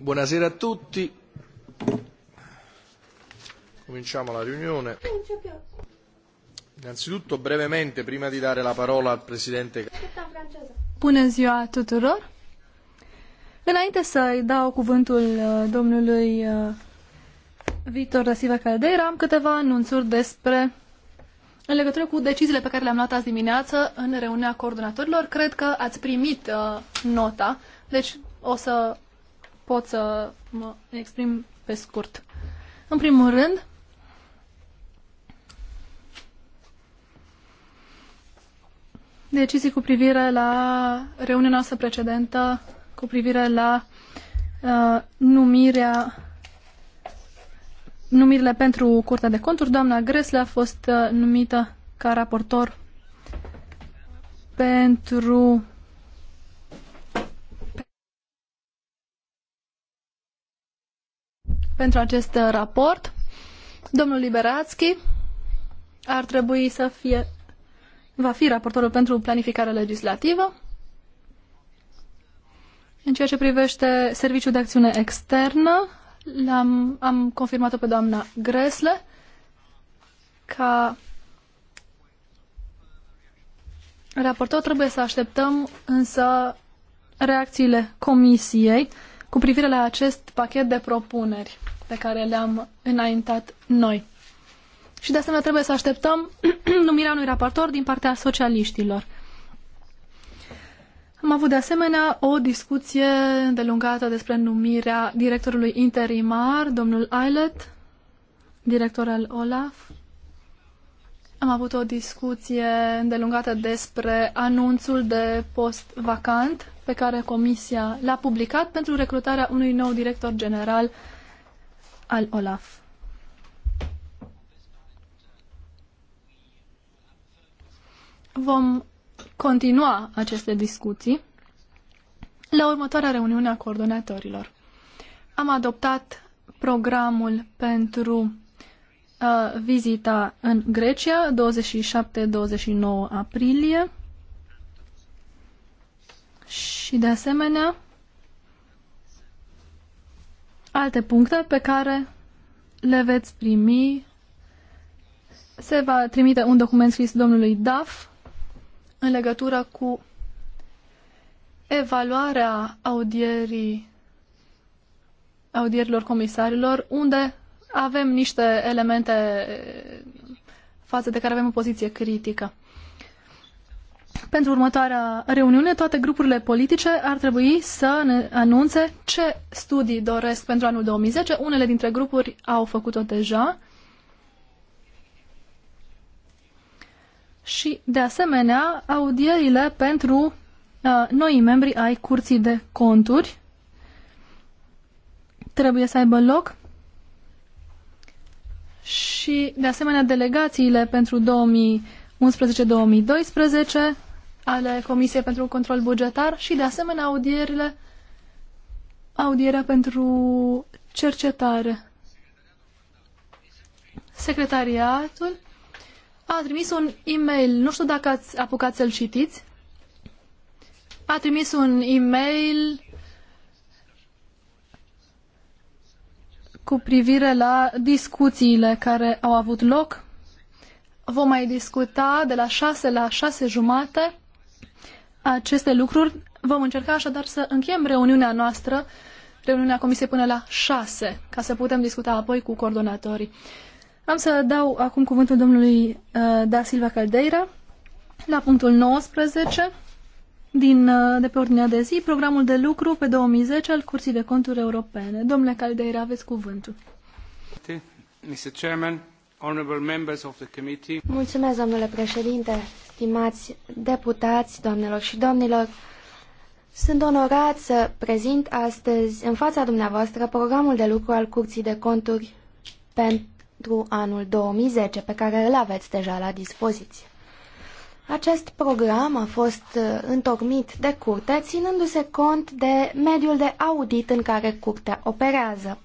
Buonasera a tutti. Cominciamo la riunione. Innanzitutto brevemente, prima di dare la parola al Presidente... Bună ziua tuturor! Înainte să-i dau cuvântul uh, domnului uh, Victor da Silva Caldeira, am câteva anunțuri despre în legătură cu deciziile pe care le-am luat azi dimineață în reuniunea coordonatorilor, cred că ați primit uh, nota, deci o să pot să mă exprim pe scurt. În primul rând, decizii cu privire la reuniunea noastră precedentă, cu privire la uh, numirea numirile pentru Curtea de Conturi. Doamna Gresle a fost uh, numită ca raportor pentru pentru acest uh, raport. Domnul Liberațchi ar trebui să fie, va fi raportorul pentru planificarea legislativă. În ceea ce privește serviciul de acțiune externă, l-am, am confirmat-o pe doamna Gresle ca raportor trebuie să așteptăm însă reacțiile comisiei cu privire la acest pachet de propuneri pe care le-am înaintat noi. Și de asemenea trebuie să așteptăm numirea unui raportor din partea socialiștilor. Am avut de asemenea o discuție delungată despre numirea directorului interimar, domnul Ailet, director al OLAF. Am avut o discuție îndelungată despre anunțul de post vacant pe care Comisia l-a publicat pentru recrutarea unui nou director general al Olaf. Vom continua aceste discuții la următoarea reuniune a coordonatorilor. Am adoptat programul pentru uh, vizita în Grecia 27-29 aprilie și de asemenea alte puncte pe care le veți primi. Se va trimite un document scris domnului Daf în legătură cu evaluarea audierii audierilor comisarilor, unde avem niște elemente față de care avem o poziție critică pentru următoarea reuniune, toate grupurile politice ar trebui să ne anunțe ce studii doresc pentru anul 2010. Unele dintre grupuri au făcut-o deja. Și, de asemenea, audierile pentru uh, noi membri ai Curții de Conturi trebuie să aibă loc și, de asemenea, delegațiile pentru 2011-2012 ale Comisiei pentru Control Bugetar și, de asemenea, audierile, audierea pentru cercetare. Secretariatul a trimis un e-mail, nu știu dacă ați apucat să-l citiți, a trimis un e-mail cu privire la discuțiile care au avut loc. Vom mai discuta de la 6 la 6 jumate aceste lucruri. Vom încerca așadar să încheiem reuniunea noastră, reuniunea comisiei până la 6, ca să putem discuta apoi cu coordonatorii. Am să dau acum cuvântul domnului uh, Da Silva Caldeira la punctul 19 din, uh, de pe ordinea de zi, programul de lucru pe 2010 al Curții de Conturi Europene. Domnule Caldeira, aveți cuvântul. Mr. Chairman, Mulțumesc, domnule președinte, stimați deputați, doamnelor și domnilor. Sunt onorat să prezint astăzi în fața dumneavoastră programul de lucru al Curții de Conturi pentru anul 2010, pe care îl aveți deja la dispoziție. Acest program a fost uh, întocmit de curte, ținându-se cont de mediul de audit în care curtea operează.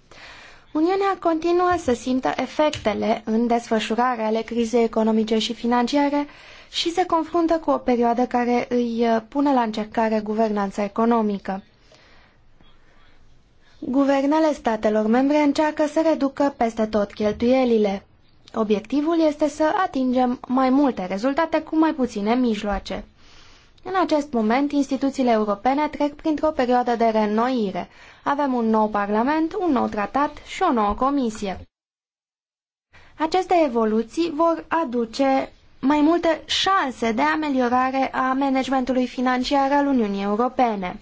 Uniunea continuă să simtă efectele în desfășurarea ale crizei economice și financiare și se confruntă cu o perioadă care îi uh, pune la încercare guvernanța economică. Guvernele statelor membre încearcă să reducă peste tot cheltuielile. Obiectivul este să atingem mai multe rezultate cu mai puține mijloace. În acest moment, instituțiile europene trec printr-o perioadă de reînnoire. Avem un nou parlament, un nou tratat și o nouă comisie. Aceste evoluții vor aduce mai multe șanse de ameliorare a managementului financiar al Uniunii Europene.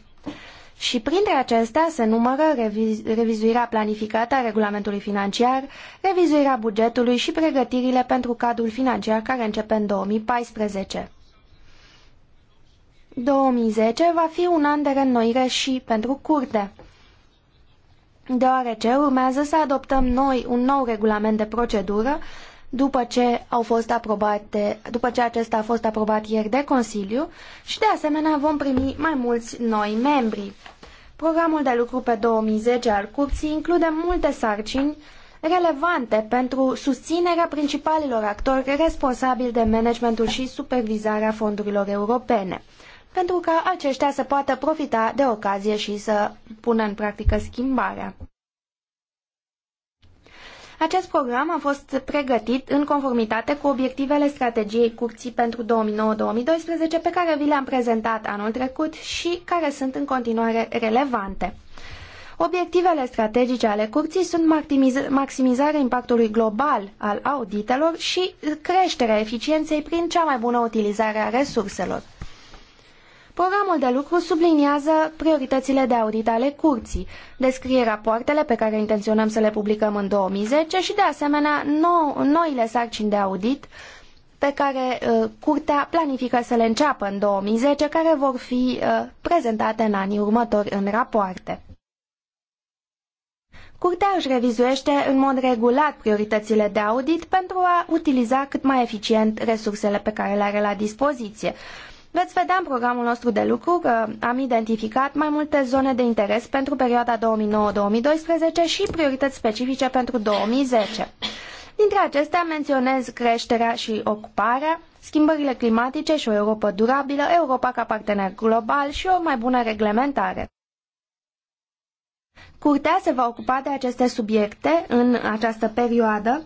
Și printre acestea se numără reviz revizuirea planificată a regulamentului financiar, revizuirea bugetului și pregătirile pentru cadrul financiar care începe în 2014. 2010 va fi un an de reînnoire și pentru curte, deoarece urmează să adoptăm noi un nou regulament de procedură după ce, au fost aprobate, după ce acesta a fost aprobat ieri de Consiliu și de asemenea vom primi mai mulți noi membri. Programul de lucru pe 2010 al curții include multe sarcini relevante pentru susținerea principalilor actori responsabili de managementul și supervizarea fondurilor europene pentru ca aceștia să poată profita de ocazie și să pună în practică schimbarea. Acest program a fost pregătit în conformitate cu obiectivele strategiei curții pentru 2009-2012 pe care vi le-am prezentat anul trecut și care sunt în continuare relevante. Obiectivele strategice ale curții sunt maximizarea impactului global al auditelor și creșterea eficienței prin cea mai bună utilizare a resurselor. Programul de lucru subliniază prioritățile de audit ale curții, descrie rapoartele pe care intenționăm să le publicăm în 2010 și, de asemenea, nou, noile sarcini de audit pe care uh, curtea planifică să le înceapă în 2010, care vor fi uh, prezentate în anii următori în rapoarte. Curtea își revizuiește în mod regulat prioritățile de audit pentru a utiliza cât mai eficient resursele pe care le are la dispoziție. Veți vedea în programul nostru de lucru că am identificat mai multe zone de interes pentru perioada 2009-2012 și priorități specifice pentru 2010. Dintre acestea menționez creșterea și ocuparea, schimbările climatice și o Europa durabilă, Europa ca partener global și o mai bună reglementare. Curtea se va ocupa de aceste subiecte în această perioadă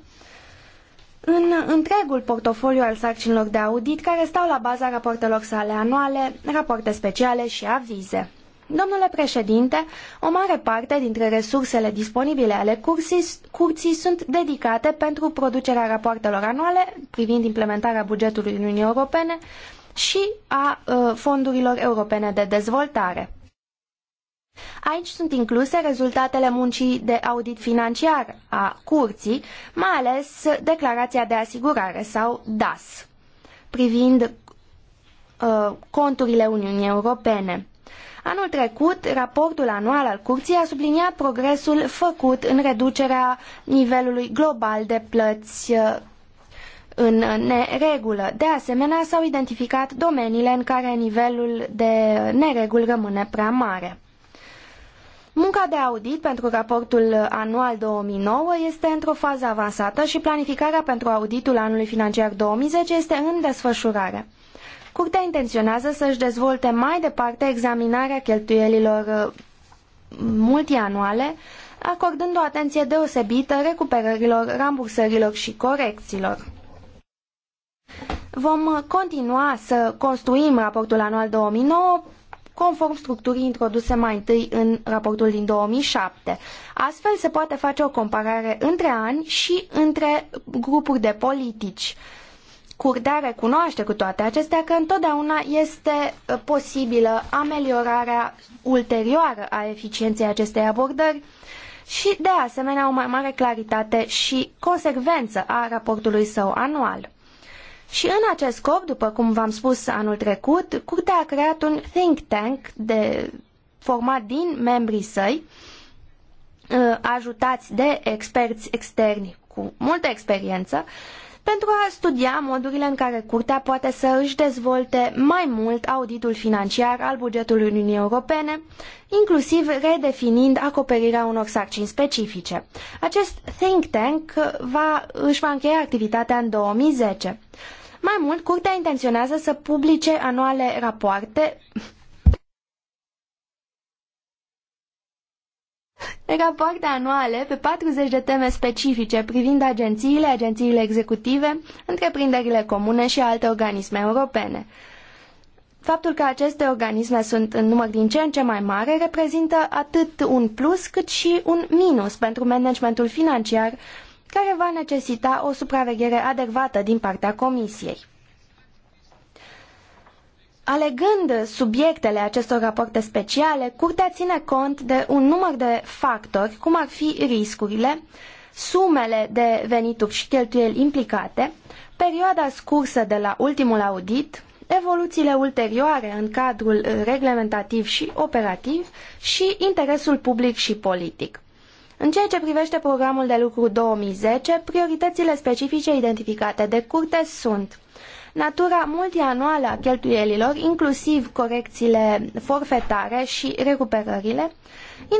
în întregul portofoliu al sarcinilor de audit care stau la baza rapoartelor sale anuale, rapoarte speciale și avize. Domnule președinte, o mare parte dintre resursele disponibile ale cursii, curții sunt dedicate pentru producerea rapoartelor anuale privind implementarea bugetului Uniunii Europene și a ă, fondurilor europene de dezvoltare. Aici sunt incluse rezultatele muncii de audit financiar a curții, mai ales declarația de asigurare sau DAS, privind uh, conturile Uniunii Europene. Anul trecut, raportul anual al curții a subliniat progresul făcut în reducerea nivelului global de plăți uh, în neregulă. De asemenea, s-au identificat domeniile în care nivelul de nereguli rămâne prea mare. Munca de audit pentru raportul anual 2009 este într-o fază avansată și planificarea pentru auditul anului financiar 2010 este în desfășurare. Curtea intenționează să-și dezvolte mai departe examinarea cheltuielilor uh, multianuale, acordând o atenție deosebită recuperărilor, rambursărilor și corecțiilor. Vom continua să construim raportul anual 2009 conform structurii introduse mai întâi în raportul din 2007. Astfel se poate face o comparare între ani și între grupuri de politici. Curtea recunoaște cu toate acestea că întotdeauna este uh, posibilă ameliorarea ulterioară a eficienței acestei abordări și, de asemenea, o mai mare claritate și consecvență a raportului său anual. Și în acest scop, după cum v-am spus anul trecut, Curtea a creat un think tank de, format din membrii săi, uh, ajutați de experți externi cu multă experiență, pentru a studia modurile în care Curtea poate să își dezvolte mai mult auditul financiar al bugetului Uniunii Europene, inclusiv redefinind acoperirea unor sarcini specifice. Acest think tank va, își va încheia activitatea în 2010. Mai mult, Curtea intenționează să publice anuale rapoarte rapoarte anuale pe 40 de teme specifice privind agențiile, agențiile executive, întreprinderile comune și alte organisme europene. Faptul că aceste organisme sunt în număr din ce în ce mai mare reprezintă atât un plus cât și un minus pentru managementul financiar care va necesita o supraveghere adecvată din partea Comisiei. Alegând subiectele acestor rapoarte speciale, Curtea ține cont de un număr de factori, cum ar fi riscurile, sumele de venituri și cheltuieli implicate, perioada scursă de la ultimul audit, evoluțiile ulterioare în cadrul reglementativ și operativ și interesul public și politic. În ceea ce privește programul de lucru 2010, prioritățile specifice identificate de curte sunt natura multianuală a cheltuielilor, inclusiv corecțiile forfetare și recuperările,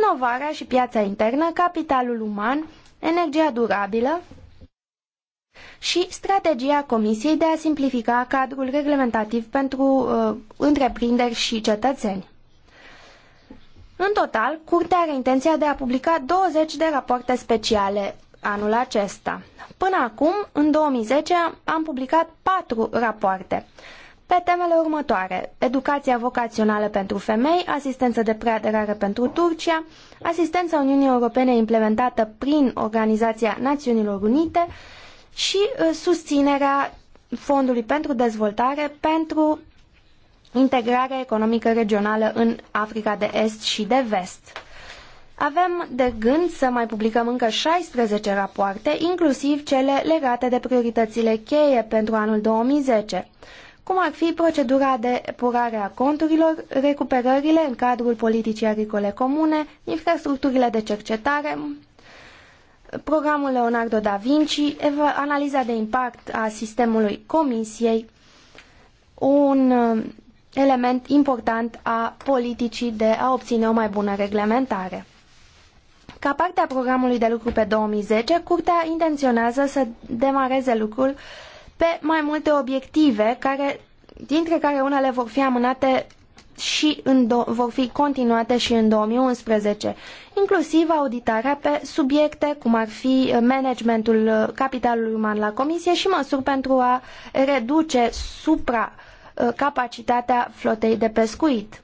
inovarea și piața internă, capitalul uman, energia durabilă și strategia Comisiei de a simplifica cadrul reglementativ pentru uh, întreprinderi și cetățeni. În total, Curtea are intenția de a publica 20 de rapoarte speciale anul acesta. Până acum, în 2010, am publicat 4 rapoarte pe temele următoare. Educația vocațională pentru femei, asistență de preaderare pentru Turcia, asistența Uniunii Europene implementată prin Organizația Națiunilor Unite și uh, susținerea Fondului pentru Dezvoltare pentru integrarea economică regională în Africa de Est și de Vest. Avem de gând să mai publicăm încă 16 rapoarte, inclusiv cele legate de prioritățile cheie pentru anul 2010, cum ar fi procedura de purare a conturilor, recuperările în cadrul politicii agricole comune, infrastructurile de cercetare, programul Leonardo da Vinci, analiza de impact a sistemului Comisiei, un element important a politicii de a obține o mai bună reglementare. Ca parte a programului de lucru pe 2010, Curtea intenționează să demareze lucrul pe mai multe obiective, care, dintre care unele vor fi amânate și în do- vor fi continuate și în 2011, inclusiv auditarea pe subiecte cum ar fi managementul capitalului uman la comisie și măsuri pentru a reduce supra Uh, capacitatea flotei de pescuit.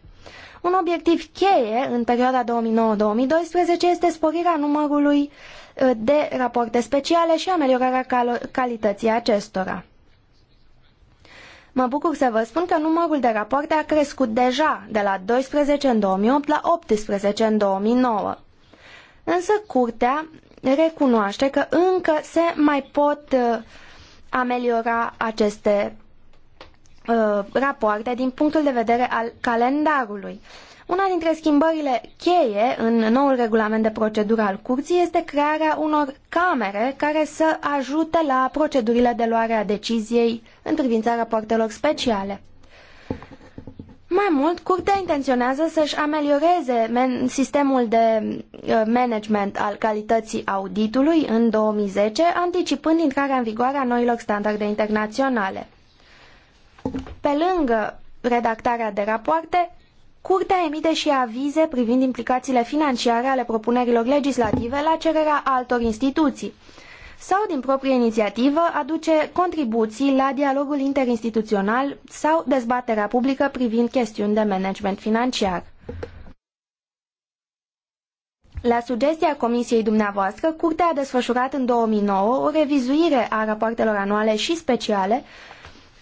Un obiectiv cheie în perioada 2009-2012 este sporirea numărului uh, de rapoarte speciale și ameliorarea cal calității acestora. Mă bucur să vă spun că numărul de rapoarte a crescut deja de la 12 în 2008 la 18 în 2009. Însă curtea recunoaște că încă se mai pot uh, ameliora aceste Uh, rapoarte din punctul de vedere al calendarului. Una dintre schimbările cheie în noul regulament de procedură al curții este crearea unor camere care să ajute la procedurile de luare a deciziei în privința rapoartelor speciale. Mai mult, curtea intenționează să-și amelioreze sistemul de uh, management al calității auditului în 2010, anticipând intrarea în vigoare a noilor standarde internaționale. Pe lângă redactarea de rapoarte, Curtea emite și avize privind implicațiile financiare ale propunerilor legislative la cererea altor instituții sau, din proprie inițiativă, aduce contribuții la dialogul interinstituțional sau dezbaterea publică privind chestiuni de management financiar. La sugestia Comisiei dumneavoastră, Curtea a desfășurat în 2009 o revizuire a rapoartelor anuale și speciale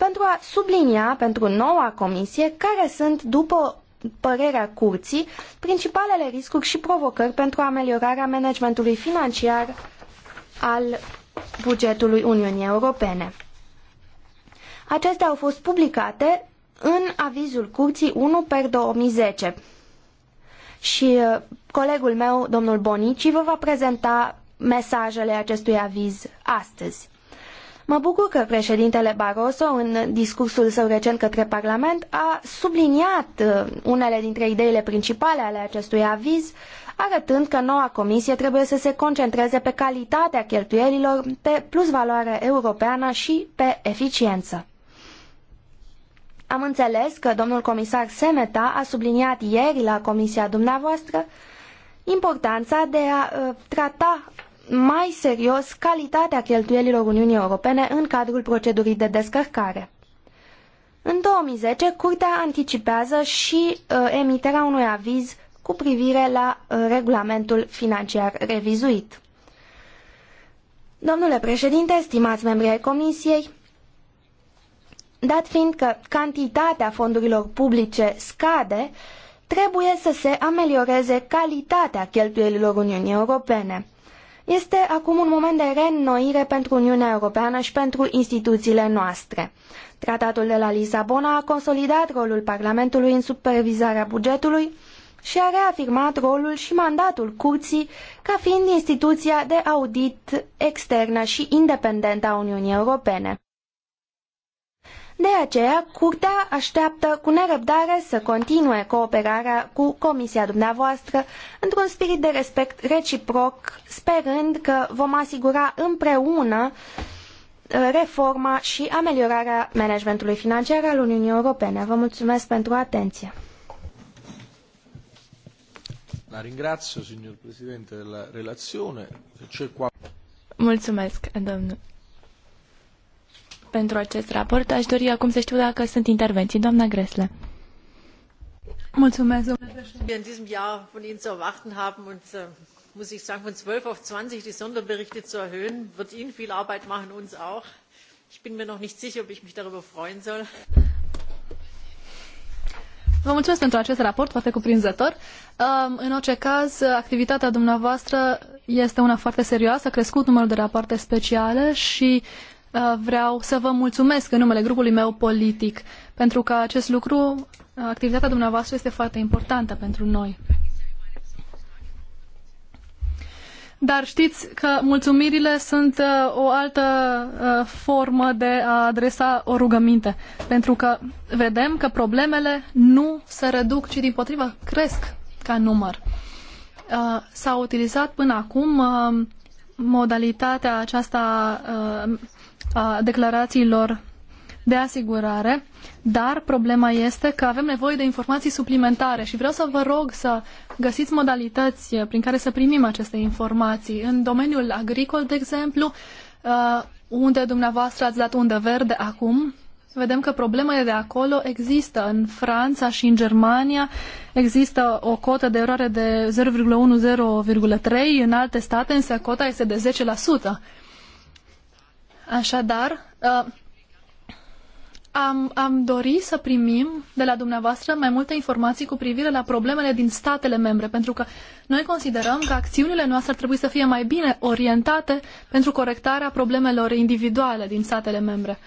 pentru a sublinia pentru noua comisie care sunt, după părerea curții, principalele riscuri și provocări pentru ameliorarea managementului financiar al bugetului Uniunii Europene. Acestea au fost publicate în avizul curții 1 per 2010. Și uh, colegul meu, domnul Bonici, vă va prezenta mesajele acestui aviz astăzi. Mă bucur că președintele Barroso, în discursul său recent către Parlament, a subliniat uh, unele dintre ideile principale ale acestui aviz, arătând că noua comisie trebuie să se concentreze pe calitatea cheltuielilor, pe plusvaloarea europeană și pe eficiență. Am înțeles că domnul comisar Semeta a subliniat ieri la comisia dumneavoastră importanța de a uh, trata mai serios calitatea cheltuielilor Uniunii Europene în cadrul procedurii de descărcare. În 2010, Curtea anticipează și uh, emiterea unui aviz cu privire la uh, regulamentul financiar revizuit. Domnule președinte, stimați membri ai Comisiei, dat fiind că cantitatea fondurilor publice scade, trebuie să se amelioreze calitatea cheltuielilor Uniunii Europene – este acum un moment de reînnoire pentru Uniunea Europeană și pentru instituțiile noastre. Tratatul de la Lisabona a consolidat rolul Parlamentului în supervizarea bugetului și a reafirmat rolul și mandatul curții ca fiind instituția de audit externă și independentă a Uniunii Europene. De aceea, Curtea așteaptă cu nerăbdare să continue cooperarea cu Comisia dumneavoastră într-un spirit de respect reciproc, sperând că vom asigura împreună uh, reforma și ameliorarea managementului financiar al Uniunii Europene. Vă mulțumesc pentru atenție. La ringrazio, signor Presidente, relazione. Mulțumesc, domnule pentru acest raport. Aș dori acum să știu dacă sunt intervenții. Doamna Gresle. Mulțumesc, domnule äh, muss ich sagen von zwölf auf zwanzig die sonderberichte zu erhöhen wird ihnen viel arbeit machen uns auch. ich bin mir noch nicht sicher ob ich mich darüber freuen soll. Vă mulțumesc pentru acest raport foarte cuprinzător. În orice caz, activitatea dumneavoastră este una foarte serioasă, a crescut numărul de rapoarte speciale și Uh, vreau să vă mulțumesc în numele grupului meu politic, pentru că acest lucru, uh, activitatea dumneavoastră este foarte importantă pentru noi. Dar știți că mulțumirile sunt uh, o altă formă de a adresa o rugăminte, pentru că vedem că problemele nu se reduc, ci din potrivă cresc ca număr. S-a utilizat până acum modalitatea aceasta a declarațiilor de asigurare, dar problema este că avem nevoie de informații suplimentare și vreau să vă rog să găsiți modalități prin care să primim aceste informații. În domeniul agricol, de exemplu, unde dumneavoastră ați dat undă verde acum, vedem că problemele de acolo există. În Franța și în Germania există o cotă de eroare de 0,1-0,3, în alte state însă cota este de 10%. Așadar, ă, am, am dori să primim de la dumneavoastră mai multe informații cu privire la problemele din statele membre, pentru că noi considerăm că acțiunile noastre ar trebui să fie mai bine orientate pentru corectarea problemelor individuale din statele membre.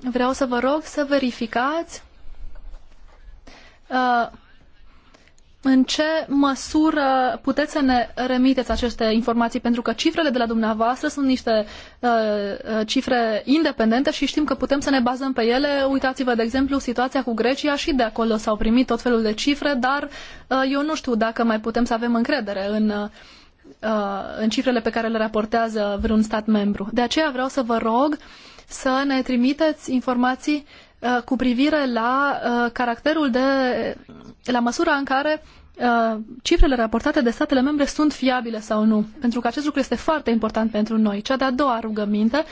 Vreau să vă rog să verificați uh, în ce măsură puteți să ne remiteți aceste informații? Pentru că cifrele de la dumneavoastră sunt niște uh, uh, cifre independente și știm că putem să ne bazăm pe ele. Uitați-vă, de exemplu, situația cu Grecia și de acolo s-au primit tot felul de cifre, dar uh, eu nu știu dacă mai putem să avem încredere în, uh, în cifrele pe care le raportează vreun stat membru. De aceea vreau să vă rog să ne trimiteți informații uh, cu privire la uh, caracterul de, la măsura în care Uh, cifrele raportate de statele membre sunt fiabile sau nu, pentru că acest lucru este foarte important pentru noi. Cea de-a doua rugăminte,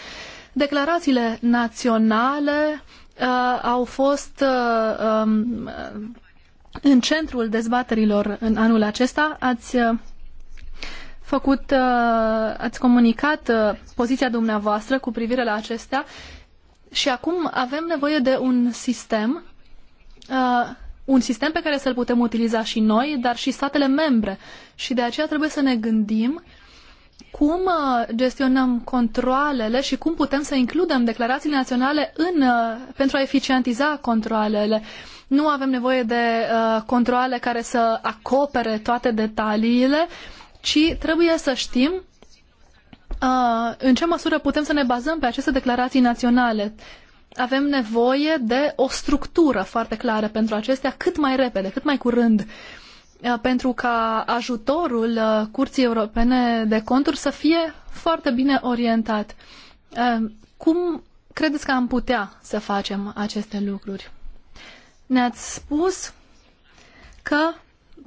declarațiile naționale uh, au fost uh, um, în centrul dezbaterilor în anul acesta. Ați uh, făcut, uh, ați comunicat uh, poziția dumneavoastră cu privire la acestea și acum avem nevoie de un sistem uh, un sistem pe care să-l putem utiliza și noi, dar și statele membre. Și de aceea trebuie să ne gândim cum uh, gestionăm controlele și cum putem să includem declarațiile naționale în, uh, pentru a eficientiza controlele. Nu avem nevoie de uh, controle care să acopere toate detaliile, ci trebuie să știm uh, în ce măsură putem să ne bazăm pe aceste declarații naționale avem nevoie de o structură foarte clară pentru acestea cât mai repede, cât mai curând, uh, pentru ca ajutorul uh, Curții Europene de Conturi să fie foarte bine orientat. Uh, cum credeți că am putea să facem aceste lucruri? Ne-ați spus că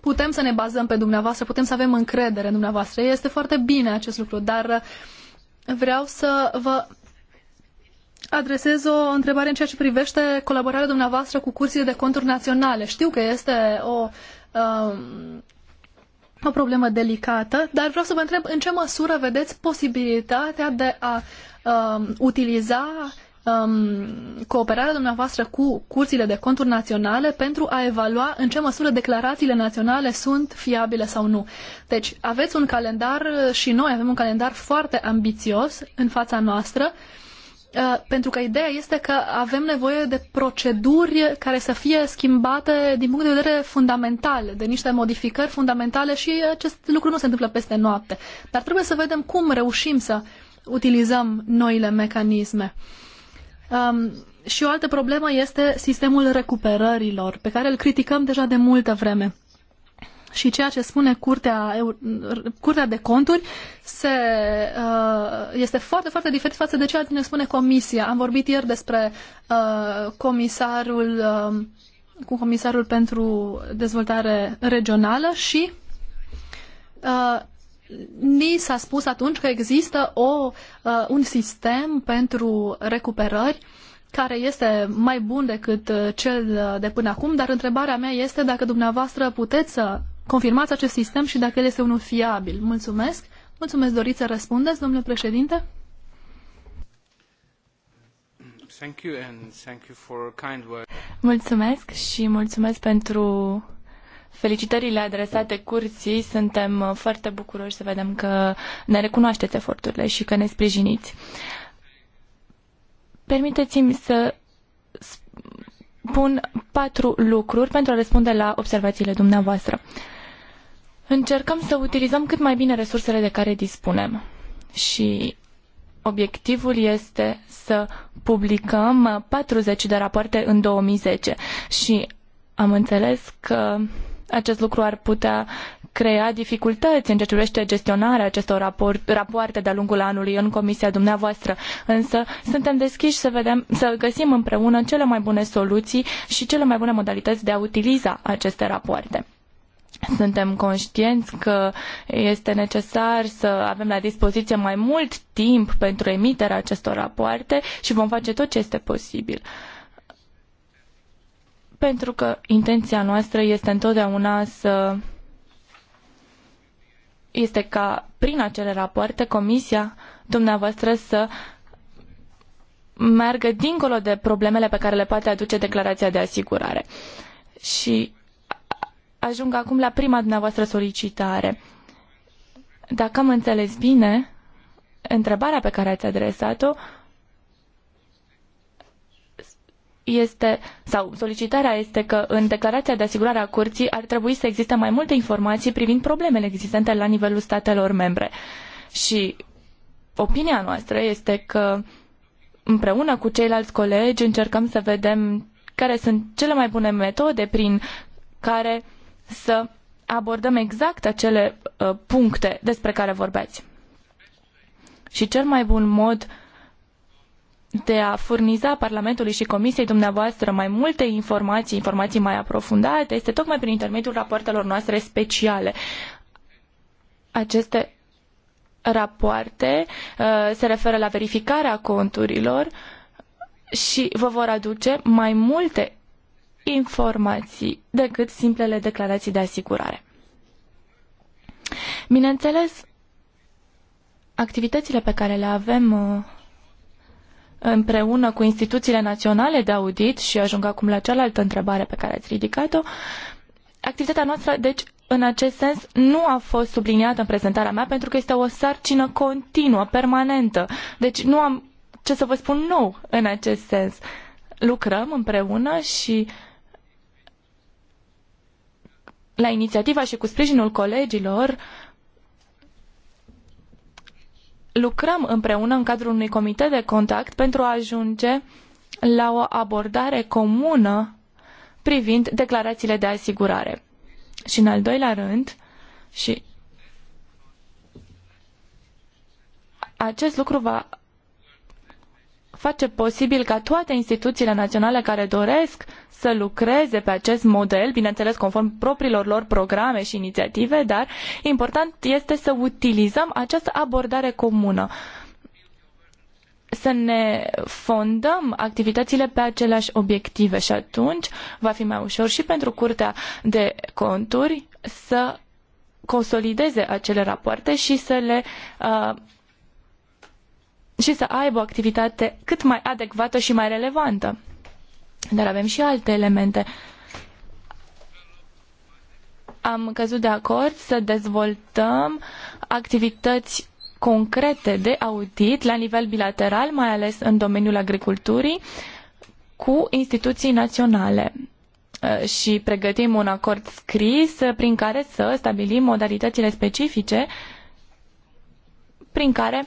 putem să ne bazăm pe dumneavoastră, putem să avem încredere în dumneavoastră. Este foarte bine acest lucru, dar vreau să vă adresez o întrebare în ceea ce privește colaborarea dumneavoastră cu curții de conturi naționale. Știu că este o, um, o problemă delicată, dar vreau să vă întreb în ce măsură vedeți posibilitatea de a um, utiliza um, cooperarea dumneavoastră cu curțile de conturi naționale pentru a evalua în ce măsură declarațiile naționale sunt fiabile sau nu. Deci aveți un calendar și noi avem un calendar foarte ambițios în fața noastră uh, Uh, pentru că ideea este că avem nevoie de proceduri care să fie schimbate din punct de vedere fundamental, de niște modificări fundamentale și acest lucru nu se întâmplă peste noapte. Dar trebuie să vedem cum reușim să utilizăm noile mecanisme. Um, și o altă problemă este sistemul recuperărilor, pe care îl criticăm deja de multă vreme și ceea ce spune Curtea, Curtea de Conturi se, uh, este foarte, foarte diferit față de ceea ce ne spune Comisia. Am vorbit ieri despre uh, comisarul, um, cu comisarul pentru dezvoltare regională și uh, ni s-a spus atunci că există o, un sistem pentru recuperări care este mai bun decât cel de până acum, dar întrebarea mea este dacă dumneavoastră puteți să confirmați acest sistem și dacă el este unul fiabil. Mulțumesc. Mulțumesc, doriți să răspundeți, domnule președinte? Thank you and thank you for kind words. Mulțumesc și mulțumesc pentru felicitările adresate curții. Suntem uh, foarte bucuroși să vedem că ne recunoașteți eforturile și că ne sprijiniți. Permiteți-mi să pun patru lucruri pentru a răspunde la observațiile dumneavoastră. Uh, Încercăm să utilizăm cât mai bine resursele de care dispunem și obiectivul este să publicăm 40 de rapoarte în 2010 și am înțeles că acest lucru ar putea crea dificultăți în ceea ce privește gestionarea acestor rapoarte de-a lungul anului în comisia dumneavoastră, însă suntem deschiși să, vedem, să găsim împreună cele mai bune soluții și cele mai bune modalități de a utiliza aceste rapoarte. Suntem conștienți că este necesar să avem la dispoziție mai mult timp pentru emiterea acestor rapoarte și vom face tot ce este posibil. Pentru că intenția noastră este întotdeauna să este ca prin acele rapoarte comisia dumneavoastră să meargă dincolo de problemele pe care le poate aduce declarația de asigurare. Și ajung acum la prima dumneavoastră solicitare. Dacă am înțeles bine, întrebarea pe care ați adresat-o este, sau solicitarea este că în declarația de asigurare a curții ar trebui să existe mai multe informații privind problemele existente la nivelul statelor membre. Și opinia noastră este că împreună cu ceilalți colegi încercăm să vedem care sunt cele mai bune metode prin care să abordăm exact acele uh, puncte despre care vorbeați. Și cel mai bun mod de a furniza Parlamentului și Comisiei dumneavoastră mai multe informații, informații mai aprofundate, este tocmai prin intermediul rapoartelor noastre speciale. Aceste rapoarte uh, se referă la verificarea conturilor și vă vor aduce mai multe informații decât simplele declarații de asigurare. Bineînțeles, activitățile pe care le avem uh, împreună cu instituțiile naționale de audit și ajung acum la cealaltă întrebare pe care ați ridicat-o, activitatea noastră, deci, în acest sens, nu a fost subliniată în prezentarea mea pentru că este o sarcină continuă, permanentă. Deci nu am ce să vă spun nou în acest sens. Lucrăm împreună și uh, la inițiativa și cu sprijinul colegilor, lucrăm împreună în cadrul unui comitet de contact pentru a ajunge la o abordare comună privind declarațiile de asigurare. Și în al doilea rând, și acest lucru va face posibil ca toate instituțiile naționale care doresc să lucreze pe acest model, bineînțeles conform propriilor lor programe și inițiative, dar important este să utilizăm această abordare comună să ne fondăm activitățile pe aceleași obiective și atunci va fi mai ușor și pentru Curtea de Conturi să consolideze acele rapoarte și să le uh, și să aibă o activitate cât mai adecvată și mai relevantă. Dar avem și alte elemente. Am căzut de acord să dezvoltăm activități concrete de audit la nivel bilateral, mai ales în domeniul agriculturii, cu instituții naționale uh, și pregătim un acord scris prin care să stabilim modalitățile specifice prin care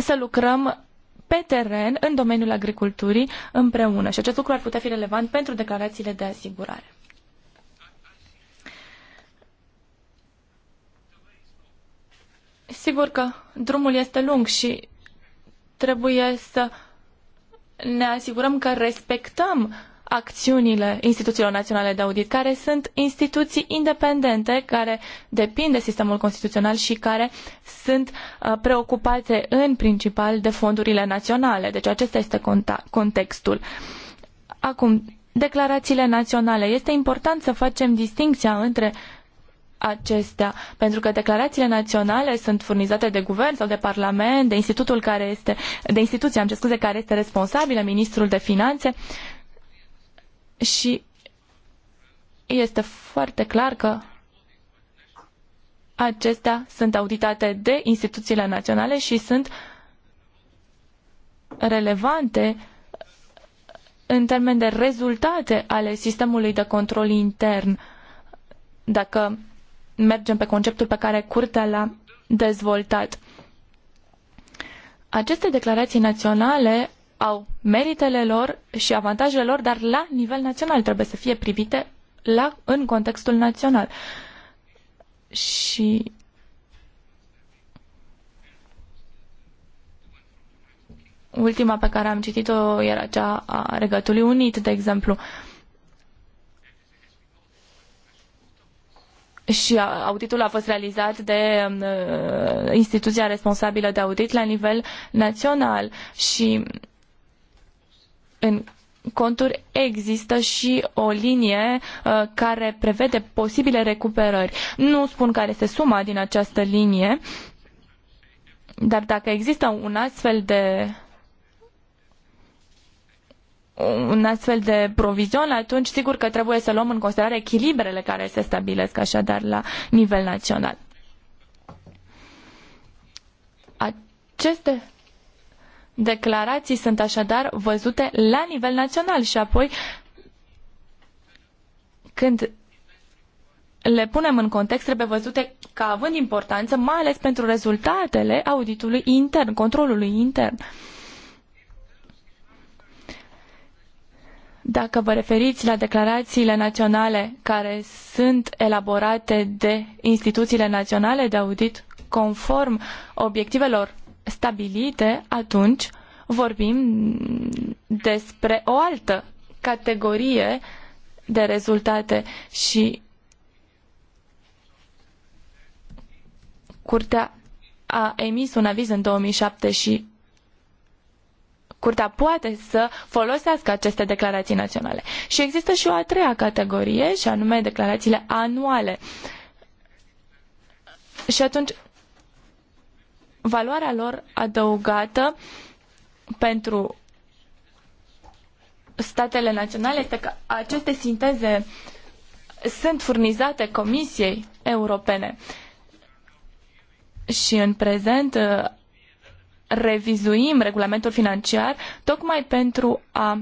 să lucrăm pe teren, în domeniul agriculturii, împreună. Și acest lucru ar putea fi relevant pentru declarațiile de asigurare. Sigur că drumul este lung și trebuie să ne asigurăm că respectăm acțiunile instituțiilor naționale de audit, care sunt instituții independente, care depind de sistemul constituțional și care sunt uh, preocupate în principal de fondurile naționale. Deci acesta este contextul. Acum, declarațiile naționale. Este important să facem distinția între acestea, pentru că declarațiile naționale sunt furnizate de guvern sau de parlament, de institutul care este, de instituția, am ce scuze, care este responsabilă, ministrul de finanțe și este foarte clar că acestea sunt auditate de instituțiile naționale și sunt relevante în termen de rezultate ale sistemului de control intern. Dacă mergem pe conceptul pe care curtea l-a dezvoltat. Aceste declarații naționale au meritele lor și avantajele lor, dar la nivel național trebuie să fie privite la, în contextul național. Și ultima pe care am citit-o era cea a Regatului Unit, de exemplu. Și auditul a fost realizat de um, uh, instituția responsabilă de audit la nivel național și în conturi există și o linie uh, care prevede posibile recuperări. Nu spun care este suma din această linie, dar dacă există un astfel de un astfel de provizion, atunci sigur că trebuie să luăm în considerare echilibrele care se stabilesc așadar la nivel național. Aceste Declarații sunt așadar văzute la nivel național și apoi când le punem în context, trebuie văzute ca având importanță, mai ales pentru rezultatele auditului intern, controlului intern. Dacă vă referiți la declarațiile naționale care sunt elaborate de instituțiile naționale de audit conform obiectivelor stabilite, atunci vorbim despre o altă categorie de rezultate și Curtea a emis un aviz în 2007 și Curtea poate să folosească aceste declarații naționale. Și există și o a treia categorie, și anume declarațiile anuale. Și atunci valoarea lor adăugată pentru statele naționale este că aceste sinteze sunt furnizate Comisiei Europene. Și în prezent uh, revizuim regulamentul financiar tocmai pentru a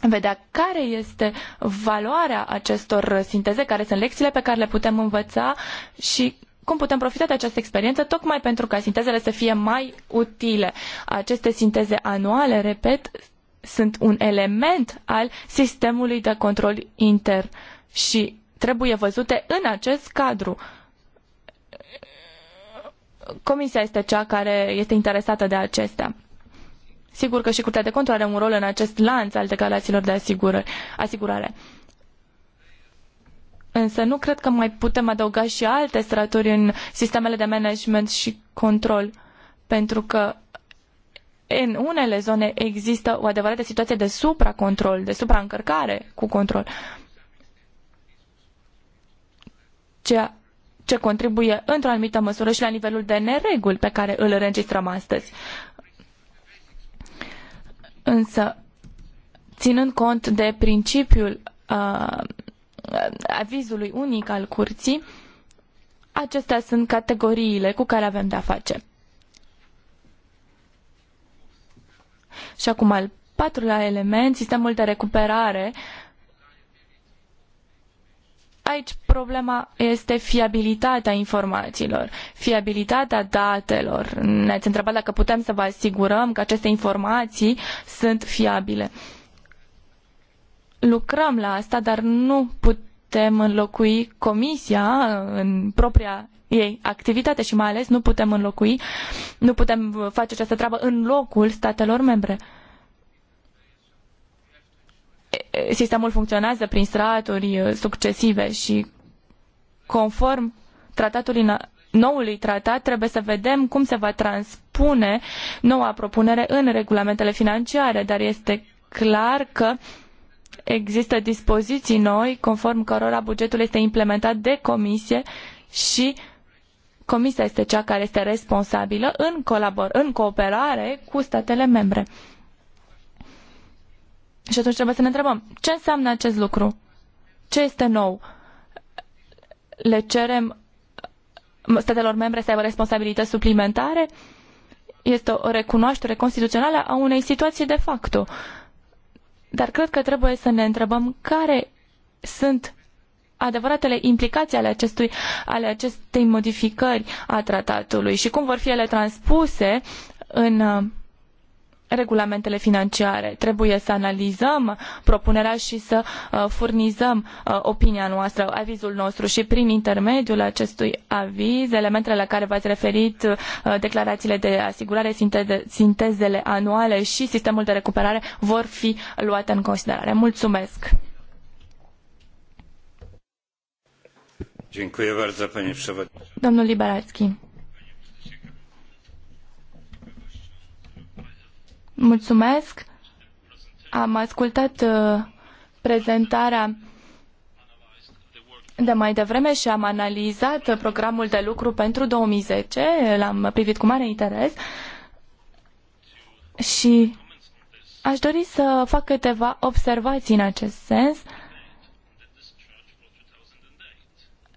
vedea care este valoarea acestor sinteze, care sunt lecțiile pe care le putem învăța și cum putem profita de această experiență tocmai pentru ca sintezele să fie mai utile. Aceste sinteze anuale, repet, sunt un element al sistemului de control inter și trebuie văzute în acest cadru. Comisia este cea care este interesată de acestea. Sigur că și Curtea de Conturi are un rol în acest lanț al declarațiilor de asigurare. Însă nu cred că mai putem adăuga și alte straturi în sistemele de management și control, pentru că în unele zone există o adevărată situație de supracontrol, de supraîncărcare cu control, ceea ce contribuie într-o anumită măsură și la nivelul de nereguli pe care îl înregistrăm astăzi. Însă, ținând cont de principiul uh, Uh, avizului unic al curții, acestea sunt categoriile cu care avem de-a face. Și acum al patrulea element, sistemul de recuperare. Aici problema este fiabilitatea informațiilor, fiabilitatea datelor. Ne-ați întrebat dacă putem să vă asigurăm că aceste informații sunt fiabile. Uh, lucrăm la asta, dar nu putem înlocui comisia în propria ei activitate și mai ales nu putem înlocui, nu putem face această treabă în locul statelor membre. Sistemul funcționează prin straturi succesive și conform tratatului noului tratat trebuie să vedem cum se va transpune noua propunere în regulamentele financiare, dar este clar că uh, există dispoziții noi conform cărora bugetul este implementat de comisie și comisia este cea care este responsabilă în, colabor- în cooperare cu statele membre. Și atunci trebuie să ne întrebăm ce înseamnă acest lucru? Ce este nou? Le cerem statelor membre să aibă responsabilități suplimentare? Este o recunoaștere constituțională a unei situații de facto. Uh, dar cred că trebuie să ne întrebăm care sunt adevăratele implicații ale, acestui, ale acestei modificări a tratatului și cum vor fi ele transpuse în regulamentele financiare. Trebuie să analizăm propunerea și să uh, furnizăm uh, opinia noastră, avizul nostru și prin intermediul acestui aviz, elementele la care v-ați referit, uh, declarațiile de asigurare, sintezele anuale și sistemul de recuperare vor fi luate în considerare. Mulțumesc! Domnul Mulțumesc. Am ascultat uh, prezentarea de mai devreme și am analizat programul de lucru pentru 2010, l-am privit cu mare interes și aș dori să fac câteva observații în acest sens,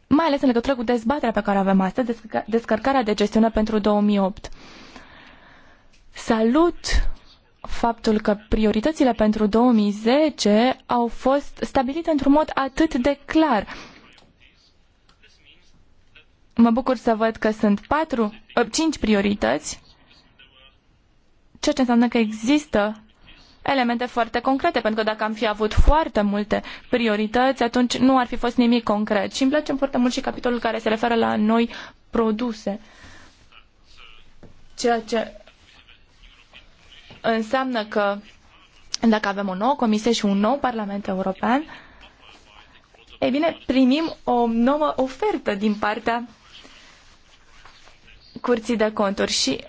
mai ales în legătură cu dezbaterea pe care o avem astăzi, descărcarea de gestiune pentru 2008. Salut faptul că prioritățile pentru 2010 au fost stabilite într-un mod atât de clar. Mă bucur să văd că sunt patru, ă, cinci priorități, ceea ce înseamnă că există elemente foarte concrete, pentru că dacă am fi avut foarte multe priorități, atunci nu ar fi fost nimic concret. Și îmi place foarte mult și capitolul care se referă la noi produse, ceea ce înseamnă că dacă avem o nouă comisie și un nou Parlament European, e bine, primim o nouă ofertă din partea Curții de Conturi și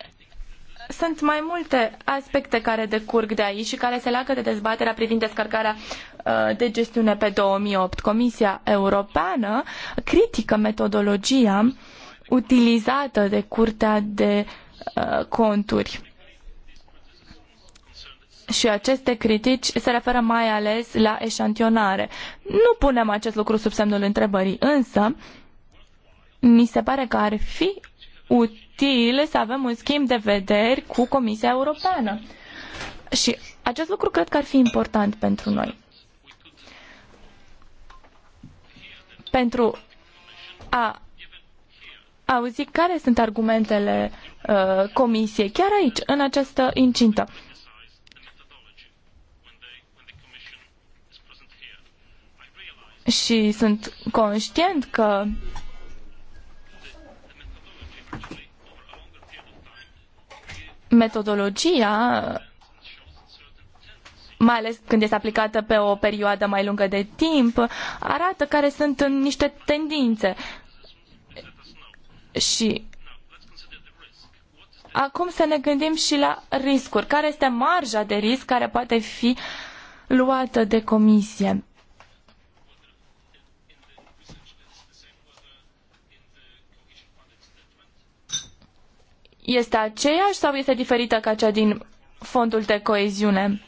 sunt mai multe aspecte care decurg de aici și care se leagă de dezbaterea privind descărcarea uh, de gestiune pe 2008. Comisia Europeană critică metodologia utilizată de Curtea de uh, Conturi și aceste critici se referă mai ales la eșantionare. Nu punem acest lucru sub semnul întrebării, însă mi se pare că ar fi util să avem un schimb de vederi cu Comisia Europeană. Și acest lucru cred că ar fi important pentru noi. Pentru a auzi care sunt argumentele uh, Comisiei, chiar aici, în această incintă. și sunt conștient că metodologia, mai ales când este aplicată pe o perioadă mai lungă de timp, arată care sunt niște tendințe. Și acum să ne gândim și la riscuri. Care este marja de risc care poate fi luată de comisie? este aceeași sau este diferită ca cea din fondul de coeziune?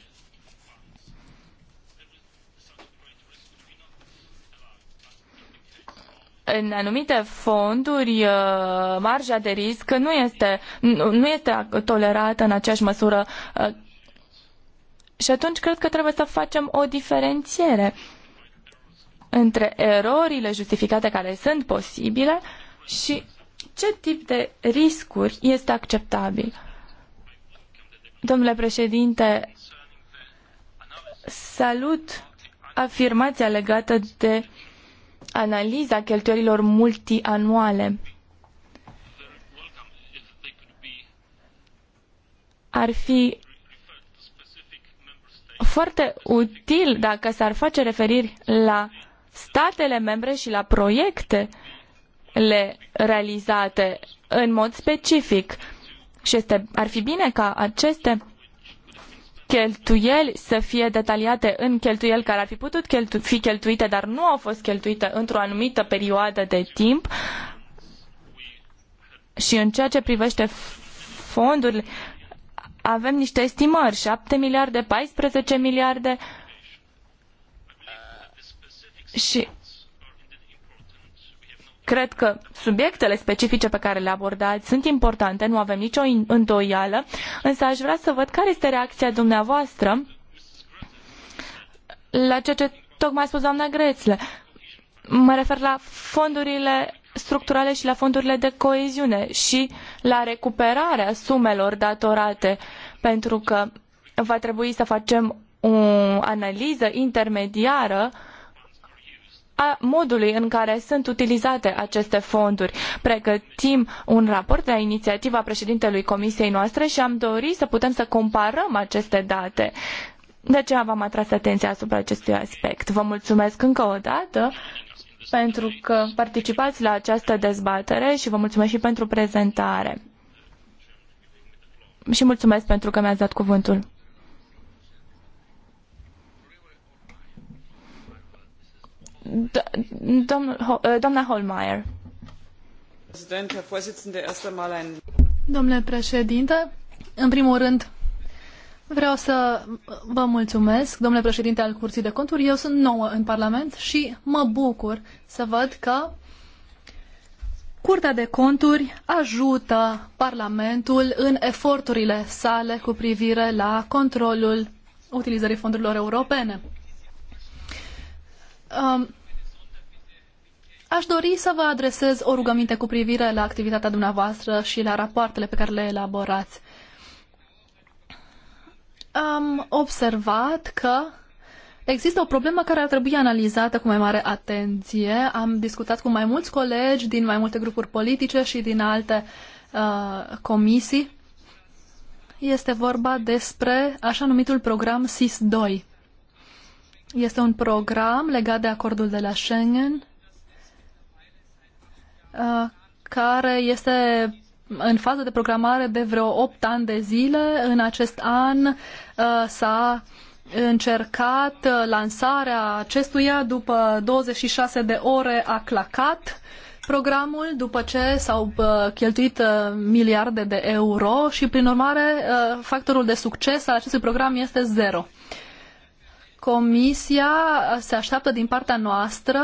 în anumite fonduri uh, marja de risc nu este, nu este tolerată în aceeași măsură uh, și atunci cred că trebuie să facem o diferențiere între erorile justificate care sunt posibile și ce tip de riscuri este acceptabil? Domnule președinte, salut afirmația legată de analiza cheltuielilor multianuale. Ar fi foarte util dacă s-ar face referiri la statele membre și la proiecte uh, le realizate în mod specific. Și este, ar fi bine ca aceste cheltuieli să fie detaliate în cheltuieli care ar fi putut cheltu- fi cheltuite, dar nu au fost cheltuite într-o anumită perioadă de timp. Și în ceea ce privește fondurile, avem niște estimări, 7 miliarde, 14 miliarde. Și Cred că subiectele specifice pe care le abordați sunt importante, nu avem nicio îndoială, însă aș vrea să văd care este reacția dumneavoastră la ceea ce tocmai a spus doamna Grețle. Mă refer la fondurile structurale și la fondurile de coeziune și la recuperarea sumelor datorate, pentru că va trebui să facem o analiză intermediară uh, a modului în care sunt utilizate aceste fonduri. Pregătim un raport la inițiativa președintelui comisiei noastre și am dorit să putem să comparăm aceste date. De aceea v-am atras atenția asupra acestui aspect. Vă mulțumesc încă o dată pentru că participați la această dezbatere și vă mulțumesc și pentru prezentare. Și mulțumesc pentru că mi-ați dat cuvântul. Eh, doamna Holmeier. Domnule președinte, în primul rând vreau să vă mulțumesc, domnule președinte al Curții de Conturi. Eu sunt nouă în Parlament și mă bucur să văd că Curtea de Conturi ajută Parlamentul în eforturile sale cu privire la controlul utilizării fondurilor europene. Um, Aș dori să vă adresez o rugăminte cu privire la activitatea dumneavoastră și la rapoartele pe care le elaborați. Am observat că există o problemă care ar trebui analizată cu mai mare atenție. Am discutat cu mai mulți colegi din mai multe grupuri politice și din alte uh, comisii. Este vorba despre așa numitul program SIS-2. Este un program legat de acordul de la Schengen uh, care este în fază de programare de vreo 8 ani de zile. În acest an uh, s-a încercat uh, lansarea acestuia după 26 de ore a clacat programul după ce s-au cheltuit miliarde de euro și prin urmare factorul de succes al acestui program este zero. Comisia uh, se așteaptă din partea noastră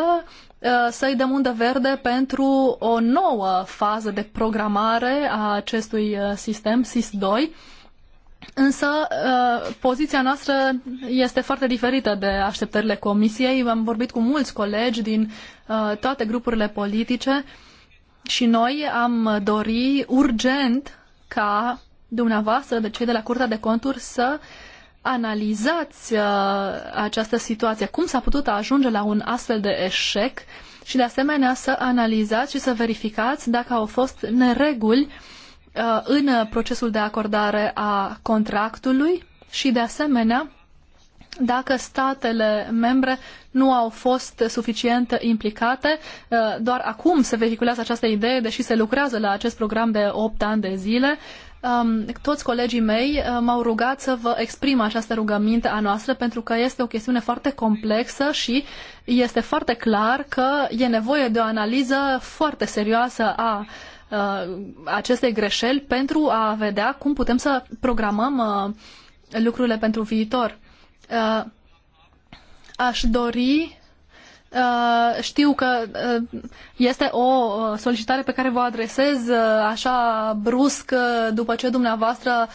uh, să-i dăm undă verde pentru o nouă fază de programare a acestui uh, sistem, SIS-2, însă poziția noastră este foarte diferită de așteptările Comisiei. Am vorbit cu mulți colegi din toate grupurile politice și noi am dori urgent ca dumneavoastră, de cei de la Curtea de Conturi, să uh, analizați uh, această situație, cum s-a putut ajunge la un astfel de eșec și de asemenea să analizați și să verificați dacă au fost nereguli uh, în procesul de acordare a contractului și de asemenea dacă statele membre nu au fost suficient implicate. Uh, doar acum se vehiculează această idee, deși se lucrează la acest program de 8 ani de zile um, toți colegii mei uh, m-au rugat să vă exprim această rugăminte a noastră pentru că este o chestiune foarte complexă și este foarte clar că e nevoie de o analiză foarte serioasă a uh, acestei greșeli pentru a vedea cum putem să programăm uh, lucrurile pentru viitor. Uh, aș dori Uh, știu că uh, este o uh, solicitare pe care vă adresez așa brusc după ce dumneavoastră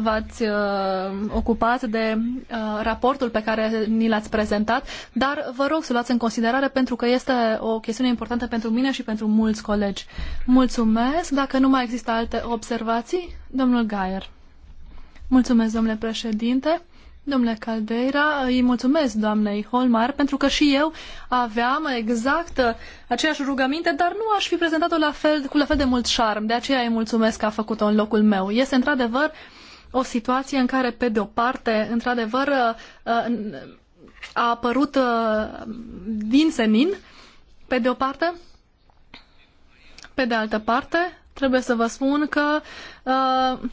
v-ați ocupat de raportul pe care ni l-ați prezentat, dar vă rog să luați în considerare pentru că este o chestiune importantă pentru mine și pentru mulți colegi. Mulțumesc. Dacă nu mai există alte observații, domnul Gaier. Mulțumesc, domnule președinte. Domnule Caldeira, îi mulțumesc doamnei Holmar pentru că și eu aveam exact aceeași rugăminte, dar nu aș fi prezentat-o la fel, cu la fel de mult șarm. De aceea îi mulțumesc că a făcut-o în locul meu. Este într-adevăr o situație în care, pe de-o parte, într-adevăr, uh, a apărut uh, din senin, pe de-o parte. Pe de altă parte, trebuie să vă spun că uh,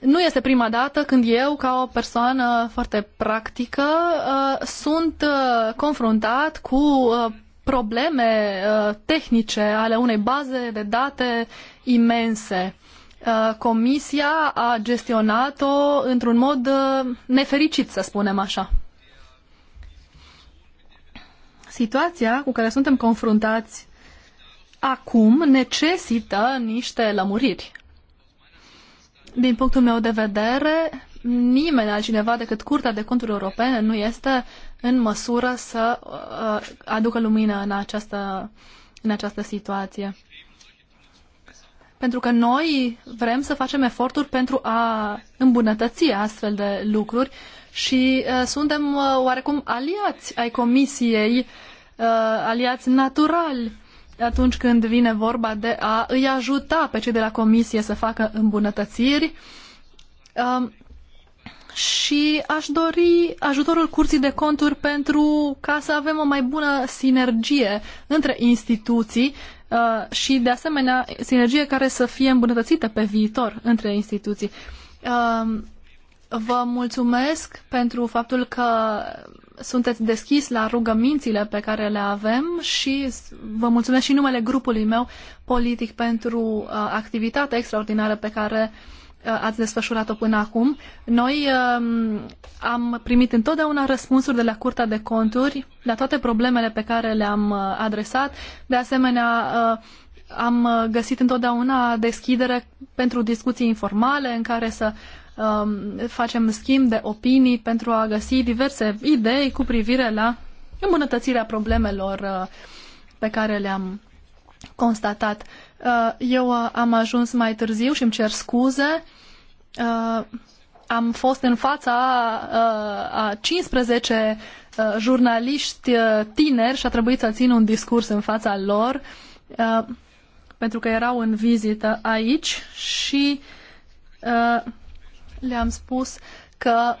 nu este prima dată când eu, ca o persoană foarte practică, uh, sunt uh, confruntat cu uh, probleme tehnice ale unei baze de date imense. Comisia a gestionat-o într-un mod nefericit, să spunem așa. Situația cu care suntem confruntați acum necesită niște lămuriri din punctul meu de vedere, nimeni altcineva decât Curtea de Conturi Europene nu este în măsură să uh, aducă lumină în această, în această situație. Pentru că noi vrem să facem eforturi pentru a îmbunătăți astfel de lucruri și uh, suntem uh, oarecum aliați ai Comisiei, uh, aliați naturali atunci când vine vorba de a îi ajuta pe cei de la comisie să facă îmbunătățiri. Um, și aș dori ajutorul curții de conturi pentru ca să avem o mai bună sinergie între instituții uh, și, de asemenea, sinergie care să fie îmbunătățită pe viitor între instituții. Uh, vă mulțumesc pentru faptul că sunteți deschis la rugămințile pe care le avem și vă mulțumesc și numele grupului meu politic pentru uh, activitatea extraordinară pe care uh, ați desfășurat-o până acum. Noi uh, am primit întotdeauna răspunsuri de la Curtea de Conturi la toate problemele pe care le-am uh, adresat. De asemenea, uh, am uh, găsit întotdeauna deschidere pentru discuții informale în care să uh, Um, facem schimb de opinii pentru a găsi diverse idei cu privire la îmbunătățirea problemelor uh, pe care le-am constatat. Uh, eu uh, am ajuns mai târziu și îmi cer scuze. Am fost în fața a 15 jurnaliști tineri și a trebuit să țin un discurs în fața lor pentru că erau în vizită aici și uh, le-am spus că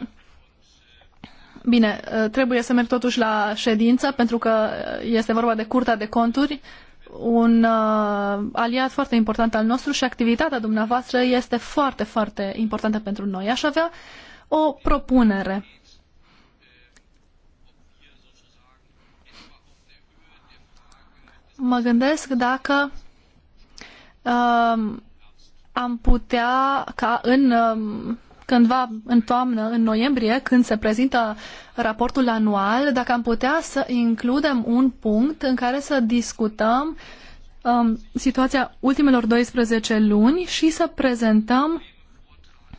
Bine, trebuie să merg totuși la ședință, pentru că este vorba de Curtea de Conturi, un uh, aliat foarte important al nostru și activitatea dumneavoastră este foarte, foarte importantă pentru noi. Aș avea o propunere. Mă gândesc dacă uh, am putea ca în uh, cândva în toamnă, în noiembrie, când se prezintă raportul anual, dacă am putea să includem un punct în care să discutăm um, situația ultimelor 12 luni și să prezentăm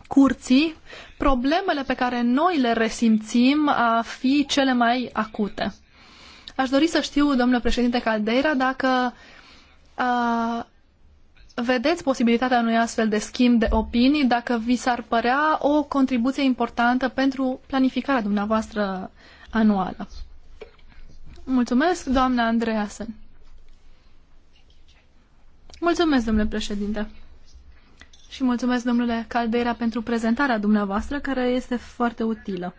curții problemele pe care noi le resimțim a fi cele mai acute. Aș dori să știu, domnule președinte Caldeira, dacă uh, vedeți posibilitatea unui astfel de schimb de opinii dacă vi s-ar părea o contribuție importantă pentru planificarea dumneavoastră anuală? Mulțumesc, doamna Andreasen. Mulțumesc, domnule președinte. Și mulțumesc, domnule Caldera, pentru prezentarea dumneavoastră, care este foarte utilă.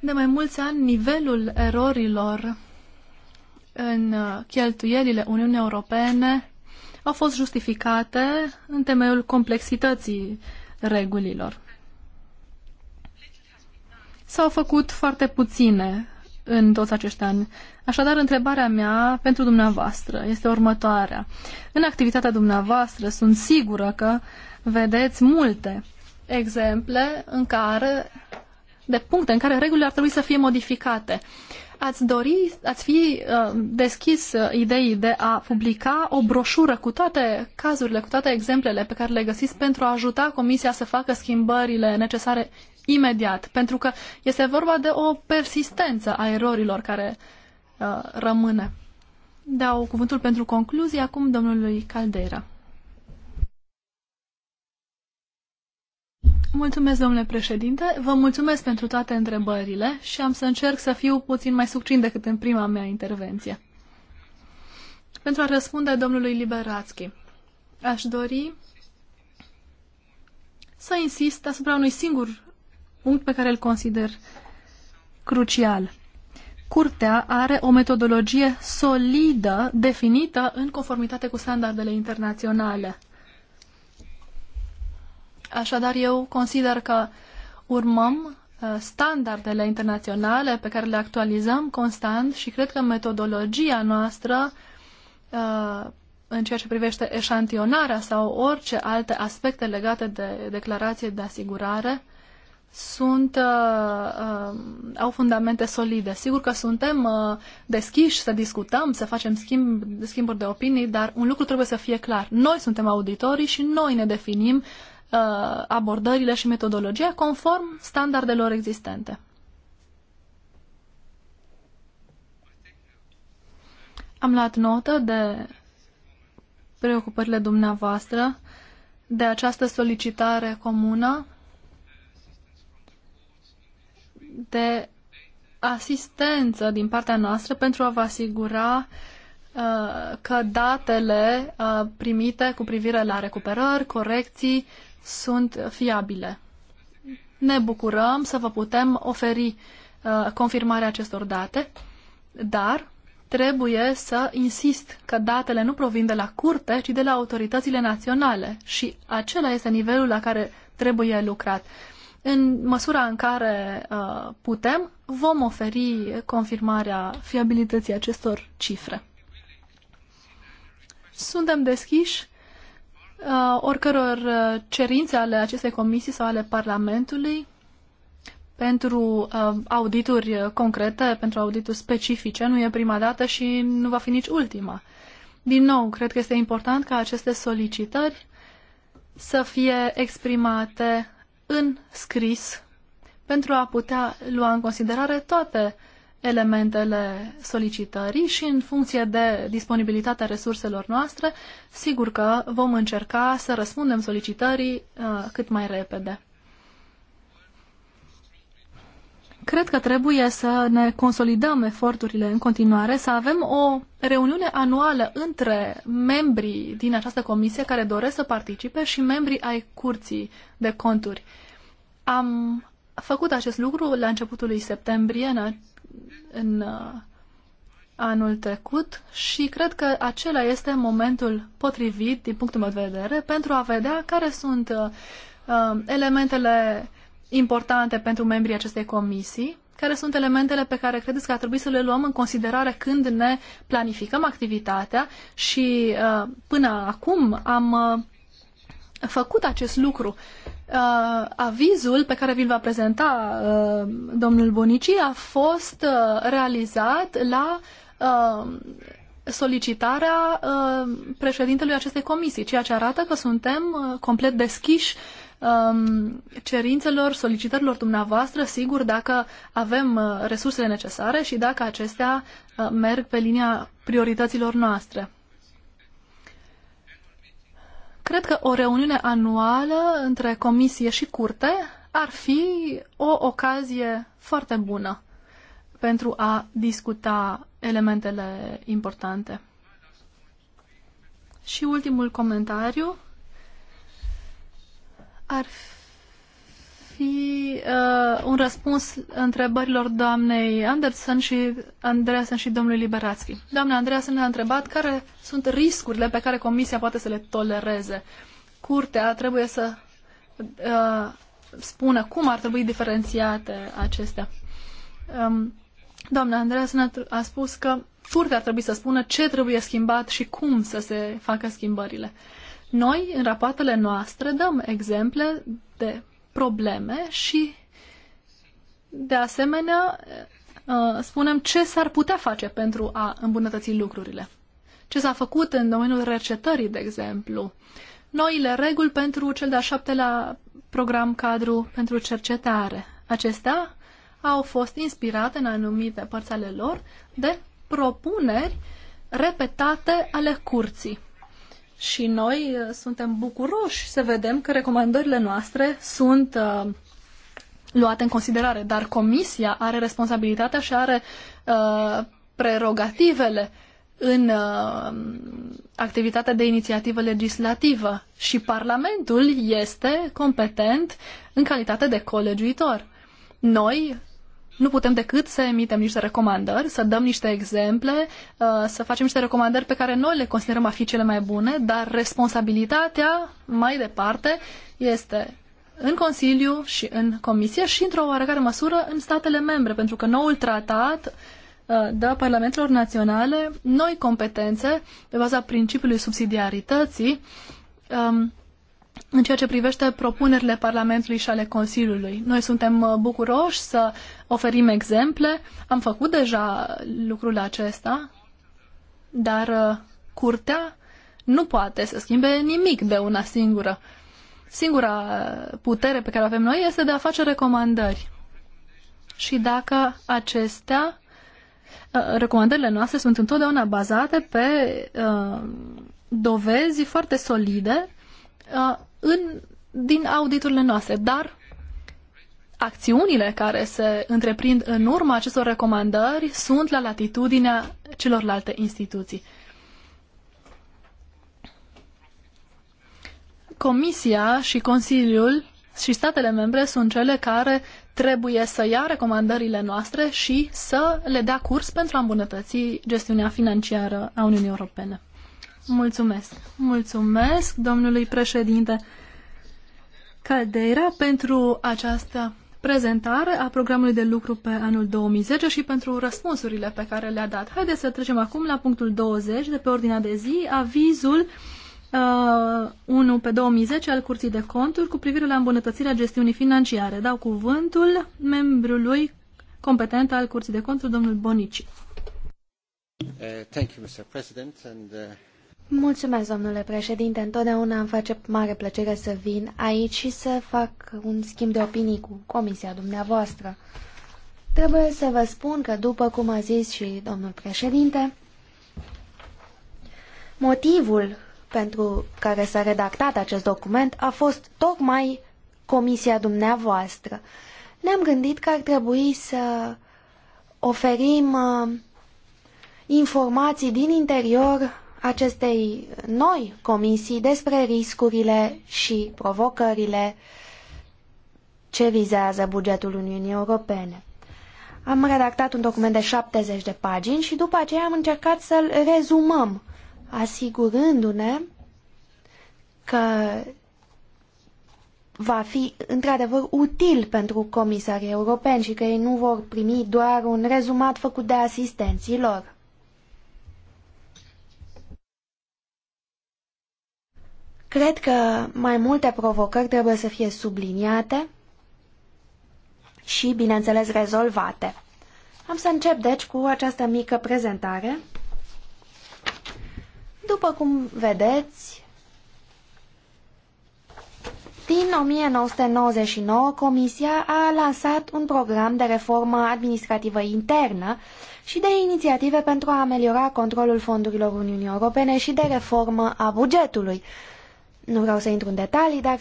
De mai mulți ani, nivelul erorilor în cheltuielile Uniunii Europene au fost justificate în temeiul complexității regulilor. S-au făcut foarte puține în toți acești ani. Așadar, întrebarea mea pentru dumneavoastră este următoarea. În activitatea dumneavoastră sunt sigură că vedeți multe exemple în care, de puncte în care regulile ar trebui să fie modificate. Uh, ați dori, ați fi uh, deschis uh, ideii de a publica o broșură cu toate cazurile, cu toate exemplele pe care le găsiți pentru a ajuta Comisia să facă schimbările necesare imediat, pentru că este vorba de o persistență a erorilor care uh, rămâne. Dau cuvântul pentru concluzie acum domnului Caldeira. Mulțumesc, domnule președinte. Vă mulțumesc pentru toate întrebările și am să încerc să fiu puțin mai succint decât în prima mea intervenție. Pentru a răspunde domnului Liberațchi, aș dori să insist asupra unui singur punct pe care îl consider crucial. Curtea are o metodologie solidă definită în conformitate cu standardele internaționale. Așadar, eu consider că urmăm uh, standardele internaționale pe care le actualizăm constant și cred că metodologia noastră uh, în ceea ce privește eșantionarea sau orice alte aspecte legate de declarație de asigurare sunt, uh, uh, au fundamente solide. Sigur că suntem uh, deschiși să discutăm, să facem schimb, schimburi de opinii, dar un lucru trebuie să fie clar. Noi suntem auditorii și noi ne definim uh, abordările și metodologia conform standardelor existente. Am luat notă de preocupările dumneavoastră de această solicitare comună de asistență din partea noastră pentru a vă asigura uh, că datele uh, primite cu privire la recuperări, corecții, uh, sunt fiabile. Ne bucurăm să vă putem oferi uh, confirmarea acestor date, dar trebuie să insist că datele nu provin de la curte, ci de la autoritățile naționale și acela este nivelul la care trebuie lucrat. În măsura în care uh, putem, vom oferi confirmarea fiabilității acestor cifre. Suntem deschiși uh, oricăror uh, cerințe ale acestei comisii sau ale Parlamentului pentru uh, audituri concrete, pentru audituri specifice. Nu e prima dată și nu va fi nici ultima. Din nou, cred că este important ca aceste solicitări să fie exprimate în scris pentru a putea lua în considerare toate elementele solicitării și în funcție de disponibilitatea resurselor noastre, sigur că vom încerca să răspundem solicitării uh, cât mai repede. Cred că trebuie să ne consolidăm eforturile în continuare, să avem o reuniune anuală între membrii din această comisie care doresc să participe și membrii ai curții de conturi. Am făcut acest lucru la începutul lui septembrie în uh, anul trecut și cred că acela este momentul potrivit, din punctul meu de vedere, pentru a vedea care sunt uh, uh, elementele importante pentru membrii acestei comisii, care sunt elementele pe care credeți că ar trebui să le luăm în considerare când ne planificăm activitatea și uh, până acum am uh, făcut acest lucru Uh, avizul pe care vi-l va prezenta uh, domnul Bonici a fost uh, realizat la uh, solicitarea uh, președintelui acestei comisii, ceea ce arată că suntem uh, complet deschiși um, cerințelor, solicitărilor dumneavoastră, sigur, dacă avem uh, resursele necesare și dacă acestea uh, merg pe linia priorităților noastre. Cred că o reuniune anuală între comisie și curte ar fi o ocazie foarte bună pentru a discuta elementele importante. Și ultimul comentariu ar fi fi uh, un răspuns întrebărilor doamnei Anderson și Andreasen și domnului Liberațchi. Doamna Andreasen ne-a întrebat care sunt riscurile pe care Comisia poate să le tolereze. Curtea trebuie să uh, spună cum ar trebui diferențiate acestea. Um, doamna Andreasen a spus că Curtea ar trebui să spună ce trebuie schimbat și cum să se facă schimbările. Noi, în rapoartele noastre, dăm exemple de probleme și, de asemenea, uh, spunem ce s-ar putea face pentru a îmbunătăți lucrurile. Ce s-a făcut în domeniul recetării, de exemplu, noile reguli pentru cel de-a șaptelea program cadru pentru cercetare. Acestea au fost inspirate în anumite părți ale lor de propuneri repetate ale curții și noi uh, suntem bucuroși să vedem că recomandările noastre sunt uh, luate în considerare, dar Comisia are responsabilitatea și are uh, prerogativele în uh, activitatea de inițiativă legislativă și Parlamentul este competent în calitate de colegiuitor. Noi nu putem decât să emitem niște recomandări, să dăm niște exemple, uh, să facem niște recomandări pe care noi le considerăm a fi cele mai bune, dar responsabilitatea mai departe este în Consiliu și în Comisie și într-o oarecare măsură în statele membre, pentru că noul tratat uh, dă parlamentelor naționale noi competențe pe baza principiului subsidiarității um, în ceea ce privește propunerile Parlamentului și ale Consiliului. Noi suntem uh, bucuroși să oferim exemple. Am făcut deja lucrul acesta, dar uh, curtea nu poate să schimbe nimic de una singură. Singura putere pe care o avem noi este de a face recomandări. Și dacă acestea, uh, recomandările noastre sunt întotdeauna bazate pe dovezi foarte solide, în, din auditurile noastre, dar acțiunile care se întreprind în urma acestor recomandări sunt la latitudinea celorlalte instituții. Comisia și Consiliul și statele membre sunt cele care trebuie să ia recomandările noastre și să le dea curs pentru a îmbunătăți gestiunea financiară a Uniunii Europene. Mulțumesc. Mulțumesc domnului președinte Caldeira pentru această prezentare a programului de lucru pe anul 2010 și pentru răspunsurile pe care le-a dat. Haideți să trecem acum la punctul 20 de pe ordinea de zi, avizul uh, 1 pe 2010 al Curții de Conturi cu privire la îmbunătățirea gestiunii financiare. Dau cuvântul membrului competent al Curții de Conturi, domnul Bonici. Uh, thank you, Mr. President, and, uh... Mulțumesc, domnule președinte. Întotdeauna îmi face mare plăcere să vin aici și să fac un schimb de opinii cu comisia dumneavoastră. Trebuie să vă spun că, după cum a zis și domnul președinte, motivul pentru care s-a redactat acest document a fost tocmai comisia dumneavoastră. Ne-am gândit că ar trebui să oferim uh, informații din interior acestei noi comisii despre riscurile și provocările ce vizează bugetul Uniunii Europene. Am redactat un document de 70 de pagini și după aceea am încercat să-l rezumăm, asigurându-ne că va fi într-adevăr util pentru comisarii europeni și că ei nu vor primi doar un rezumat făcut de asistenții lor. Cred că mai multe provocări trebuie să fie subliniate și, bineînțeles, rezolvate. Am să încep, deci, cu această mică prezentare. După cum vedeți, din 1999, Comisia a lansat un program de reformă administrativă internă și de inițiative pentru a ameliora controlul fondurilor Uniunii Europene și de reformă a bugetului, nu vreau să intru în detalii, dar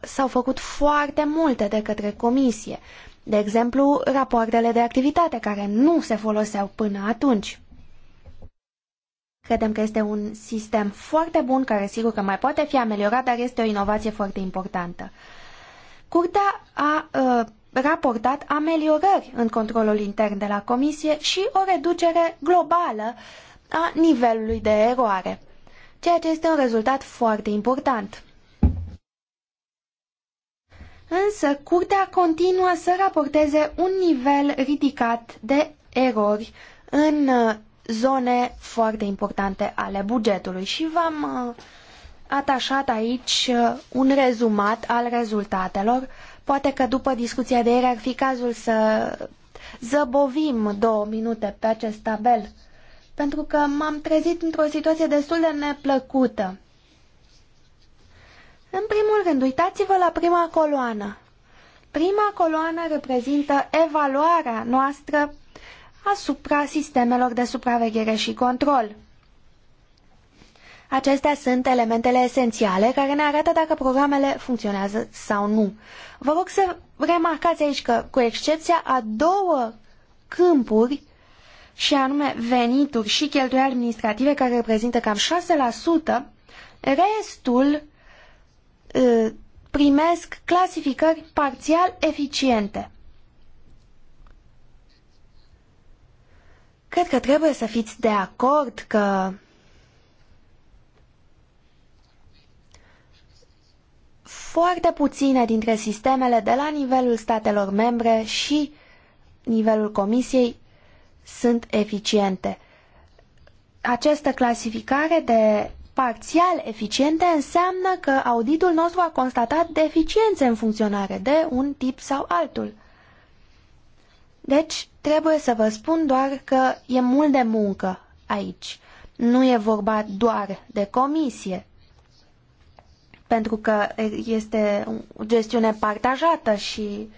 s-au făcut foarte multe de către comisie. De exemplu, rapoartele de activitate care nu se foloseau până atunci. Credem că este un sistem foarte bun, care sigur că mai poate fi ameliorat, dar este o inovație foarte importantă. Curtea a uh, raportat ameliorări în controlul intern de la comisie și o reducere globală a nivelului de eroare ceea ce este un rezultat foarte important. Însă, curtea continuă să raporteze un nivel ridicat de erori în uh, zone foarte importante ale bugetului și v-am uh, atașat aici uh, un rezumat al rezultatelor. Poate că după discuția de ieri ar fi cazul să zăbovim două minute pe acest tabel pentru că m-am trezit într-o situație destul de neplăcută. În primul rând, uitați-vă la prima coloană. Prima coloană reprezintă evaluarea noastră asupra sistemelor de supraveghere și control. Acestea sunt elementele esențiale care ne arată dacă programele funcționează sau nu. Vă rog să remarcați aici că, cu excepția a două câmpuri, și anume venituri și cheltuieli administrative care reprezintă cam 6%, restul uh, primesc clasificări parțial eficiente. Cred că trebuie să fiți de acord că foarte puține dintre sistemele de la nivelul statelor membre și nivelul Comisiei sunt eficiente. Această clasificare de parțial eficiente înseamnă că auditul nostru a constatat deficiențe în funcționare de un tip sau altul. Deci, trebuie să vă spun doar că e mult de muncă aici. Nu e vorba doar de comisie, pentru că este o gestiune partajată și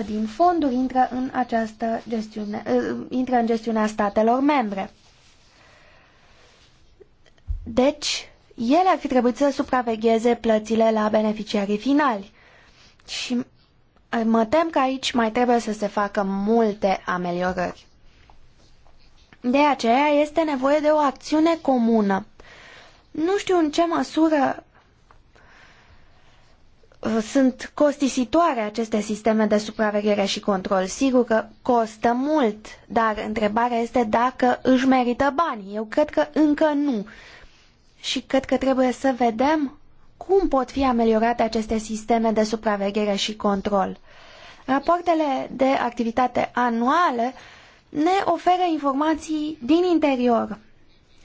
80% din fonduri intră în această gestiune, uh, intră în gestiunea statelor membre. Deci, ele ar fi trebuit să supravegheze plățile la beneficiarii finali. Și uh, mă tem că aici mai trebuie să se facă multe ameliorări. De aceea este nevoie de o acțiune comună. Nu știu în ce măsură Uh, sunt costisitoare aceste sisteme de supraveghere și control. Sigur că costă mult, dar întrebarea este dacă își merită banii. Eu cred că încă nu. Și cred că trebuie să vedem cum pot fi ameliorate aceste sisteme de supraveghere și control. Rapoartele de activitate anuale ne oferă informații din interior,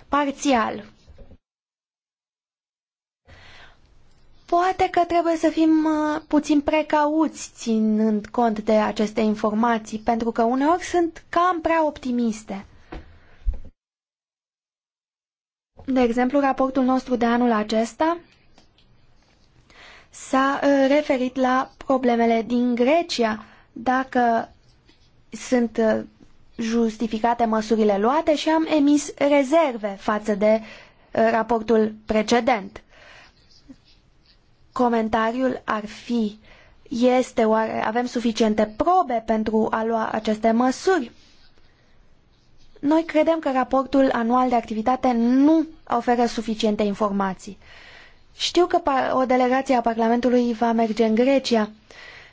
parțial, Poate că trebuie să fim uh, puțin precauți ținând cont de aceste informații, pentru că uneori sunt cam prea optimiste. De exemplu, raportul nostru de anul acesta s-a uh, referit la problemele din Grecia, dacă sunt uh, justificate măsurile luate și am emis rezerve față de raportul precedent comentariul ar fi este oare avem suficiente probe pentru a lua aceste măsuri? Noi credem că raportul anual de activitate nu oferă suficiente informații. Știu că o delegație a Parlamentului va merge în Grecia.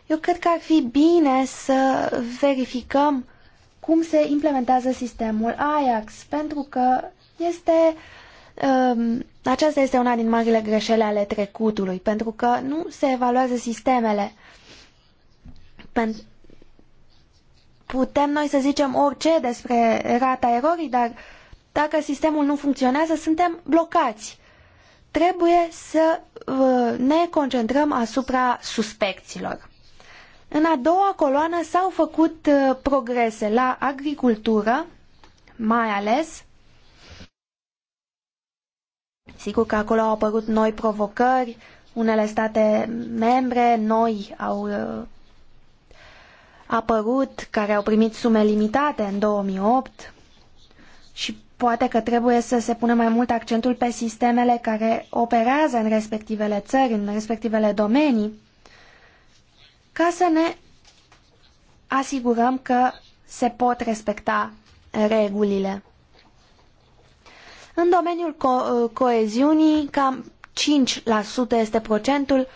Eu cred că ar fi bine să verificăm cum se implementează sistemul Ajax, pentru că este Ehm, aceasta este una din marile greșeli ale trecutului, pentru că nu se evaluează sistemele. Putem noi să zicem orice despre rata erorii, dar dacă sistemul nu funcționează, suntem blocați. Trebuie să ne concentrăm asupra suspecților. În a doua coloană s-au făcut uh, progrese la agricultură, mai ales Sigur că acolo au apărut noi provocări, unele state membre noi au uh, apărut, care au primit sume limitate în 2008 și poate că trebuie să se pună mai mult accentul pe sistemele care operează în respectivele țări, în respectivele domenii, ca să ne asigurăm că se pot respecta regulile. În domeniul co- uh, coeziunii, cam 5% este procentul.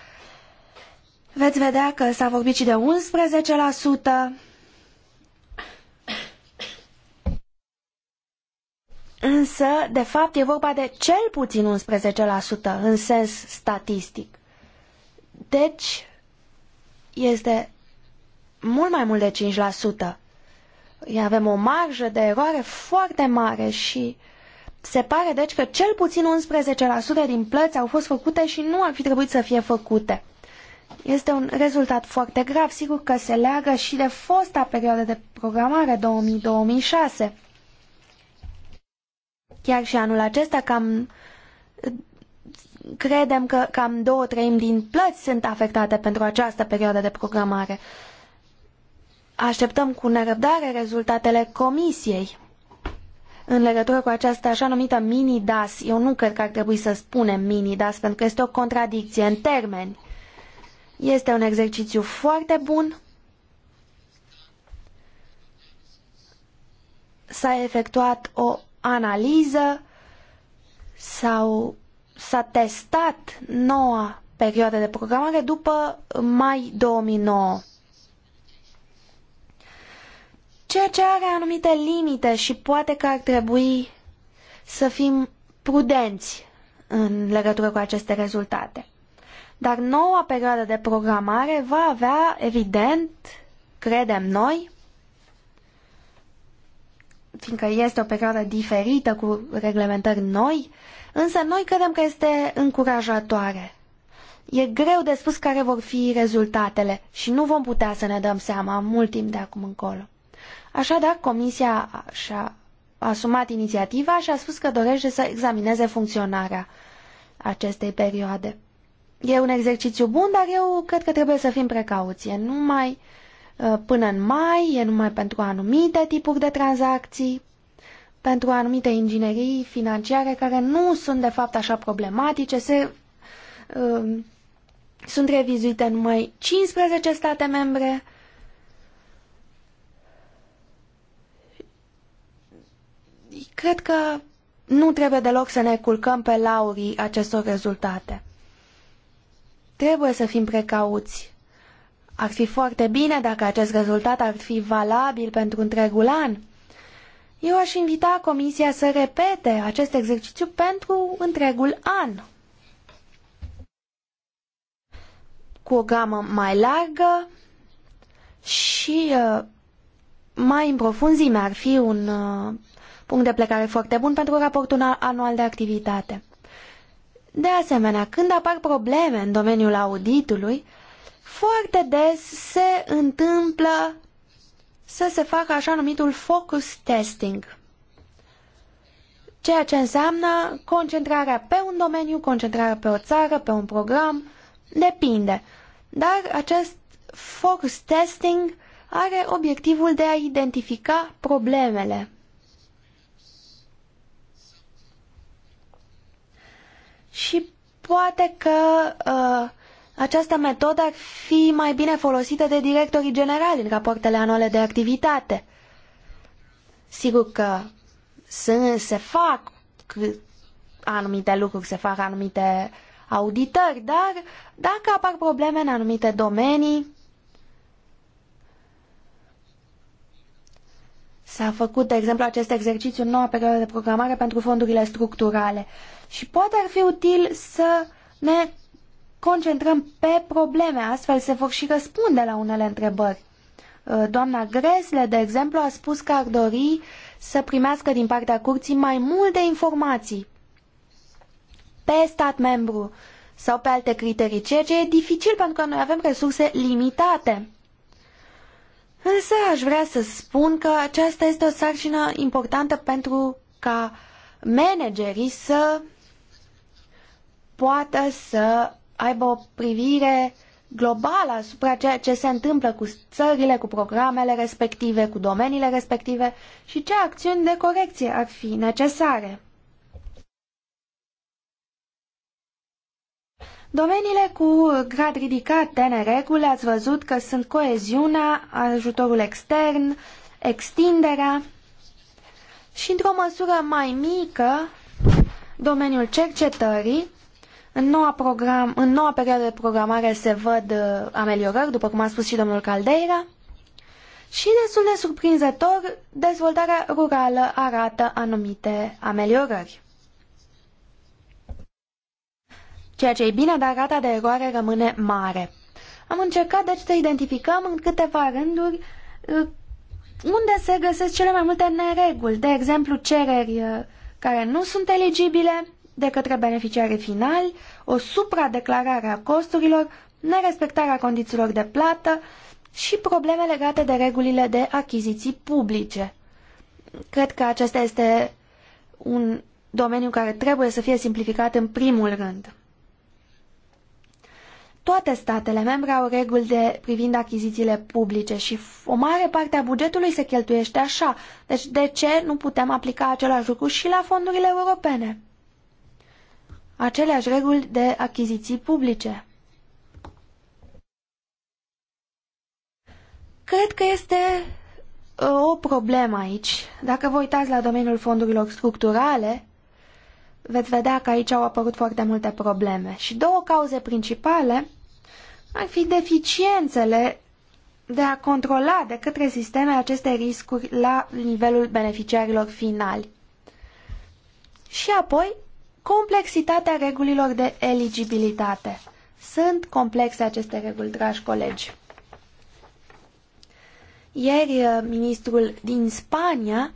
Veți vedea că s-a vorbit și de 11%. Însă, de fapt, e vorba de cel puțin 11% în sens statistic. Deci, este mult mai mult de 5%. Avem o marjă de eroare foarte mare și uh, se pare deci că cel puțin 11% din plăți au fost făcute și nu ar fi trebuit să fie făcute. Este un rezultat foarte grav, sigur că se leagă și de fosta perioadă de programare 2000-2006. Chiar și anul acesta cam credem că cam două treimi din plăți sunt afectate pentru această perioadă de programare. Așteptăm cu nerăbdare rezultatele comisiei în legătură cu această așa numită mini-DAS. Eu nu cred că ar trebui să spunem mini-DAS, pentru că este o contradicție în termeni. Este un exercițiu foarte bun. S-a efectuat o analiză, sau s-a testat noua perioadă de programare după mai 2009 ceea ce are anumite limite și poate că ar trebui să fim prudenți în legătură cu aceste rezultate. Dar noua perioadă de programare va avea, evident, credem noi, fiindcă este o perioadă diferită cu reglementări noi, însă noi credem că este încurajatoare. E greu de spus care vor fi rezultatele și nu vom putea să ne dăm seama mult timp de acum încolo. Așadar, Comisia și-a asumat inițiativa și a spus că dorește să examineze funcționarea acestei perioade. E un exercițiu bun, dar eu cred că trebuie să fim precauți. E numai uh, până în mai, e numai pentru anumite tipuri de tranzacții, pentru anumite inginerii financiare care nu sunt de fapt așa problematice, se, uh, sunt revizuite numai 15 state membre, Cred că nu trebuie deloc să ne culcăm pe laurii acestor rezultate. Trebuie să fim precauți. Ar fi foarte bine dacă acest rezultat ar fi valabil pentru întregul an. Eu aș invita Comisia să repete acest exercițiu pentru întregul an. Cu o gamă mai largă și uh, mai în profunzime ar fi un uh, punct de plecare foarte bun pentru raportul anual de activitate. De asemenea, când apar probleme în domeniul auditului, foarte des se întâmplă să se facă așa numitul focus testing, ceea ce înseamnă concentrarea pe un domeniu, concentrarea pe o țară, pe un program, depinde. Dar acest focus testing are obiectivul de a identifica problemele și poate că uh, această metodă ar fi mai bine folosită de directorii generali în rapoartele anuale de activitate. Sigur că se fac anumite lucruri, se fac anumite auditări, dar dacă apar probleme în anumite domenii, s-a făcut, de exemplu, acest exercițiu în noua perioadă de programare pentru fondurile structurale. Uh, și poate ar fi util să ne concentrăm pe probleme, astfel se vor și răspunde la unele întrebări. Uh, doamna Gresle, de exemplu, a spus că ar dori să primească din partea curții mai multe informații pe stat membru sau pe alte criterii, ceea ce e dificil pentru că noi avem resurse limitate. Însă aș vrea să spun că aceasta este o sarcină importantă pentru ca managerii să poată să aibă o privire globală asupra ceea ce se întâmplă cu țările, cu programele respective, cu domeniile respective și ce acțiuni de corecție ar fi necesare. Domeniile cu grad ridicat de neregule, ați văzut că sunt coeziunea, ajutorul extern, extinderea și într-o măsură mai mică domeniul cercetării în noua, program, în noua perioadă de programare se văd uh, ameliorări, după cum a spus și domnul Caldeira, și destul de surprinzător, dezvoltarea rurală arată anumite ameliorări. Ceea ce e bine, dar rata de eroare rămâne mare. Am încercat deci să identificăm în câteva rânduri uh, unde se găsesc cele mai multe nereguli, de exemplu cereri uh, care nu sunt eligibile, de către beneficiarii finali, o supradeclarare a costurilor, nerespectarea condițiilor de plată și probleme legate de regulile de achiziții publice. Cred că acesta este un domeniu care trebuie să fie simplificat în primul rând. Toate statele membre au reguli de privind achizițiile publice și o mare parte a bugetului se cheltuiește așa. Deci de ce nu putem aplica același lucru și la fondurile europene? aceleași reguli de achiziții publice. Cred că este ă, o problemă aici. Dacă vă uitați la domeniul fondurilor structurale, veți vedea că aici au apărut foarte multe probleme. Și două cauze principale ar fi deficiențele de a controla de către sisteme aceste riscuri la nivelul beneficiarilor finali. Și apoi, Complexitatea regulilor de eligibilitate. Sunt complexe aceste reguli, dragi colegi. Ieri, uh, ministrul din Spania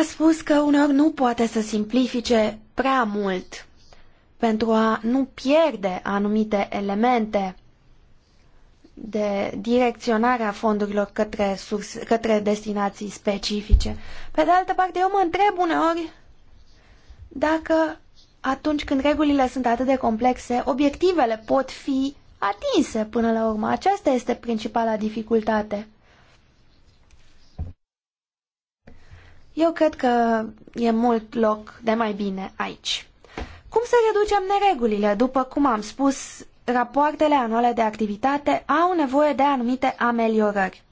a spus că uneori nu poate să simplifice prea mult pentru a nu pierde anumite elemente de direcționare a fondurilor către, surse, către destinații specifice. Pe de altă parte, eu mă întreb uneori dacă atunci când regulile sunt atât de complexe, obiectivele pot fi atinse până la urmă. Aceasta este principala dificultate. Eu cred că e mult loc de mai bine aici. Cum să reducem neregulile? După cum am spus, rapoartele anuale de activitate au nevoie de anumite ameliorări.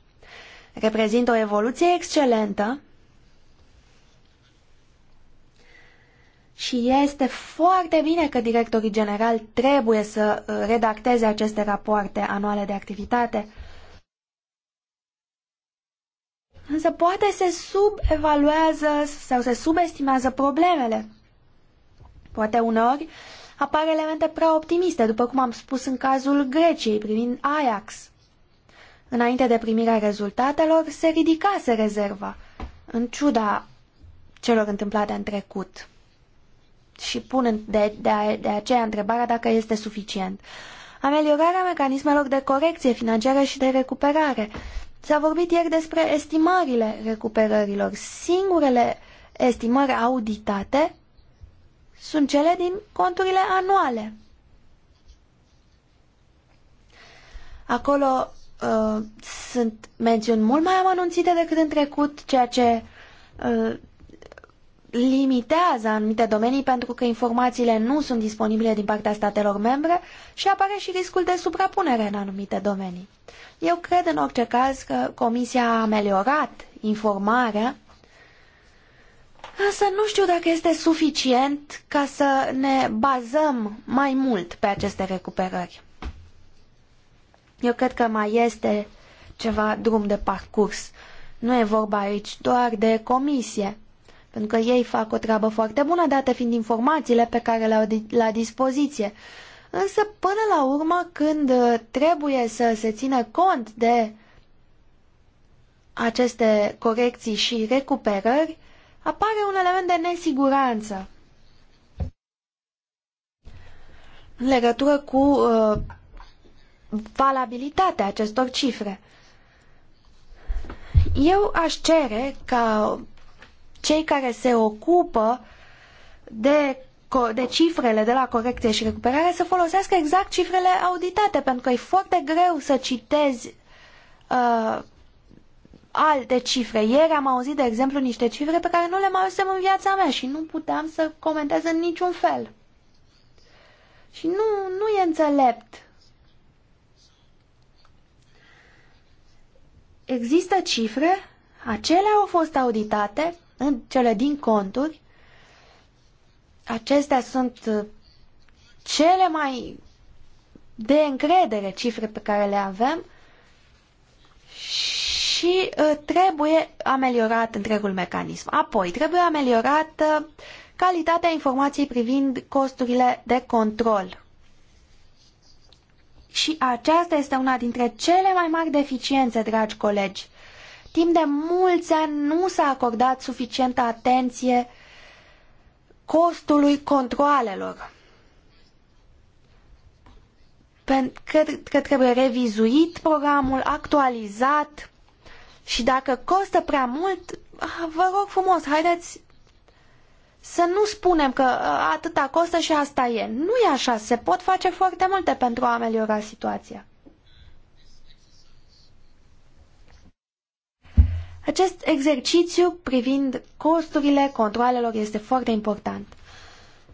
Reprezintă o evoluție excelentă Și este foarte bine că directorii generali trebuie să uh, redacteze aceste rapoarte anuale de activitate. Însă poate se subevaluează sau se subestimează problemele. Poate uneori apar elemente prea optimiste, după cum am spus în cazul Greciei privind Ajax. Înainte de primirea rezultatelor, se ridicase rezerva, în ciuda celor întâmplate în trecut și pun de, de, de aceea întrebarea dacă este suficient. Ameliorarea mecanismelor de corecție financiară și de recuperare. S-a vorbit ieri despre estimările recuperărilor. Singurele estimări auditate sunt cele din conturile anuale. Acolo uh, sunt mențiuni mult mai amănunțite decât în trecut, ceea ce uh, limitează anumite domenii pentru că informațiile nu sunt disponibile din partea statelor membre și apare și riscul de suprapunere în anumite domenii. Eu cred în orice caz că Comisia a ameliorat informarea, însă nu știu dacă este suficient ca să ne bazăm mai mult pe aceste recuperări. Eu cred că mai este ceva drum de parcurs. Nu e vorba aici doar de comisie pentru că ei fac o treabă foarte bună, date fiind informațiile pe care le au la dispoziție. Însă, până la urmă, când uh, trebuie să se țină cont de aceste corecții și recuperări, apare un element de nesiguranță în legătură cu uh, valabilitatea acestor cifre. Eu aș cere ca cei care se ocupă de, de cifrele de la corecție și recuperare să folosească exact cifrele auditate, pentru că e foarte greu să citezi uh, alte cifre. Ieri am auzit, de exemplu, niște cifre pe care nu le mai auzisem în viața mea și nu puteam să comentez în niciun fel. Și nu, nu e înțelept. Există cifre, acelea au fost auditate, în cele din conturi, acestea sunt uh, cele mai de încredere cifre pe care le avem și uh, trebuie ameliorat întregul mecanism. Apoi, trebuie ameliorată calitatea informației privind costurile de control. Și aceasta este una dintre cele mai mari deficiențe, dragi colegi. Timp de mulți ani nu s-a acordat suficientă atenție costului controalelor. Cred că trebuie revizuit programul, actualizat și dacă costă prea mult, ah, vă rog frumos, haideți să nu spunem că ah, atâta costă și asta e. Nu e așa, se pot face foarte multe pentru a ameliora situația. Acest exercițiu privind costurile controalelor este foarte important.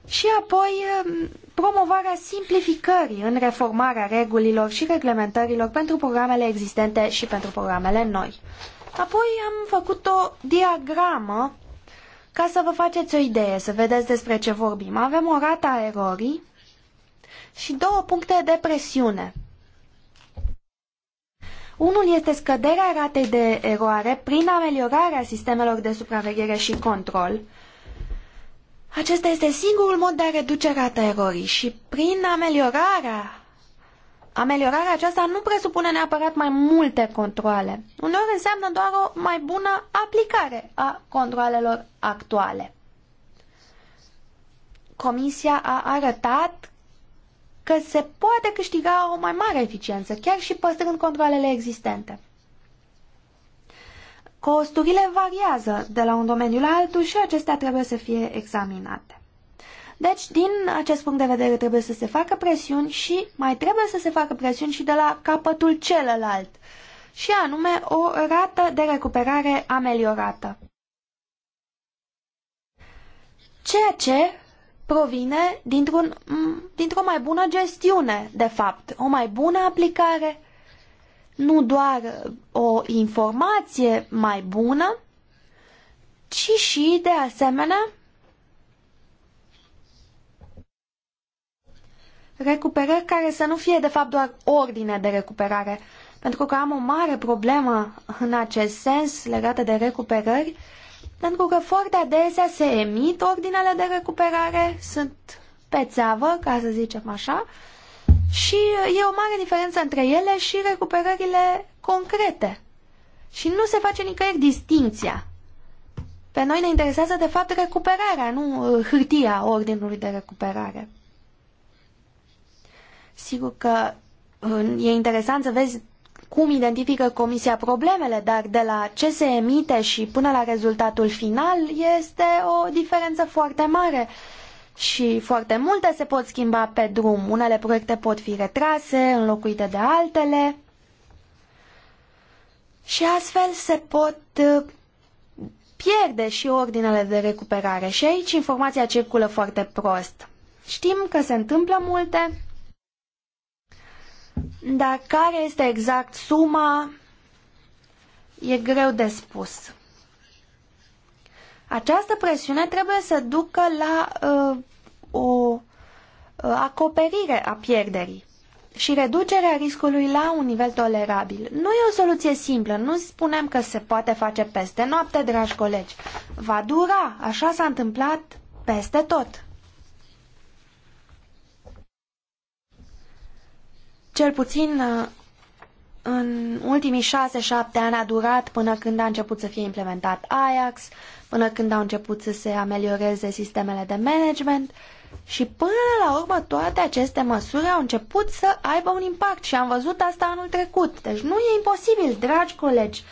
Și apoi um, promovarea simplificării în reformarea regulilor și reglementărilor pentru programele existente și pentru programele noi. Apoi am făcut o diagramă ca să vă faceți o idee, să vedeți despre ce vorbim. Avem o rată a erorii și două puncte de presiune. Unul este scăderea ratei de eroare prin ameliorarea sistemelor de supraveghere și control. Acesta este singurul mod de a reduce rata erorii și prin ameliorarea Ameliorarea aceasta nu presupune neapărat mai multe controle. Uneori înseamnă doar o mai bună aplicare a controlelor actuale. Comisia a arătat că se poate câștiga o mai mare eficiență, chiar și păstrând controlele existente. Costurile variază de la un domeniu la altul și acestea trebuie să fie examinate. Deci, din acest punct de vedere, trebuie să se facă presiuni și mai trebuie să se facă presiuni și de la capătul celălalt, și anume o rată de recuperare ameliorată. Ceea ce provine dintr-un, dintr-o mai bună gestiune, de fapt, o mai bună aplicare, nu doar o informație mai bună, ci și, de asemenea, recuperări care să nu fie, de fapt, doar ordine de recuperare. Pentru că am o mare problemă în acest sens legată de recuperări, pentru că foarte adesea se emit ordinele de recuperare, sunt pe țeavă, ca să zicem așa, și e o mare diferență între ele și recuperările concrete. Și nu se face nicăieri distinția. Pe noi ne interesează, de fapt, recuperarea, nu uh, hârtia ordinului de recuperare. Sigur că uh, e interesant să vezi cum identifică Comisia problemele, dar de la ce se emite și până la rezultatul final este o diferență foarte mare. Și foarte multe se pot schimba pe drum. Unele proiecte pot fi retrase, înlocuite de altele. Și astfel se pot uh, pierde și ordinele de recuperare. Și aici informația circulă foarte prost. Știm că se întâmplă multe, dar care este exact suma e greu de spus. Această presiune trebuie să ducă la uh, o uh, acoperire a pierderii și reducerea riscului la un nivel tolerabil. Nu e o soluție simplă, nu spunem că se poate face peste noapte, dragi colegi. Va dura, așa s-a întâmplat peste tot. Cel puțin uh, în ultimii șase-șapte ani a durat până când a început să fie implementat Ajax, până când au început să se amelioreze sistemele de management și până la urmă toate aceste măsuri au început să aibă un impact și am văzut asta anul trecut. Deci nu e imposibil, dragi colegi.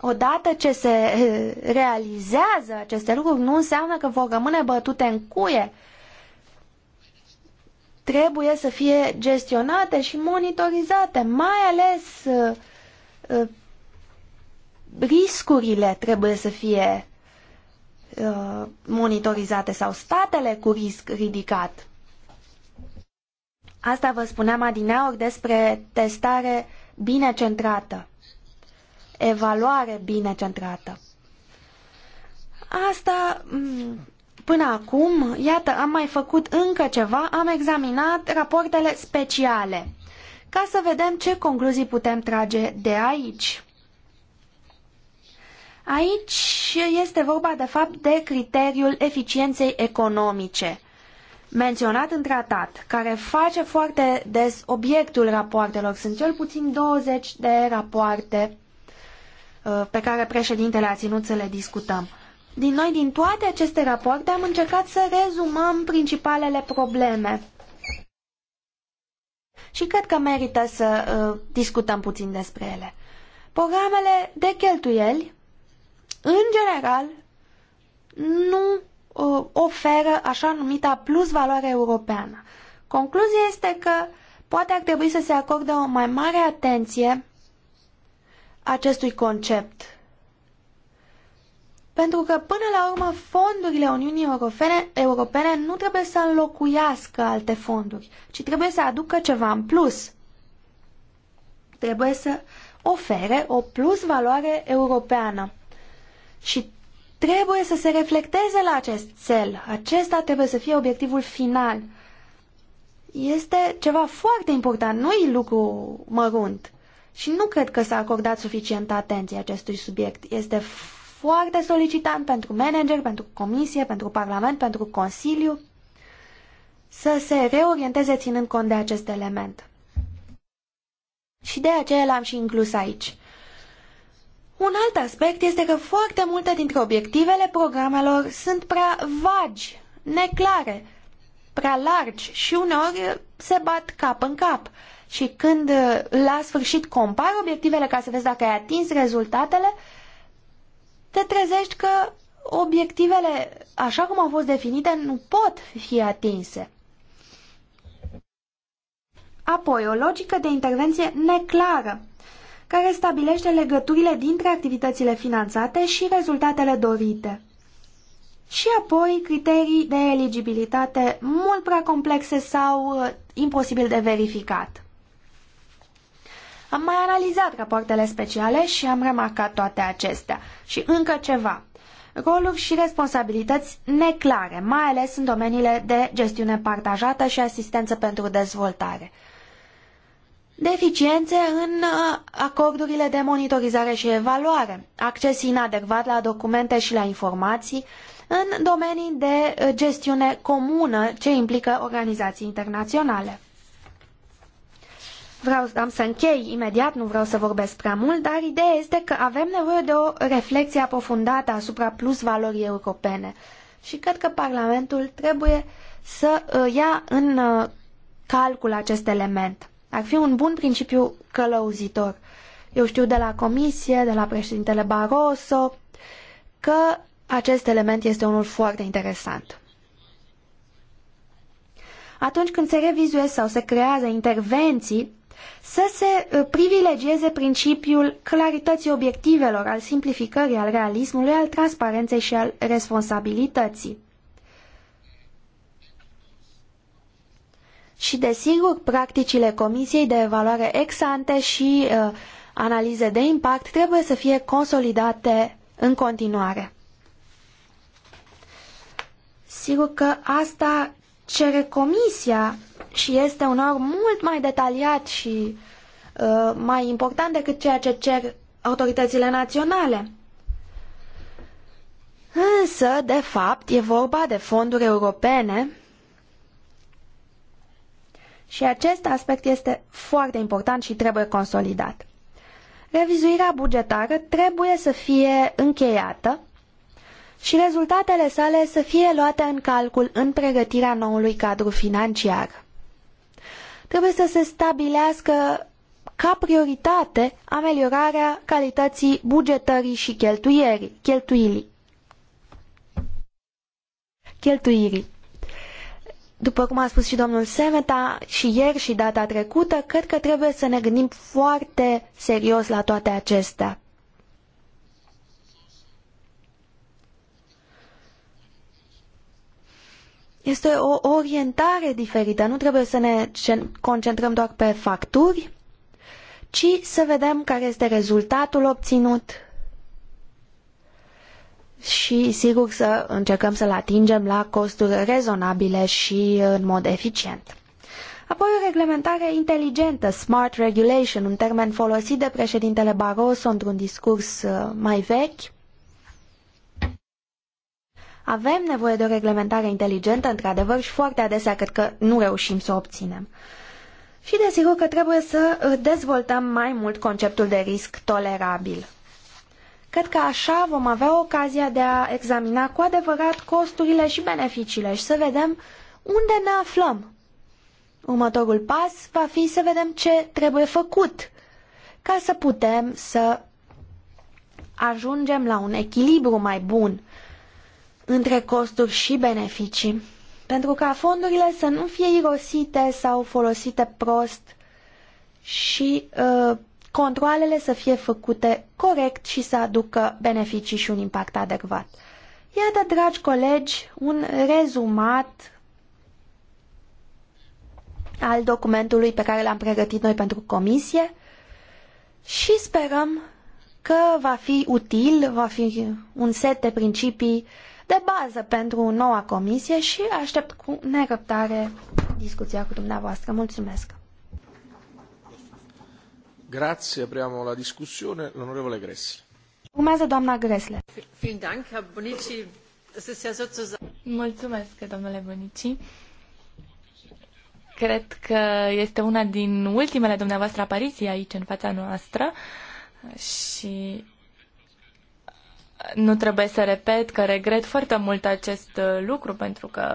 Odată ce se eh, realizează aceste lucruri, nu înseamnă că vor rămâne bătute în cuie. Uh, trebuie să fie gestionate și monitorizate, mai ales uh, uh, riscurile trebuie să fie uh, monitorizate sau statele cu risc ridicat. Asta vă spuneam adineaori despre testare bine centrată, evaluare bine centrată. Asta mm, Până acum, iată, am mai făcut încă ceva, am examinat rapoartele speciale, ca să vedem ce concluzii putem trage de aici. Aici este vorba, de fapt, de criteriul eficienței economice, menționat în tratat, care face foarte des obiectul rapoartelor. Sunt cel puțin 20 de rapoarte uh, pe care președintele a ținut să le discutăm. Din noi, din toate aceste rapoarte, am încercat să rezumăm principalele probleme. Și cred că merită să uh, discutăm puțin despre ele. Programele de cheltuieli, în general, nu uh, oferă așa numita plus valoare europeană. Concluzia este că poate ar trebui să se acorde o mai mare atenție acestui concept pentru că, până la urmă, fondurile Uniunii Europene, Europene nu trebuie să înlocuiască alte fonduri, ci trebuie să aducă ceva în plus. Trebuie să ofere o plus valoare europeană. Și trebuie să se reflecteze la acest cel. Acesta trebuie să fie obiectivul final. Este ceva foarte important, nu-i lucru mărunt. Și nu cred că s-a acordat suficientă atenție acestui subiect. Este foarte solicitant pentru manager, pentru comisie, pentru parlament, pentru consiliu, să se reorienteze ținând cont de acest element. Și de aceea l-am și inclus aici. Un alt aspect este că foarte multe dintre obiectivele programelor sunt prea vagi, neclare, prea largi și uneori se bat cap în cap. Și când la sfârșit compari obiectivele ca să vezi dacă ai atins rezultatele, te trezești că obiectivele, așa cum au fost definite, nu pot fi atinse. Apoi, o logică de intervenție neclară, care stabilește legăturile dintre activitățile finanțate și rezultatele dorite. Și apoi, criterii de eligibilitate mult prea complexe sau uh, imposibil de verificat. Am mai analizat rapoartele speciale și am remarcat toate acestea. Și încă ceva. Roluri și responsabilități neclare, mai ales în domeniile de gestiune partajată și asistență pentru dezvoltare. Deficiențe în uh, acordurile de monitorizare și evaluare, acces inadecvat la documente și la informații, în domenii de uh, gestiune comună ce implică organizații internaționale. Vreau, am să închei imediat, nu vreau să vorbesc prea mult, dar ideea este că avem nevoie de o reflexie aprofundată asupra plusvalorii europene. Și cred că Parlamentul trebuie să uh, ia în uh, calcul acest element. Ar fi un bun principiu călăuzitor. Eu știu de la Comisie, de la președintele Barroso, că acest element este unul foarte interesant. Atunci când se revizuiesc sau se creează intervenții, să se uh, privilegieze principiul clarității obiectivelor, al simplificării, al realismului, al transparenței și al responsabilității. Și, desigur, practicile Comisiei de Evaluare ex ante și uh, analize de impact trebuie să fie consolidate în continuare. Sigur că asta cere comisia și este uneori mult mai detaliat și uh, mai important decât ceea ce cer autoritățile naționale. Însă, de fapt, e vorba de fonduri europene și acest aspect este foarte important și trebuie consolidat. Revizuirea bugetară trebuie să fie încheiată și rezultatele sale să fie luate în calcul în pregătirea noului cadru financiar. Trebuie să se stabilească ca prioritate ameliorarea calității bugetării și cheltuierii, cheltuirii. cheltuirii. După cum a spus și domnul Semeta și ieri și data trecută, cred că trebuie să ne gândim foarte serios la toate acestea. Este o orientare diferită. Nu trebuie să ne concentrăm doar pe facturi, ci să vedem care este rezultatul obținut și, sigur, să încercăm să-l atingem la costuri rezonabile și în mod eficient. Apoi o reglementare inteligentă, smart regulation, un termen folosit de președintele Barroso într-un discurs uh, mai vechi, avem nevoie de o reglementare inteligentă, într-adevăr, și foarte adesea cred că nu reușim să o obținem. Și desigur că trebuie să dezvoltăm mai mult conceptul de risc tolerabil. Cred că așa vom avea ocazia de a examina cu adevărat costurile și beneficiile și să vedem unde ne aflăm. Următorul pas va fi să vedem ce trebuie făcut ca să putem să ajungem la un echilibru mai bun între costuri și beneficii, pentru ca fondurile să nu fie irosite sau folosite prost și uh, controalele să fie făcute corect și să aducă beneficii și un impact adecvat. Iată, dragi colegi, un rezumat al documentului pe care l-am pregătit noi pentru comisie și sperăm că va fi util, va fi un set de principii de bază pentru noua comisie și aștept cu nerăbdare discuția cu dumneavoastră. Mulțumesc! Grazie, apriamo la discussione. L'onorevole Gressi. Urmează doamna Gresle. Mulțumesc, domnule Bunici. Cred că este una din ultimele dumneavoastră apariții aici, în fața noastră și nu trebuie să repet că regret foarte mult acest uh, lucru pentru că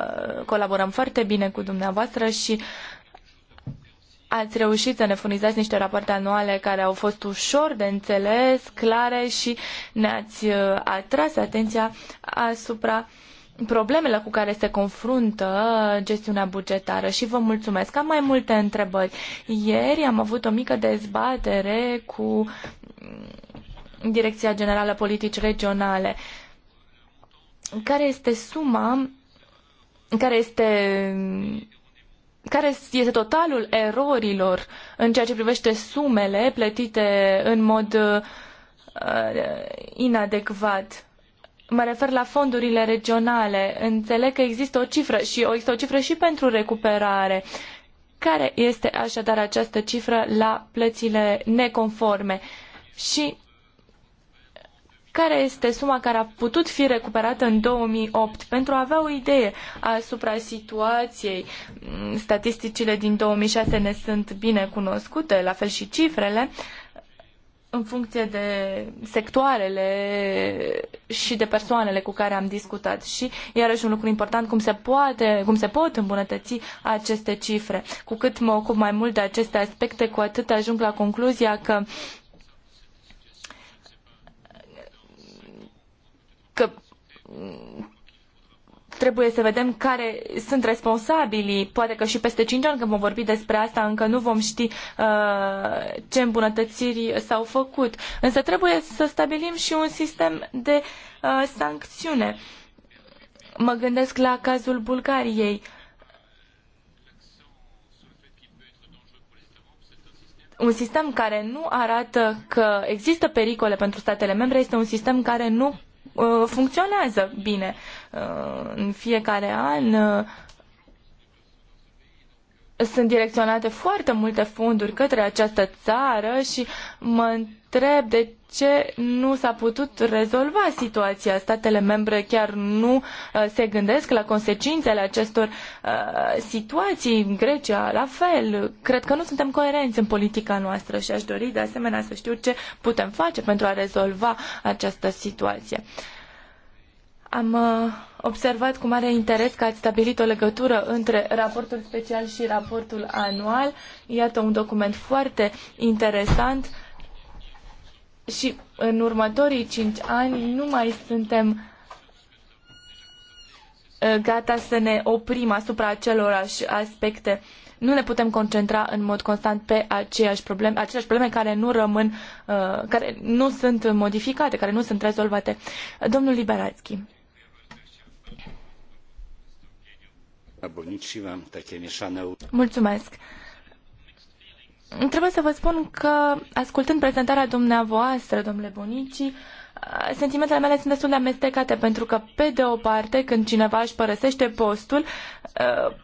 colaborăm foarte bine cu dumneavoastră și ați reușit să ne furnizați niște rapoarte anuale care au fost ușor de înțeles, clare și ne-ați uh, atras atenția asupra problemele cu care se confruntă gestiunea bugetară și vă mulțumesc. Am mai multe întrebări. Ieri am avut o mică dezbatere cu Direcția Generală Politici Regionale. Care este suma, care este, care este totalul erorilor în ceea ce privește sumele plătite în mod uh, inadecvat? Mă refer la fondurile regionale. Înțeleg că există o cifră și o, există o cifră și pentru recuperare. Care este așadar această cifră la plățile neconforme? Și care este suma care a putut fi recuperată în 2008 pentru a avea o idee asupra situației. Mm, Statisticile din 2006 ne sunt bine cunoscute, la fel și cifrele, în funcție de sectoarele și de persoanele cu care am discutat. Și iarăși un lucru important, cum se, poate, cum se pot îmbunătăți aceste cifre. Cu cât mă ocup mai mult de aceste aspecte, cu atât ajung la concluzia că uh, că mm, trebuie să vedem care sunt responsabilii. Poate că și peste cinci ani când vom vorbi despre asta încă nu vom ști uh, ce îmbunătățiri s-au făcut. Însă trebuie să stabilim și un sistem de uh, sancțiune. Mă gândesc la cazul Bulgariei. un sistem care nu arată că există pericole pentru statele membre este un sistem care nu funcționează bine. Uh, în fiecare an uh, sunt direcționate foarte multe fonduri către această țară și mă întreb de ce nu s-a putut rezolva situația. Statele membre chiar nu uh, se gândesc la consecințele acestor uh, situații. În Grecia, la fel. Cred că nu suntem coerenți în politica noastră și aș dori de asemenea să știu ce putem face pentru a rezolva această situație. Am uh observat cu mare interes că ați stabilit o legătură între raportul special și raportul anual. Iată un document foarte interesant și în următorii cinci ani nu mai suntem ă, gata să ne oprim asupra acelorași aspecte. Nu ne putem concentra în mod constant pe aceeași probleme, aceleași probleme care nu rămân, ă, care nu sunt modificate, care nu sunt rezolvate. Domnul Liberațchi. Mulțumesc! Trebuie să vă spun că, ascultând prezentarea dumneavoastră, domnule Bonici, sentimentele mele sunt destul de amestecate, pentru că, pe de o parte, când cineva își părăsește postul, ă,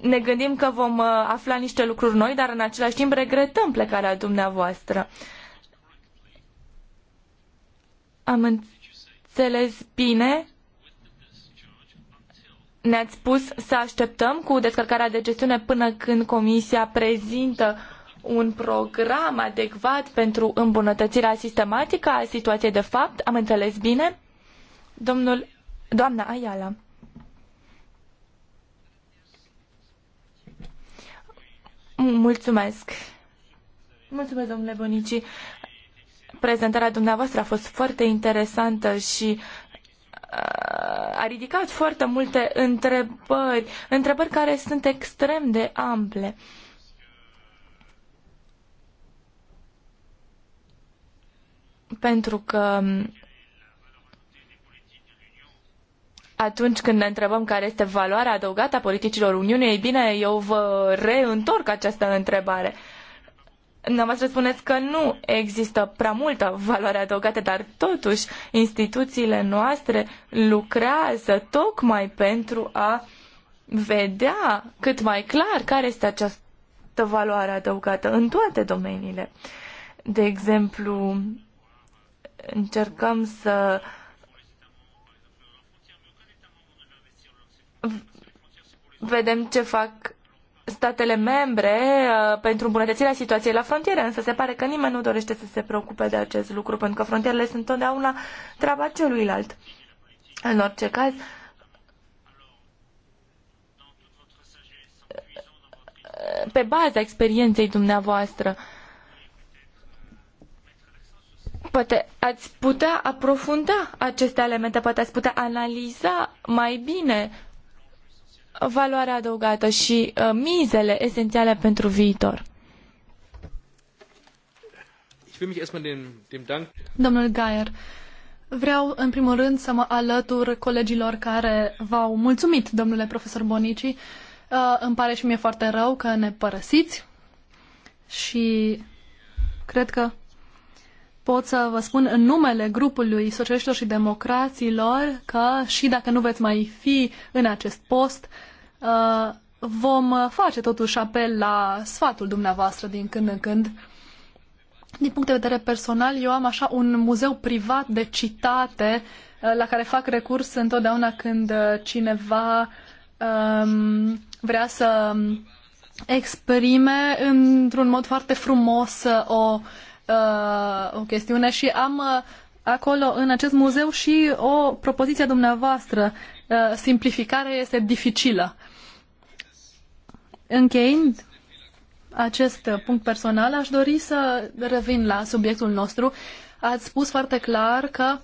ne gândim că vom ă, afla niște lucruri noi, dar în același timp regretăm plecarea dumneavoastră. Am înțeles bine ne-ați spus să așteptăm cu descărcarea de gestiune până când Comisia prezintă un program adecvat pentru îmbunătățirea sistematică a situației de fapt. Am înțeles bine? Domnul, doamna Ayala. Mulțumesc. Mulțumesc, domnule Bonici. Prezentarea dumneavoastră a fost foarte interesantă și a ridicat foarte multe întrebări, întrebări care sunt extrem de ample. Pentru că atunci când ne întrebăm care este valoarea adăugată a politicilor Uniunii, ei bine, eu vă reîntorc această întrebare. Uh, Dumneavoastră spuneți că nu există prea multă valoare adăugată, dar totuși instituțiile noastre lucrează tocmai pentru a vedea cât mai clar care este această valoare adăugată în toate domeniile. De exemplu, încercăm să vedem ce fac statele membre uh, pentru îmbunătățirea situației la frontiere, însă se pare că nimeni nu dorește să se preocupe de acest lucru, pentru că frontierele sunt întotdeauna treaba celuilalt. În orice caz, pe baza experienței dumneavoastră, poate ați putea aprofunda aceste elemente, poate ați putea analiza mai bine valoarea adăugată și uh, mizele esențiale pentru viitor. Domnul Gaier, vreau în primul rând să mă alătur colegilor care v-au mulțumit, domnule profesor Bonici. Uh, îmi pare și mie foarte rău că ne părăsiți și cred că pot să vă spun în numele grupului socialiștilor și democraților că și dacă nu veți mai fi în acest post, uh, vom face totuși apel la sfatul dumneavoastră din când în când. Din punct de vedere personal, eu am așa un muzeu privat de citate uh, la care fac recurs întotdeauna când uh, cineva um, vrea să exprime într-un mod foarte frumos o uh, o chestiune și am uh, acolo, în acest muzeu, și o propoziție a dumneavoastră. Uh, simplificarea este dificilă. Încheind acest punct personal, aș dori să revin la subiectul nostru. Ați spus foarte clar că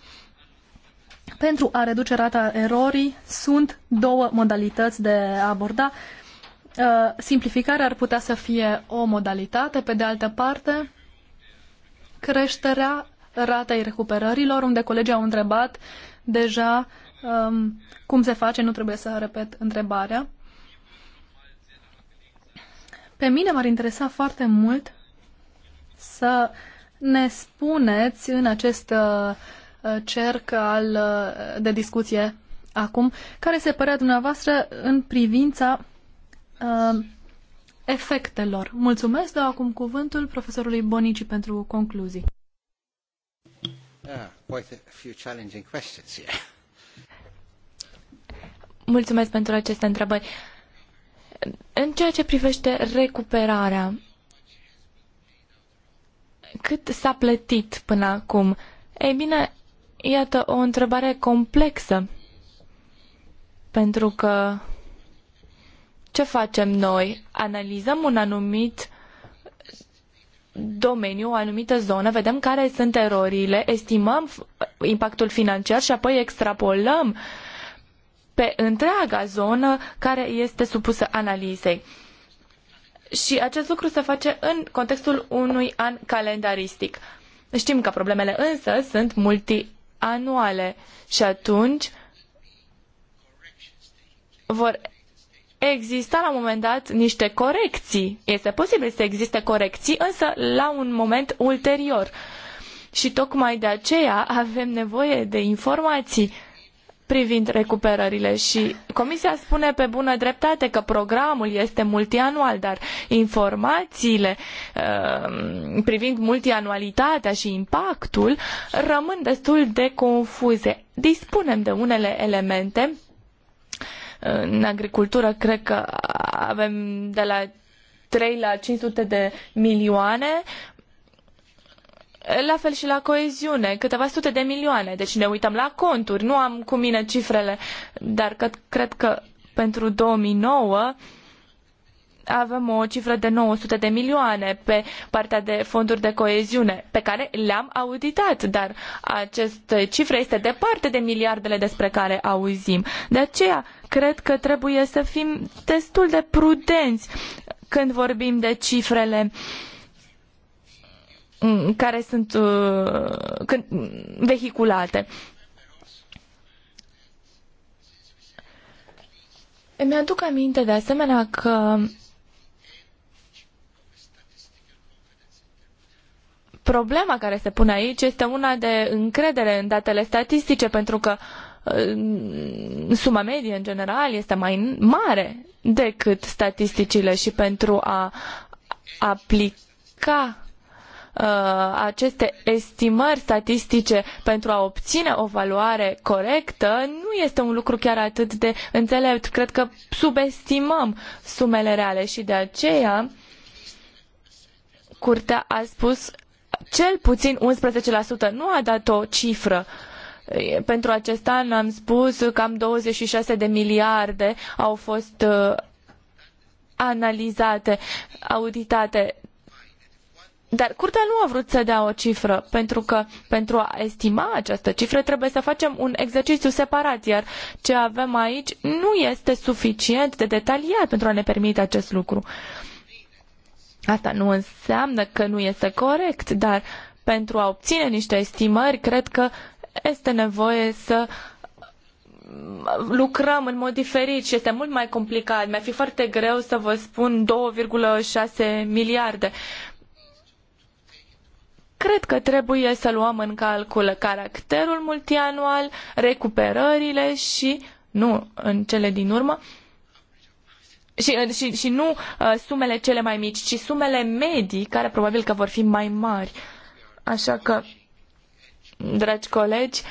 pentru a reduce rata erorii sunt două modalități de a aborda. Uh, simplificarea ar putea să fie o modalitate, pe de altă parte, creșterea ratei recuperărilor, unde colegii au întrebat deja um, cum se face, nu trebuie să repet întrebarea. Pe mine m-ar interesa foarte mult să ne spuneți în acest uh, cerc al, uh, de discuție acum, care se părea dumneavoastră în privința uh, efectelor. Mulțumesc, dau acum cuvântul profesorului Bonici pentru concluzii. Ah, Mulțumesc pentru aceste întrebări. În ceea ce privește recuperarea, cât s-a plătit până acum? Ei bine, iată o întrebare complexă, pentru că ce facem noi? analizăm un anumit domeniu, o anumită zonă, vedem care sunt erorile, estimăm impactul financiar și apoi extrapolăm pe întreaga zonă care este supusă analizei. Și acest lucru se face în contextul unui an calendaristic. Știm că problemele însă sunt multianuale și atunci vor exista la un moment dat niște corecții. Este posibil să existe corecții, însă la un moment ulterior. Și tocmai de aceea avem nevoie de informații privind recuperările și Comisia spune pe bună dreptate că programul este multianual, dar informațiile uh, privind multianualitatea și impactul rămân destul de confuze. Dispunem de unele elemente în agricultură cred că avem de la 3 la 500 de milioane, la fel și la coeziune, câteva sute de milioane. Deci ne uităm la conturi, nu am cu mine cifrele, dar cred, cred că pentru 2009 avem o cifră de 900 de milioane pe partea de fonduri de coeziune, pe care le-am auditat, dar această cifră este departe de miliardele despre care auzim. De aceea, cred că trebuie să fim destul de prudenți când vorbim de cifrele mm, care sunt uh, când, mm, vehiculate. Îmi aduc aminte de asemenea că Problema care se pune aici este una de încredere în datele statistice, pentru că uh, suma medie în general este mai mare decât statisticile și pentru a aplica uh, aceste estimări statistice pentru a obține o valoare corectă nu este un lucru chiar atât de înțelept. Cred că subestimăm sumele reale și de aceea Curtea a spus cel puțin 11%. Nu a dat o cifră. Pentru acest an am spus cam 26 de miliarde au fost uh, analizate, auditate. Dar curtea nu a vrut să dea o cifră, pentru că pentru a estima această cifră trebuie să facem un exercițiu separat, iar ce avem aici nu este suficient de detaliat pentru a ne permite acest lucru. Uh, Asta nu înseamnă că nu este corect, dar pentru a obține niște estimări, cred că este nevoie să lucrăm în mod diferit și este mult mai complicat. Mi-ar fi foarte greu să vă spun 2,6 miliarde. Cred că trebuie să luăm în calcul caracterul multianual, recuperările și, nu în cele din urmă, și, uh, și, și nu uh, sumele cele mai mici, ci sumele medii, care probabil că vor fi mai mari. Așa că, dragi colegi,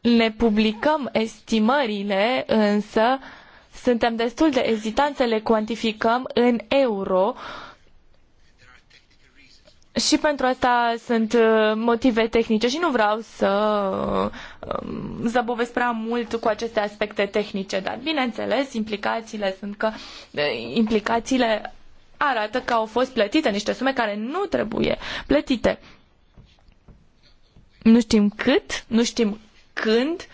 ne publicăm estimările, însă suntem destul de ezitanți să le cuantificăm în euro uh, și pentru asta sunt uh, motive tehnice și nu vreau să um, zăbovesc prea mult cu aceste aspecte tehnice, dar bineînțeles, implicațiile sunt că implicațiile arată că au fost plătite niște sume care nu trebuie plătite. Nu știm cât, nu știm când,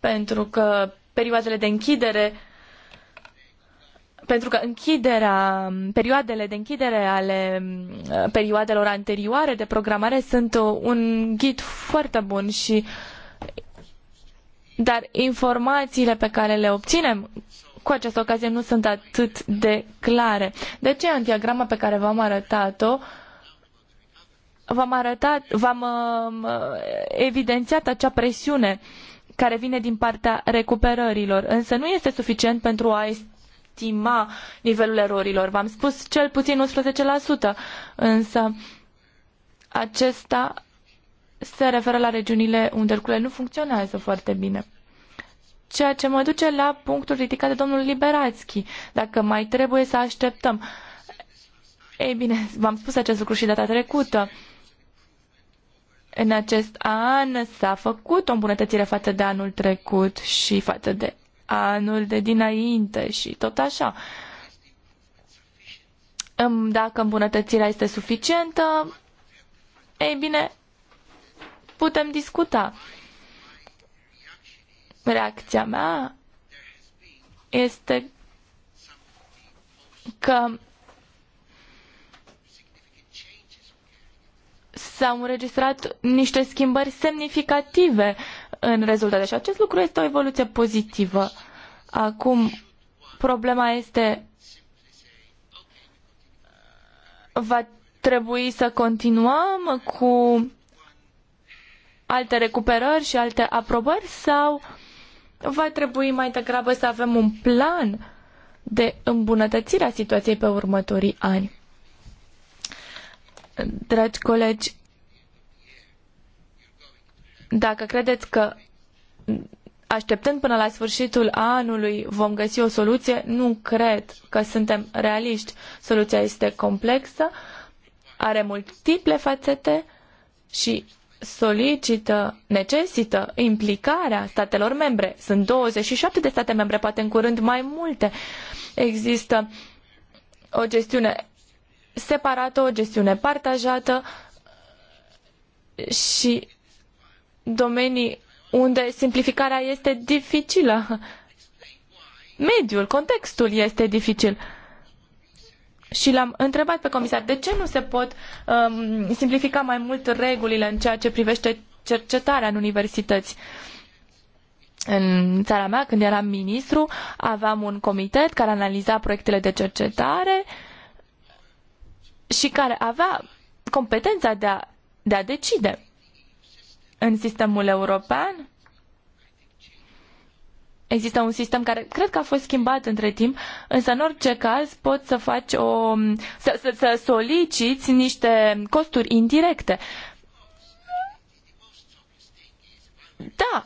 pentru că perioadele de închidere pentru că închiderea, perioadele de închidere ale uh, perioadelor anterioare de programare sunt uh, un ghid foarte bun și dar informațiile pe care le obținem cu această ocazie nu sunt atât de clare. De aceea, în diagrama pe care v-am arătat-o, v-am arătat, v-am uh, evidențiat acea presiune care vine din partea recuperărilor, însă nu este suficient pentru a estima nivelul erorilor. V-am spus cel puțin 11%, însă acesta se referă la regiunile unde lucrurile nu funcționează foarte bine. Ceea ce mă duce la punctul ridicat de domnul Liberațchi, dacă mai trebuie să așteptăm. Ei bine, v-am spus acest lucru și data trecută. În acest an s-a făcut o îmbunătățire față de anul trecut și față de anul de dinainte și tot așa. Dacă îmbunătățirea este suficientă, ei bine, putem discuta. Reacția mea este că s-au înregistrat niște schimbări semnificative în rezultate. Și acest lucru este o evoluție pozitivă. Acum, problema este va trebui să continuăm cu alte recuperări și alte aprobări sau va trebui mai degrabă să avem un plan de îmbunătățire a situației pe următorii ani? Dragi colegi, dacă credeți că așteptând până la sfârșitul anului vom găsi o soluție, nu cred că suntem realiști. Soluția este complexă, are multiple fațete și solicită, necesită implicarea statelor membre. Sunt 27 de state membre, poate în curând mai multe. Există o gestiune separată, o gestiune partajată și domenii unde simplificarea este dificilă. Mediul, contextul este dificil. Și l-am întrebat pe comisar de ce nu se pot um, simplifica mai mult regulile în ceea ce privește cercetarea în universități. În țara mea, când eram ministru, aveam un comitet care analiza proiectele de cercetare și care avea competența de a, de a decide în sistemul european. Există un sistem care cred că a fost schimbat între timp, însă în orice caz poți să faci o. să, să, să soliciți niște costuri indirecte. Da,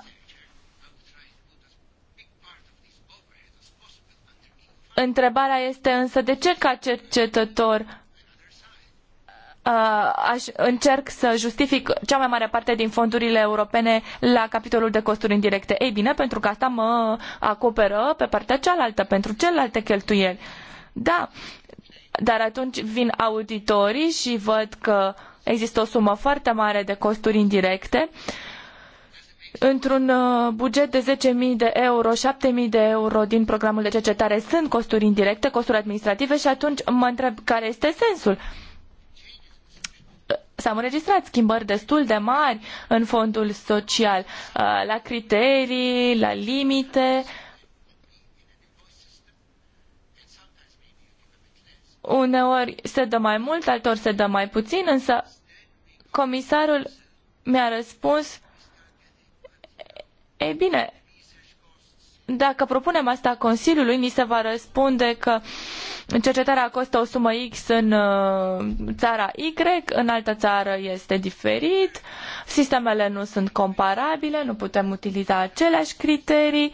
Întrebarea este însă de ce ca cercetător Uh, aș încerc să justific cea mai mare parte din fondurile europene la capitolul de costuri indirecte. Ei bine, pentru că asta mă acoperă pe partea cealaltă, pentru celelalte cheltuieli. Da, dar atunci vin auditorii și văd că există o sumă foarte mare de costuri indirecte. Într-un uh, buget de 10.000 de euro, 7.000 de euro din programul de cercetare sunt costuri indirecte, costuri administrative și atunci mă întreb care este sensul. Uh, s-au înregistrat schimbări destul de mari în fondul social, uh, la criterii, la limite. Uneori se dă mai mult, altor se dă mai puțin, însă comisarul mi-a răspuns, ei bine, dacă propunem asta Consiliului, ni se va răspunde că cercetarea costă o sumă X în uh, țara Y, în altă țară este diferit, sistemele nu sunt comparabile, nu putem utiliza aceleași criterii,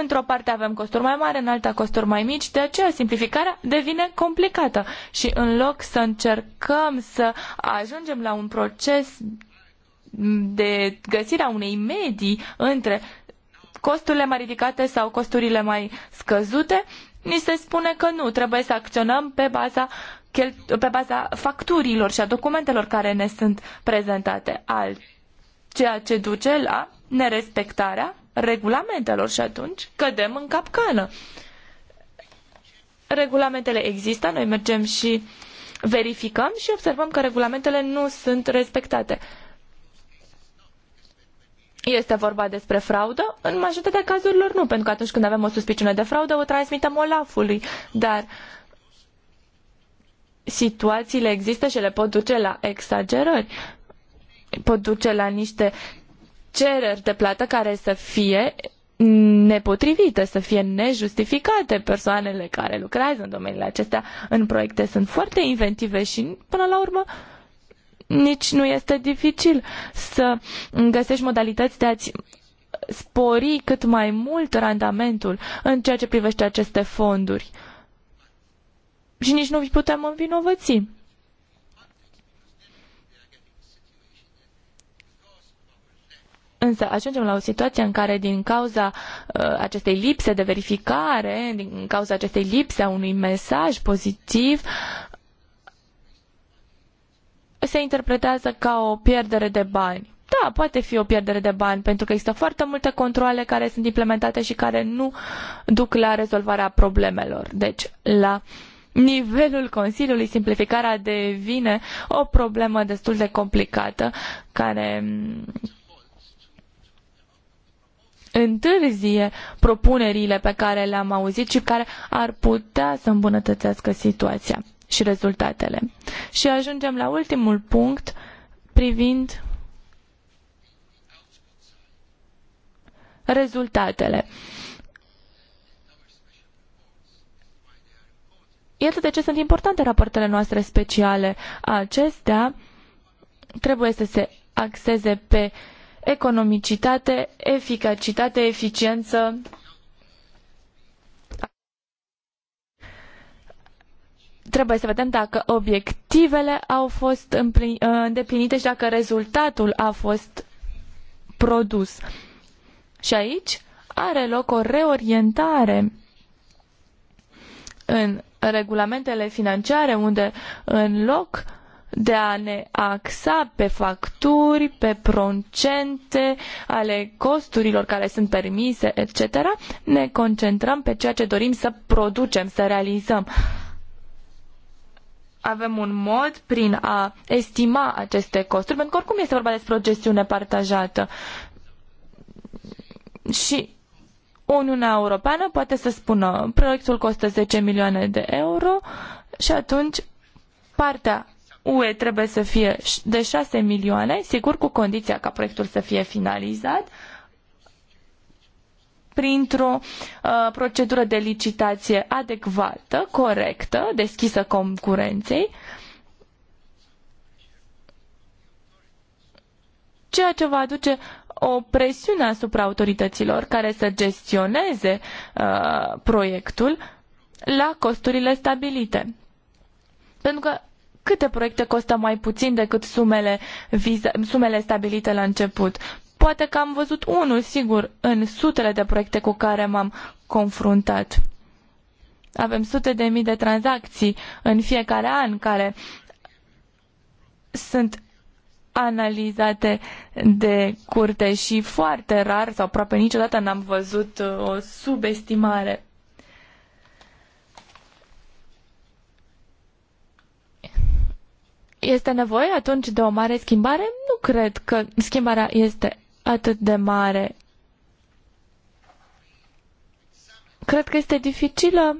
într-o parte avem costuri mai mari, în alta costuri mai mici, de aceea simplificarea devine complicată și în loc să încercăm să ajungem la un proces de găsirea unei medii între costurile mai ridicate sau costurile mai scăzute, ni se spune că nu, trebuie să acționăm pe baza pe baza facturilor și a documentelor care ne sunt prezentate al ceea ce duce la nerespectarea regulamentelor și atunci cădem în capcană. Regulamentele există, noi mergem și verificăm și observăm că regulamentele nu sunt respectate este vorba despre fraudă, în majoritatea cazurilor nu, pentru că atunci când avem o suspiciune de fraudă, o transmitem Olafului. Dar situațiile există și le pot duce la exagerări. Pot duce la niște cereri de plată care să fie nepotrivite, să fie nejustificate. Persoanele care lucrează în domeniile acestea, în proiecte, sunt foarte inventive și, până la urmă, nici nu este dificil să găsești modalități de a-ți spori cât mai mult randamentul în ceea ce privește aceste fonduri. Și nici nu vi putem învinovăți. Însă ajungem la o situație în care din cauza uh, acestei lipse de verificare, din cauza acestei lipse a unui mesaj pozitiv, se interpretează ca o pierdere de bani. Da, poate fi o pierdere de bani, pentru că există foarte multe controle care sunt implementate și care nu duc la rezolvarea problemelor. Deci, la nivelul Consiliului, simplificarea devine o problemă destul de complicată, care întârzie propunerile pe care le-am auzit și care ar putea să îmbunătățească situația și rezultatele. Și ajungem la ultimul punct privind rezultatele. Iată de ce sunt importante rapoartele noastre speciale. Acestea trebuie să se axeze pe economicitate, eficacitate, eficiență trebuie să vedem dacă obiectivele au fost uh, îndeplinite și dacă rezultatul a fost produs. Și aici are loc o reorientare în regulamentele financiare unde în loc de a ne axa pe facturi, pe procente ale costurilor care sunt permise, etc., ne concentrăm pe ceea ce dorim să producem, să realizăm avem un mod prin a estima aceste costuri, pentru că oricum este vorba despre o gestiune partajată. Și Uniunea Europeană poate să spună proiectul costă 10 milioane de euro și atunci partea UE trebuie să fie de 6 milioane, sigur cu condiția ca proiectul să fie finalizat, printr-o uh, procedură de licitație adecvată, corectă, deschisă concurenței, ceea ce va aduce o presiune asupra autorităților care să gestioneze uh, proiectul la costurile stabilite. Pentru că câte proiecte costă mai puțin decât sumele, viza, sumele stabilite la început? Poate că am văzut unul sigur în sutele de proiecte cu care m-am confruntat. Avem sute de mii de tranzacții în fiecare an care sunt analizate de curte și foarte rar sau aproape niciodată n-am văzut uh, o subestimare. Este nevoie atunci de o mare schimbare? Nu cred că schimbarea este atât de mare. Cred că este dificilă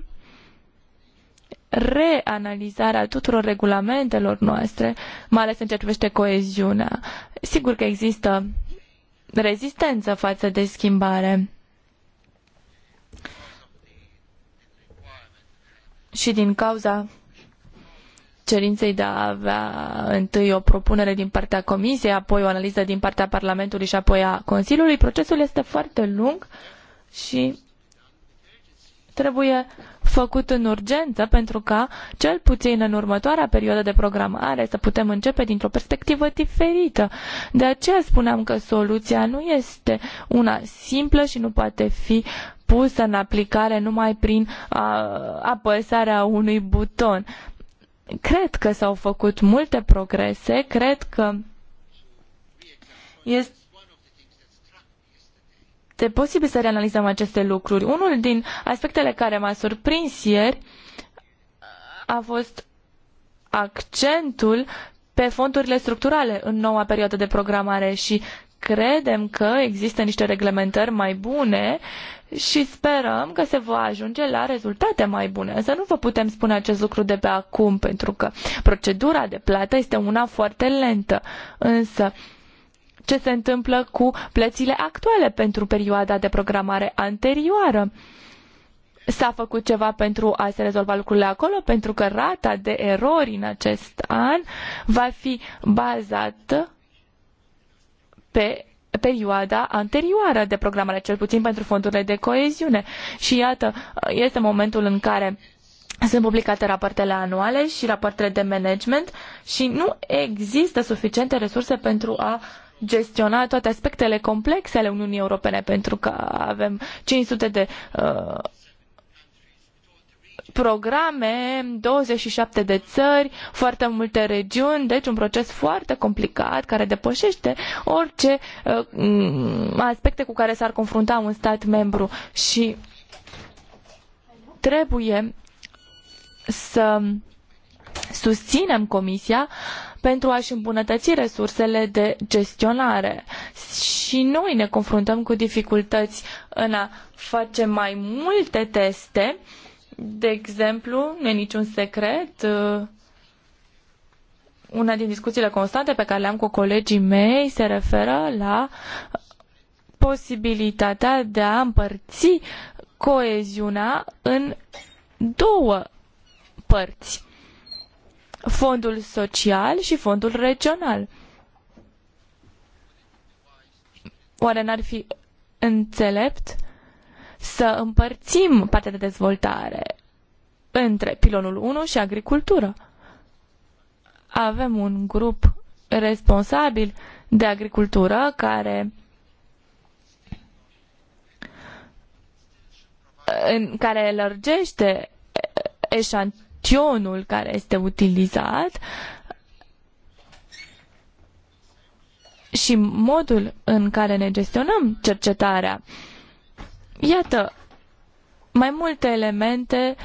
reanalizarea tuturor regulamentelor noastre, mai ales în ceea ce privește coeziunea. Sigur că există rezistență față de schimbare. Și din cauza cerinței de a avea întâi o propunere din partea Comisiei, apoi o analiză din partea Parlamentului și apoi a Consiliului. Procesul este foarte lung și trebuie făcut în urgență pentru ca, cel puțin în următoarea perioadă de programare, să putem începe dintr-o perspectivă diferită. De aceea spuneam că soluția nu este una simplă și nu poate fi pusă în aplicare numai prin a, apăsarea unui buton. Cred că s-au făcut multe progrese, cred că este este posibil să reanalizăm aceste lucruri. Unul din aspectele care m-a surprins ieri a fost accentul pe fondurile structurale în noua perioadă de programare și credem că există niște reglementări mai bune și sperăm că se va ajunge la rezultate mai bune. Însă nu vă putem spune acest lucru de pe acum, pentru că procedura de plată este una foarte lentă. Însă, ce se întâmplă cu plățile actuale pentru perioada de programare anterioară? S-a făcut ceva pentru a se rezolva lucrurile acolo, pentru că rata de erori în acest an va fi bazată pe perioada anterioară de programare, cel puțin pentru fondurile de coeziune. Și iată, este momentul în care sunt publicate rapoartele anuale și rapoartele de management și nu există suficiente resurse pentru a gestiona toate aspectele complexe ale Uniunii Europene, pentru că avem 500 de uh, programe, 27 de țări, foarte multe regiuni, deci un proces foarte complicat care depășește orice uh, aspecte cu care s-ar confrunta un stat membru și trebuie să susținem Comisia pentru a-și îmbunătăți resursele de gestionare. Și noi ne confruntăm cu dificultăți în a face mai multe teste uh, de exemplu, nu e niciun secret, uh, una din discuțiile constante pe care le-am cu colegii mei se referă la posibilitatea de a împărți coeziunea în două părți. Fondul social și fondul regional. Oare n-ar fi înțelept să împărțim partea de dezvoltare între pilonul 1 și agricultură. Avem un grup responsabil de agricultură care în care lărgește eșantionul care este utilizat și modul în care ne gestionăm cercetarea. Uh, Iată, mai multe elemente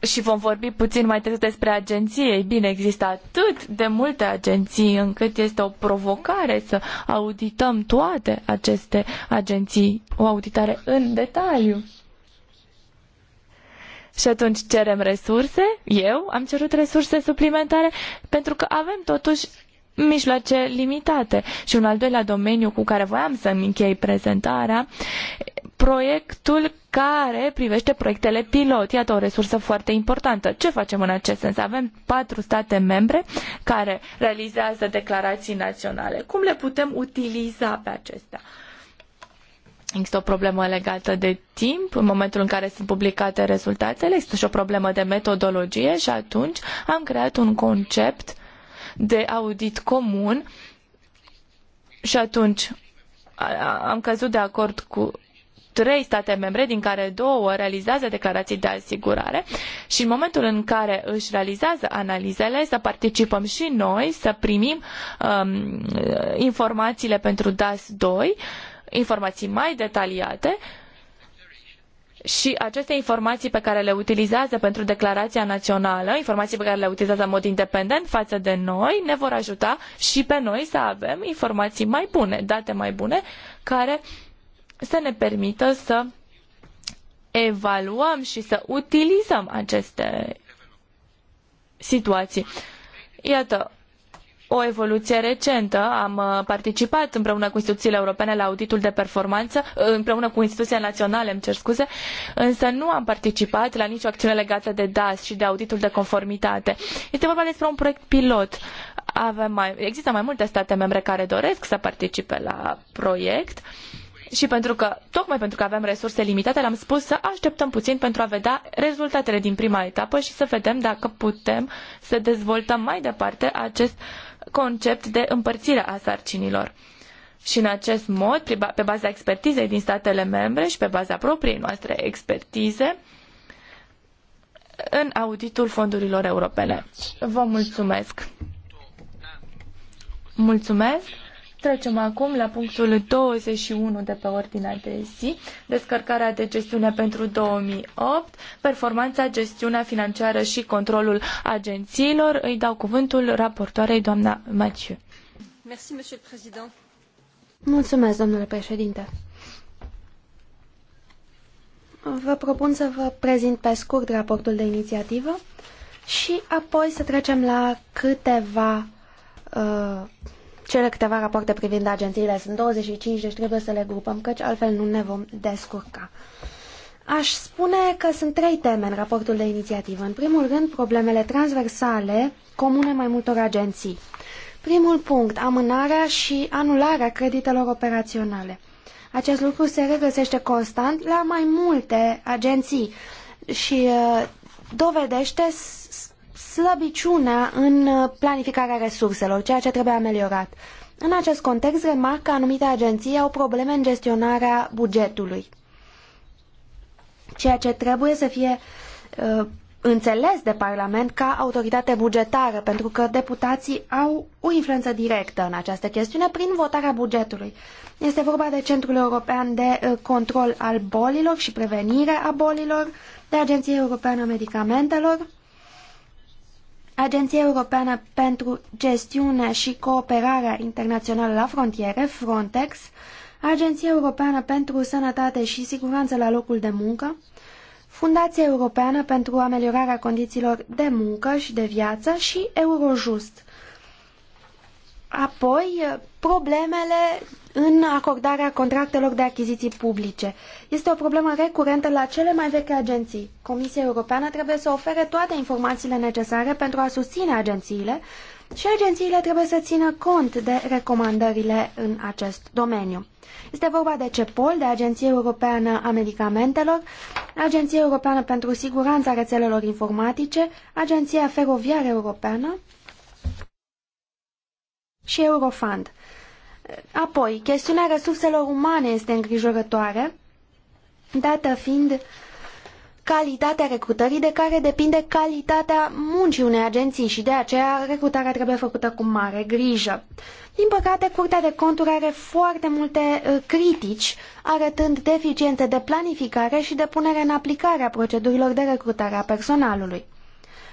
și vom vorbi puțin mai târziu despre agenție. Ei bine, există atât de multe agenții încât este o provocare să audităm toate aceste agenții, o auditare în detaliu. Și atunci cerem resurse, eu am cerut resurse suplimentare, pentru că avem totuși mijloace limitate. Și un al doilea domeniu cu care voiam să-mi închei prezentarea, proiectul care privește proiectele pilot. Iată o resursă foarte importantă. Ce facem în acest sens? Avem patru state membre care realizează declarații naționale. Cum le putem utiliza pe acestea? Există o problemă legată de timp, în momentul în care sunt publicate rezultatele, există și o problemă de metodologie și atunci am creat un concept de audit comun și atunci am căzut de acord cu trei state membre, din care două realizează declarații de asigurare și în momentul în care își realizează analizele, să participăm și noi, să primim um, informațiile pentru DAS 2, informații mai detaliate uh, și aceste informații pe care le utilizează pentru declarația națională, informații pe care le utilizează în mod independent față de noi, ne vor ajuta și pe noi să avem informații mai bune, date mai bune, care să ne permită să evaluăm și să utilizăm aceste situații. Iată, o evoluție recentă. Am uh, participat împreună cu instituțiile europene la auditul de performanță, uh, împreună cu instituția națională. îmi cer scuze, însă nu am participat la nicio acțiune legată de DAS și de auditul de conformitate. Este vorba despre un proiect pilot. Avem mai, există mai multe state membre care doresc să participe la proiect. Uh, și pentru că, tocmai pentru că avem resurse limitate, l-am spus să așteptăm puțin pentru a vedea rezultatele din prima etapă și să vedem dacă putem să dezvoltăm mai departe acest concept de împărțire a sarcinilor. Și în acest mod, pe baza expertizei din statele membre și pe baza propriei noastre expertize, în auditul fondurilor europene. Vă mulțumesc! Mulțumesc! Trecem acum la punctul 21 de pe ordinea de zi, descărcarea de gestiune pentru 2008, performanța, gestiunea financiară și controlul agențiilor. Îi dau cuvântul raportoarei doamna Mathieu. Mulțumesc, domnule președinte. Vă propun să vă prezint pe scurt raportul de inițiativă și apoi să trecem la câteva uh, cele câteva rapoarte privind agențiile. Sunt 25, deci trebuie să le grupăm, căci altfel nu ne vom descurca. Aș spune că sunt trei teme în raportul de inițiativă. În primul rând, problemele transversale comune mai multor agenții. Primul punct, amânarea și anularea creditelor operaționale. Acest lucru se regăsește constant la mai multe agenții și uh, dovedește slăbiciunea în uh, planificarea resurselor, ceea ce trebuie ameliorat. În acest context, remarc că anumite agenții au probleme în gestionarea bugetului, ceea ce trebuie să fie uh, înțeles de Parlament ca autoritate bugetară, pentru că deputații au o influență directă în această chestiune prin votarea bugetului. Este vorba de Centrul European de uh, Control al Bolilor și Prevenire a Bolilor, de Agenția Europeană a Medicamentelor Agenția Europeană pentru Gestiunea și Cooperarea Internațională la Frontiere, Frontex, Agenția Europeană pentru Sănătate și Siguranță la locul de muncă, Fundația Europeană pentru Ameliorarea Condițiilor de Muncă și de Viață și Eurojust. Apoi, problemele în acordarea contractelor de achiziții publice. Este o problemă recurentă la cele mai vechi agenții. Comisia Europeană trebuie să ofere toate informațiile necesare pentru a susține agențiile și agențiile trebuie să țină cont de recomandările în acest domeniu. Este vorba de CEPOL, de Agenția Europeană a Medicamentelor, Agenția Europeană pentru Siguranța Rețelelor Informatice, Agenția Feroviară Europeană și Eurofund. Apoi, chestiunea resurselor umane este îngrijorătoare, dată fiind calitatea recrutării de care depinde calitatea muncii unei agenții și de aceea recrutarea trebuie făcută cu mare grijă. Din păcate, Curtea de Conturi are foarte multe uh, critici, arătând deficiențe de planificare și de punere în aplicare a procedurilor de recrutare a personalului.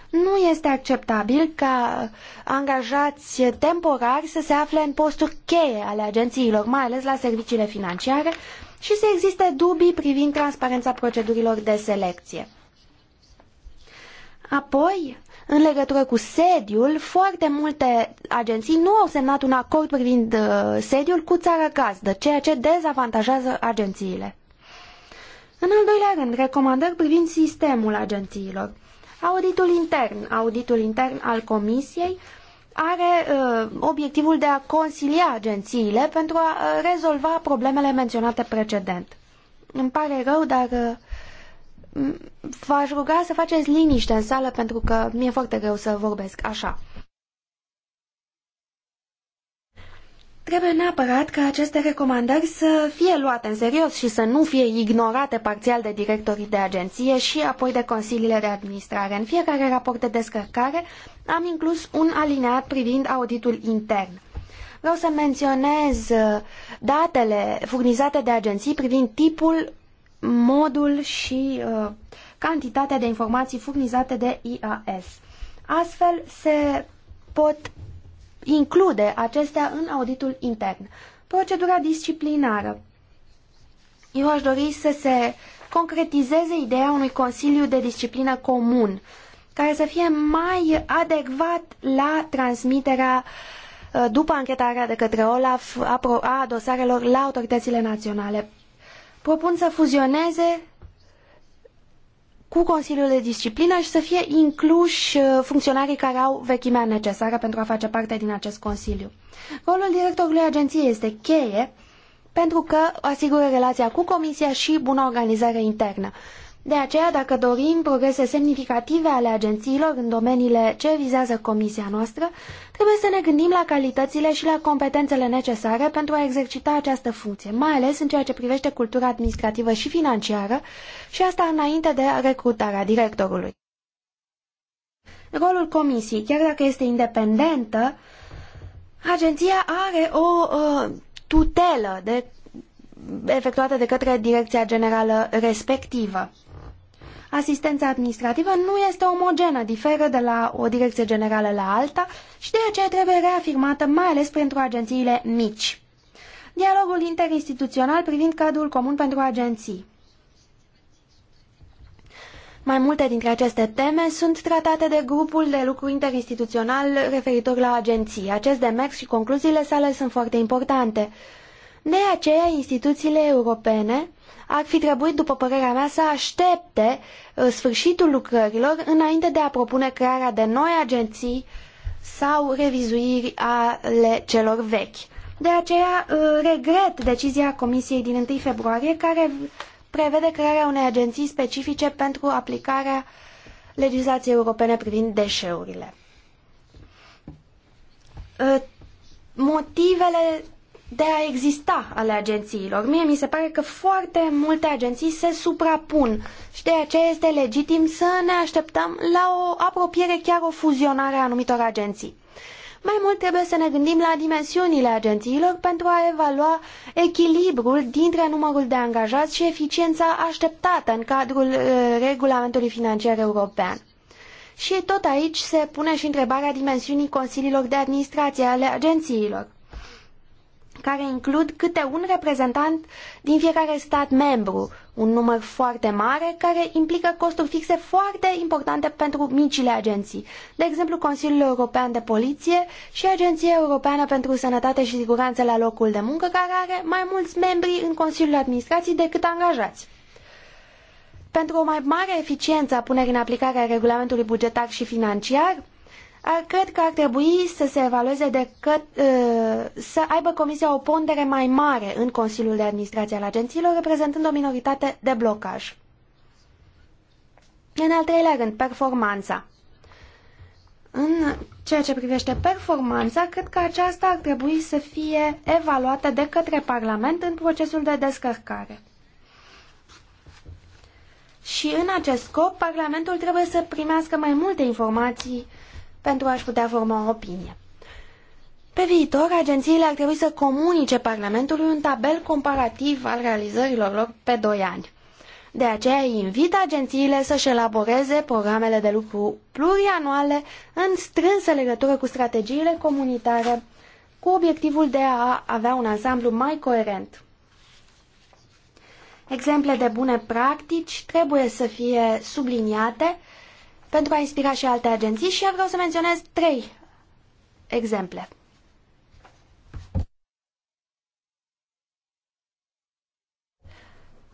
Nu este acceptabil ca angajați temporari să se afle în posturi cheie ale agențiilor, mai ales la serviciile financiare, și să existe dubii privind transparența procedurilor de selecție. Apoi, în legătură cu sediul, foarte multe agenții nu au semnat un acord privind uh, sediul cu țara gazdă, ceea ce dezavantajează agențiile. În al doilea rând, recomandări privind sistemul agențiilor. Auditul intern, auditul intern al Comisiei are uh, obiectivul de a consilia agențiile pentru a uh, rezolva problemele menționate precedent. Îmi pare rău, dar uh, v-aș ruga să faceți liniște în sală pentru că mi-e foarte greu să vorbesc așa. Trebuie neapărat ca aceste recomandări să fie luate în serios și să nu fie ignorate parțial de directorii de agenție și apoi de consiliile de administrare. În fiecare raport de descărcare am inclus un alineat privind auditul intern. Vreau să menționez uh, datele furnizate de agenții privind tipul, modul și uh, cantitatea de informații furnizate de IAS. Astfel se pot include acestea în auditul intern. Procedura disciplinară. Eu aș dori să se concretizeze ideea unui Consiliu de Disciplină comun, care să fie mai adecvat la transmiterea uh, după anchetarea de către OLAF a dosarelor la autoritățile naționale. Propun să fuzioneze cu Consiliul de Disciplină și să fie incluși uh, funcționarii care au vechimea necesară pentru a face parte din acest Consiliu. Rolul directorului agenției este cheie pentru că asigură relația cu Comisia și bună organizare internă. De aceea, dacă dorim progrese semnificative ale agențiilor în domeniile ce vizează comisia noastră, trebuie să ne gândim la calitățile și la competențele necesare pentru a exercita această funcție, mai ales în ceea ce privește cultura administrativă și financiară, și asta înainte de recrutarea directorului. Rolul comisiei, chiar dacă este independentă, agenția are o uh, tutelă de efectuată de către direcția generală respectivă asistența administrativă nu este omogenă, diferă de la o direcție generală la alta și de aceea trebuie reafirmată, mai ales pentru agențiile mici. Dialogul interinstituțional privind cadrul comun pentru agenții. Mai multe dintre aceste teme sunt tratate de grupul de lucru interinstituțional referitor la agenții. Acest demers și concluziile sale sunt foarte importante. De aceea, instituțiile europene ar fi trebuit, după părerea mea, să aștepte uh, sfârșitul lucrărilor înainte de a propune crearea de noi agenții sau revizuiri ale celor vechi. De aceea uh, regret decizia Comisiei din 1 februarie care prevede crearea unei agenții specifice pentru aplicarea legislației europene privind deșeurile. Uh, motivele de a exista ale agențiilor. Mie mi se pare că foarte multe agenții se suprapun și de aceea este legitim să ne așteptăm la o apropiere, chiar o fuzionare a anumitor agenții. Mai mult trebuie să ne gândim la dimensiunile agențiilor pentru a evalua echilibrul dintre numărul de angajați și eficiența așteptată în cadrul uh, regulamentului financiar european. Și tot aici se pune și întrebarea dimensiunii consiliilor de administrație ale agențiilor care includ câte un reprezentant din fiecare stat membru, un număr foarte mare care implică costuri fixe foarte importante pentru micile agenții, de exemplu Consiliul European de Poliție și Agenția Europeană pentru Sănătate și Siguranță la locul de muncă, care are mai mulți membri în Consiliul Administrației decât angajați. Pentru o mai mare eficiență a punerii în aplicare a regulamentului bugetar și financiar, cred că ar trebui să se evalueze de că, să aibă comisia o pondere mai mare în Consiliul de Administrație al agențiilor, reprezentând o minoritate de blocaj. În al treilea rând, performanța. În ceea ce privește performanța, cred că aceasta ar trebui să fie evaluată de către Parlament în procesul de descărcare. Și în acest scop, Parlamentul trebuie să primească mai multe informații uh, pentru a-și putea forma o opinie. Pe viitor, agențiile ar trebui să comunice Parlamentului un tabel comparativ al realizărilor lor pe 2 ani. De aceea invit agențiile să-și elaboreze programele de lucru plurianuale în strânsă legătură cu strategiile comunitare, cu obiectivul de a avea un ansamblu mai coerent. Exemple de bune practici trebuie să fie subliniate pentru a inspira și alte agenții și eu vreau să menționez trei exemple.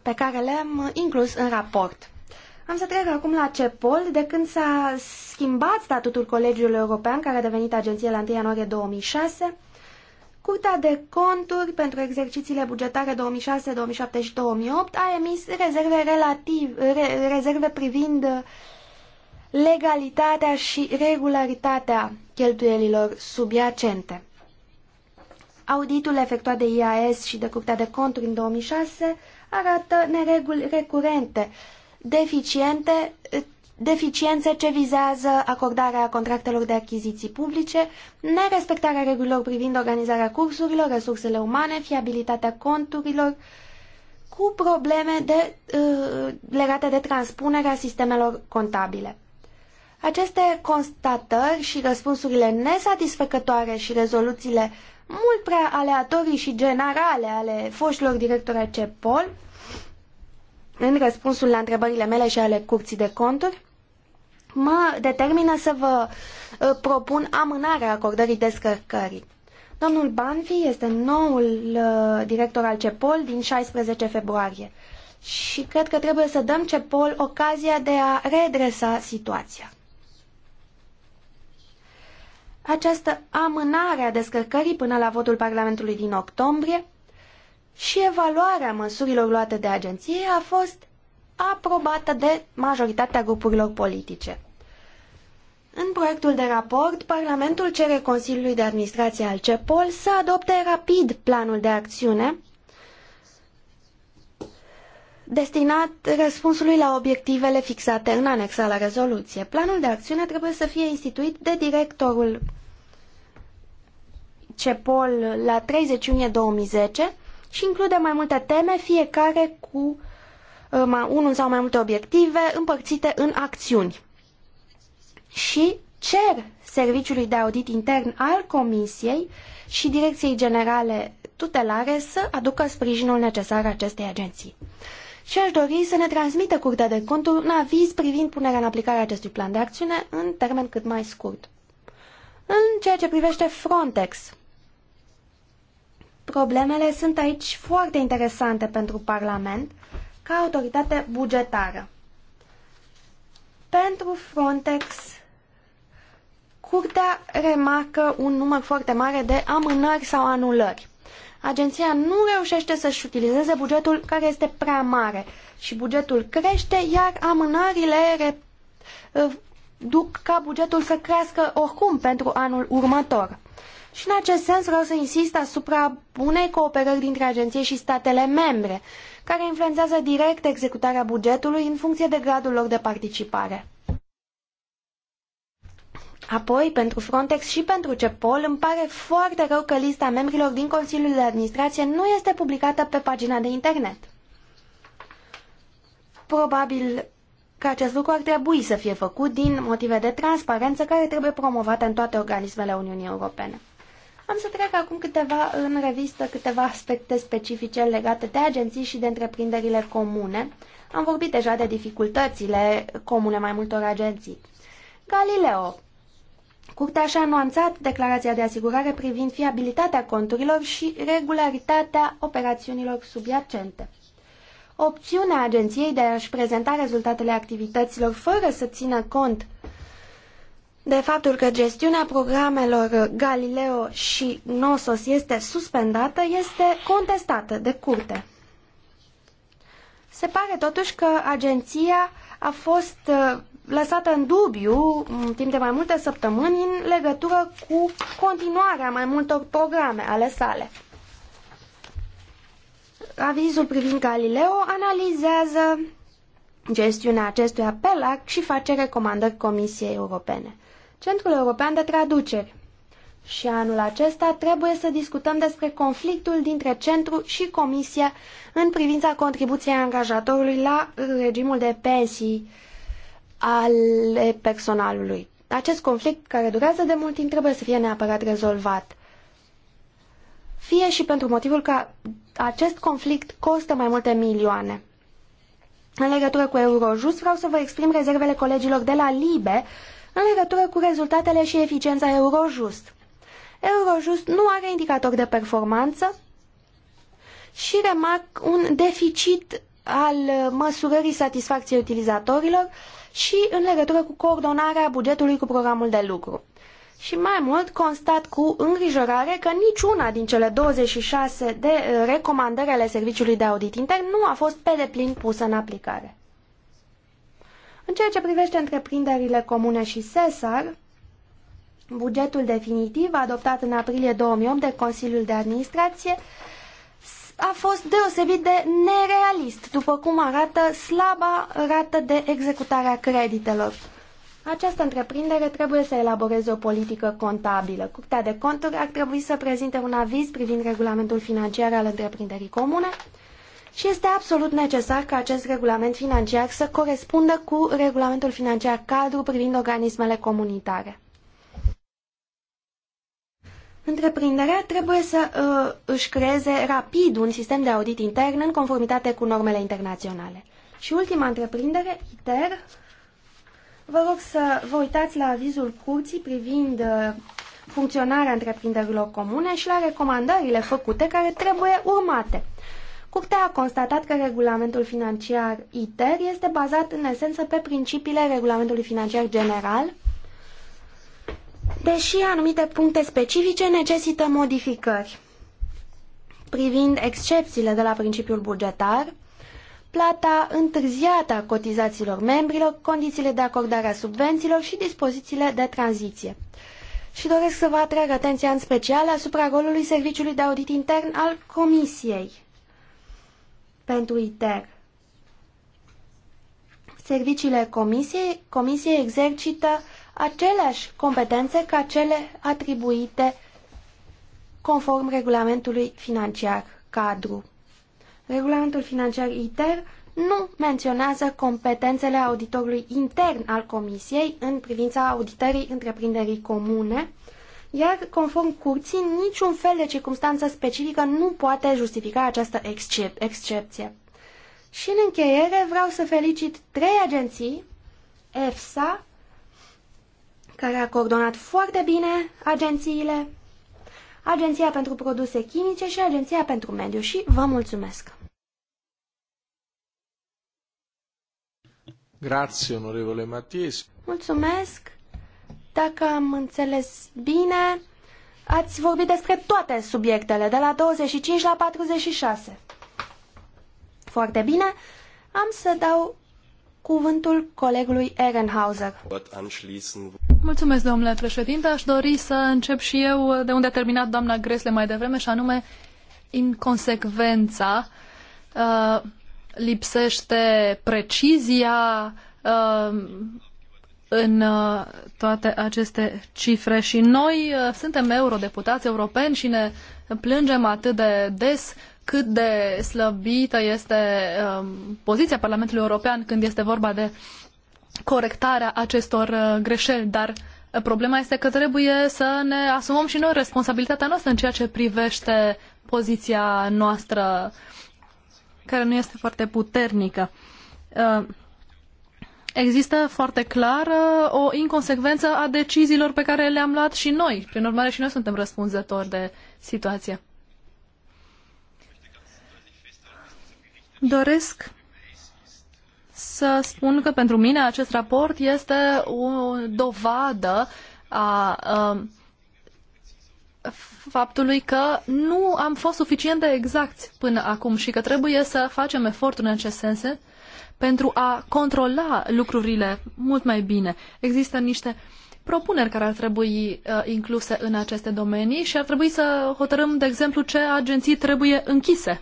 pe care le-am inclus în raport. Am să trec acum la CEPOL, de când s-a schimbat statutul Colegiului European, care a devenit agenție la 1 ianuarie 2006, Curtea de conturi pentru exercițiile bugetare 2006, 2007 și 2008 a emis rezerve, relativ, re, rezerve privind legalitatea și regularitatea cheltuielilor subiacente. Auditul efectuat de IAS și de Curtea de Conturi în 2006 arată nereguli recurente, deficiente, deficiențe ce vizează acordarea contractelor de achiziții publice, nerespectarea regulilor privind organizarea cursurilor, resursele umane, fiabilitatea conturilor, cu probleme de, uh, legate de transpunerea sistemelor contabile. Aceste constatări și răspunsurile nesatisfăcătoare și rezoluțiile mult prea aleatorii și generale ale foștilor directori ai CEPOL, în răspunsul la întrebările mele și ale curții de conturi, mă determină să vă uh, propun amânarea acordării descărcării. Domnul Banfi este noul uh, director al CEPOL din 16 februarie și cred că trebuie să dăm CEPOL ocazia de a redresa situația această amânare a descărcării până la votul Parlamentului din octombrie și evaluarea măsurilor luate de agenție a fost aprobată de majoritatea grupurilor politice. În proiectul de raport, Parlamentul cere Consiliului de Administrație al CEPOL să adopte rapid planul de acțiune destinat răspunsului la obiectivele fixate în anexa la rezoluție. Planul de acțiune trebuie să fie instituit de directorul CEPOL la 30 iunie 2010 și include mai multe teme, fiecare cu uh, unul sau mai multe obiective împărțite în acțiuni. Și cer Serviciului de Audit Intern al Comisiei și Direcției Generale Tutelare să aducă sprijinul necesar acestei agenții și aș dori să ne transmită Curtea de Conturi un aviz privind punerea în aplicare a acestui plan de acțiune în termen cât mai scurt. În ceea ce privește Frontex, problemele sunt aici foarte interesante pentru Parlament ca autoritate bugetară. Pentru Frontex, Curtea remarcă un număr foarte mare de amânări sau anulări agenția nu reușește să-și utilizeze bugetul care este prea mare și bugetul crește, iar amânările uh, duc ca bugetul să crească oricum pentru anul următor. Și în acest sens vreau să insist asupra bunei cooperări dintre agenție și statele membre, care influențează direct executarea bugetului în funcție de gradul lor de participare. Apoi, pentru Frontex și pentru CEPOL, îmi pare foarte rău că lista membrilor din Consiliul de Administrație nu este publicată pe pagina de internet. Probabil că acest lucru ar trebui să fie făcut din motive de transparență care trebuie promovate în toate organismele Uniunii Europene. Am să trec acum câteva în revistă câteva aspecte specifice legate de agenții și de întreprinderile comune. Am vorbit deja de dificultățile comune mai multor agenții. Galileo. Curtea și-a anunțat declarația de asigurare privind fiabilitatea conturilor și regularitatea operațiunilor subiacente. Opțiunea agenției de a-și prezenta rezultatele activităților fără să țină cont de faptul că gestiunea programelor Galileo și NOSOS este suspendată este contestată de curte. Se pare totuși că agenția a fost uh, lăsată în dubiu în timp de mai multe săptămâni în legătură cu continuarea mai multor programe ale sale. Avizul privind Galileo analizează gestiunea acestui apel și face recomandări Comisiei Europene. Centrul European de Traduceri și anul acesta trebuie să discutăm despre conflictul dintre centru și comisie în privința contribuției angajatorului la regimul de pensii ale personalului. Acest conflict, care durează de mult timp, trebuie să fie neapărat rezolvat. Fie și pentru motivul că acest conflict costă mai multe milioane. În legătură cu Eurojust, vreau să vă exprim rezervele colegilor de la LIBE în legătură cu rezultatele și eficiența Eurojust. Eurojust nu are indicator de performanță și remarc un deficit al măsurării satisfacției utilizatorilor, și în legătură cu coordonarea bugetului cu programul de lucru. Și mai mult, constat cu îngrijorare că niciuna din cele 26 de eh, recomandări ale Serviciului de Audit Intern nu a fost pe deplin pusă în aplicare. În ceea ce privește întreprinderile comune și SESAR, bugetul definitiv adoptat în aprilie 2008 de Consiliul de Administrație a fost deosebit de nerealist, după cum arată slaba rată de executare a creditelor. Această întreprindere trebuie să elaboreze o politică contabilă. Curtea de conturi ar trebui să prezinte un aviz privind regulamentul financiar al întreprinderii comune și este absolut necesar ca acest regulament financiar să corespundă cu regulamentul financiar cadru privind organismele comunitare. Întreprinderea trebuie să uh, își creeze rapid un sistem de audit intern în conformitate cu normele internaționale. Și ultima întreprindere, ITER, vă rog să vă uitați la avizul curții privind uh, funcționarea întreprinderilor comune și la recomandările făcute care trebuie urmate. Curtea a constatat că regulamentul financiar ITER este bazat în esență pe principiile regulamentului financiar general deși anumite puncte specifice necesită modificări. Privind excepțiile de la principiul bugetar, plata întârziată a cotizațiilor membrilor, condițiile de acordare a subvențiilor și dispozițiile de tranziție. Și doresc să vă atrag atenția în special asupra rolului Serviciului de Audit Intern al Comisiei pentru ITER. Serviciile Comisiei, comisiei exercită aceleași competențe ca cele atribuite conform regulamentului financiar cadru. Regulamentul financiar ITER nu menționează competențele auditorului intern al Comisiei în privința auditării întreprinderii comune, iar conform curții, niciun fel de circunstanță specifică nu poate justifica această excep excepție. Și în încheiere vreau să felicit trei agenții, EFSA, care a coordonat foarte bine agențiile, Agenția pentru Produse Chimice și Agenția pentru Mediu și vă mulțumesc! Grazie, onorevole Matias. Mulțumesc! Dacă am înțeles bine, ați vorbit despre toate subiectele, de la 25 la 46. Foarte bine, am să dau cuvântul colegului Ehrenhauser. Mulțumesc, domnule președinte. Aș dori să încep și eu de unde a terminat doamna Gresle mai devreme, și anume inconsecvența. Uh, lipsește precizia uh, în uh, toate aceste cifre și noi uh, suntem eurodeputați europeni și ne plângem atât de des cât de slăbită este um, poziția Parlamentului European când este vorba de corectarea acestor uh, greșeli, dar problema este că trebuie să ne asumăm și noi responsabilitatea noastră în ceea ce privește poziția noastră care nu este foarte puternică. Uh, există foarte clar uh, o inconsecvență a deciziilor pe care le-am luat și noi. Prin urmare, și noi suntem răspunzători de situație. Doresc să spun că pentru mine acest raport este o dovadă a, a um, faptului că nu am fost suficient de exacti până acum și că trebuie să facem eforturi în acest sens pentru a controla lucrurile mult mai bine. Există niște propuneri care ar trebui uh, incluse în aceste domenii și ar trebui să hotărâm, de exemplu, ce agenții trebuie închise.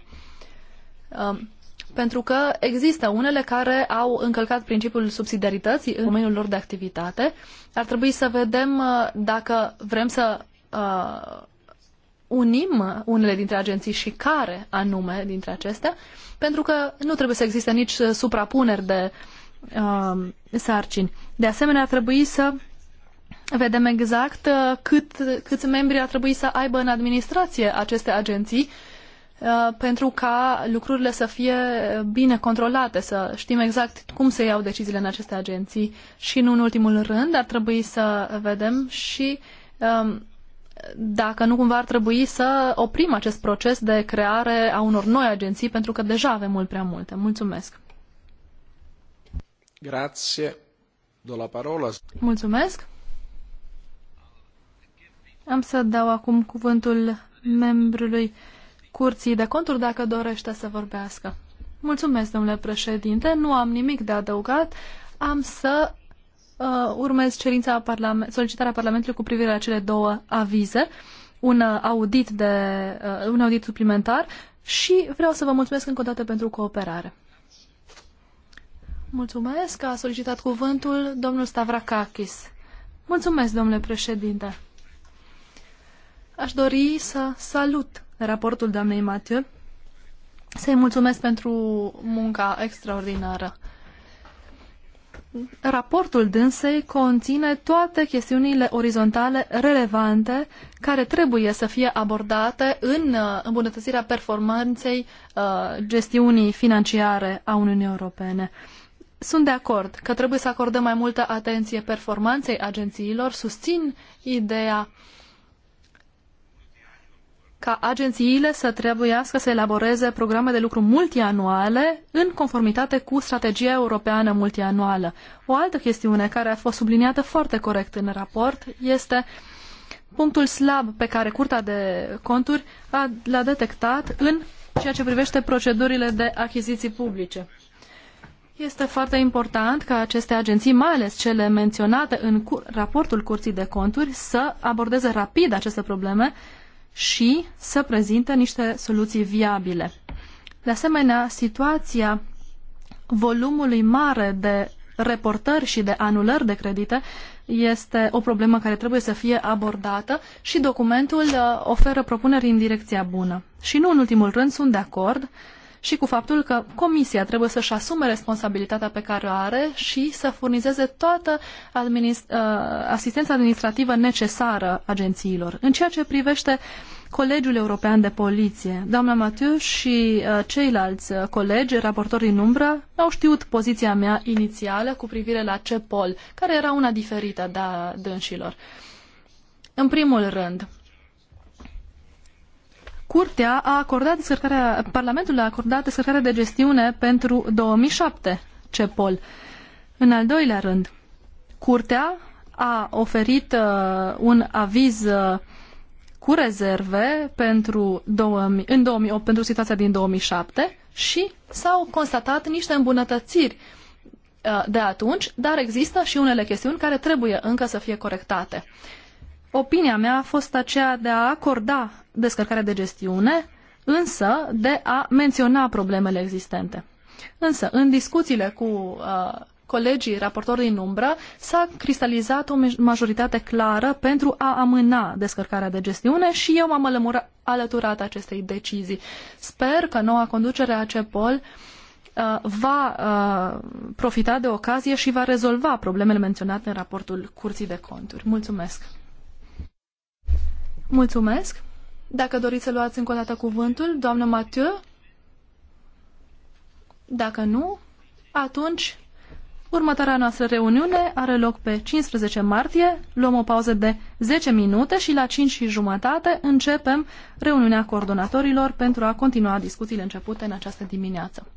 Uh, pentru că există unele care au încălcat principiul subsidiarității în domeniul lor de activitate. Ar trebui să vedem uh, dacă vrem să uh, unim unele dintre agenții și care anume dintre acestea, pentru că nu trebuie să existe nici uh, suprapuneri de uh, sarcini. De asemenea, ar trebui să vedem exact uh, cât, câți membri ar trebui să aibă în administrație aceste agenții uh, Uh, pentru ca lucrurile să fie bine controlate, să știm exact cum se iau deciziile în aceste agenții și, nu în ultimul rând, ar trebui să vedem și um, dacă nu cumva ar trebui să oprim acest proces de creare a unor noi agenții, pentru că deja avem mult prea multe. Mulțumesc! Grazie. Do la parola. Mulțumesc! Am să dau acum cuvântul membrului Curții de Conturi dacă dorește să vorbească. Mulțumesc, domnule președinte. Nu am nimic de adăugat. Am să uh, urmez cerința parlament, solicitarea Parlamentului cu privire la cele două avize, un audit, de, uh, un audit suplimentar și vreau să vă mulțumesc încă o dată pentru cooperare. Mulțumesc că a solicitat cuvântul domnul Stavrakakis. Mulțumesc, domnule președinte. Aș dori să salut raportul doamnei Mathieu, să-i mulțumesc pentru munca extraordinară. Raportul dânsei conține toate chestiunile orizontale relevante care trebuie să fie abordate în uh, îmbunătățirea performanței uh, gestiunii financiare a Uniunii Europene. Sunt de acord că trebuie să acordăm mai multă atenție performanței agențiilor, susțin ideea uh, ca agențiile să trebuiască să elaboreze programe de lucru multianuale în conformitate cu strategia europeană multianuală. O altă chestiune care a fost subliniată foarte corect în raport este punctul slab pe care Curtea de Conturi l-a detectat în ceea ce privește procedurile de achiziții publice. Este foarte important ca aceste agenții, mai ales cele menționate în raportul Curții de Conturi, să abordeze rapid aceste probleme și să prezinte niște soluții viabile. De asemenea, situația volumului mare de reportări și de anulări de credite este o problemă care trebuie să fie abordată și documentul uh, oferă propuneri în direcția bună. Și nu în ultimul rând sunt de acord uh, și cu faptul că Comisia trebuie să-și asume responsabilitatea pe care o are și să furnizeze toată administ- uh, asistența administrativă necesară agențiilor. În ceea ce privește Colegiul European de Poliție, doamna Matiu și uh, ceilalți uh, colegi, raportori în umbră, au știut poziția mea inițială cu privire la CEPOL, care era una diferită de a dânșilor. În primul rând, Curtea a acordat descărcarea, Parlamentul a acordat descărcarea de gestiune pentru 2007 CEPOL. În al doilea rând, Curtea a oferit uh, un aviz uh, cu rezerve pentru 2000, în 2008 pentru situația din 2007 și s-au constatat niște îmbunătățiri uh, de atunci, dar există și unele chestiuni care trebuie încă să fie corectate. Uh, opinia mea a fost aceea de a acorda descărcarea de gestiune, însă de a menționa problemele existente. Însă, în discuțiile cu uh, colegii raportori din umbră, s-a cristalizat o majoritate clară pentru a amâna descărcarea de gestiune și eu m-am alăturat acestei decizii. Sper că noua conducere a CEPOL uh, va uh, profita de ocazie și va rezolva problemele menționate în raportul Curții de Conturi. Mulțumesc! Mulțumesc. Dacă doriți să luați încă o dată cuvântul, doamnă Mathieu? Dacă nu, atunci următoarea noastră reuniune are loc pe 15 martie, luăm o pauză de 10 minute și la 5 și jumătate începem reuniunea coordonatorilor pentru a continua discuțiile începute în această dimineață.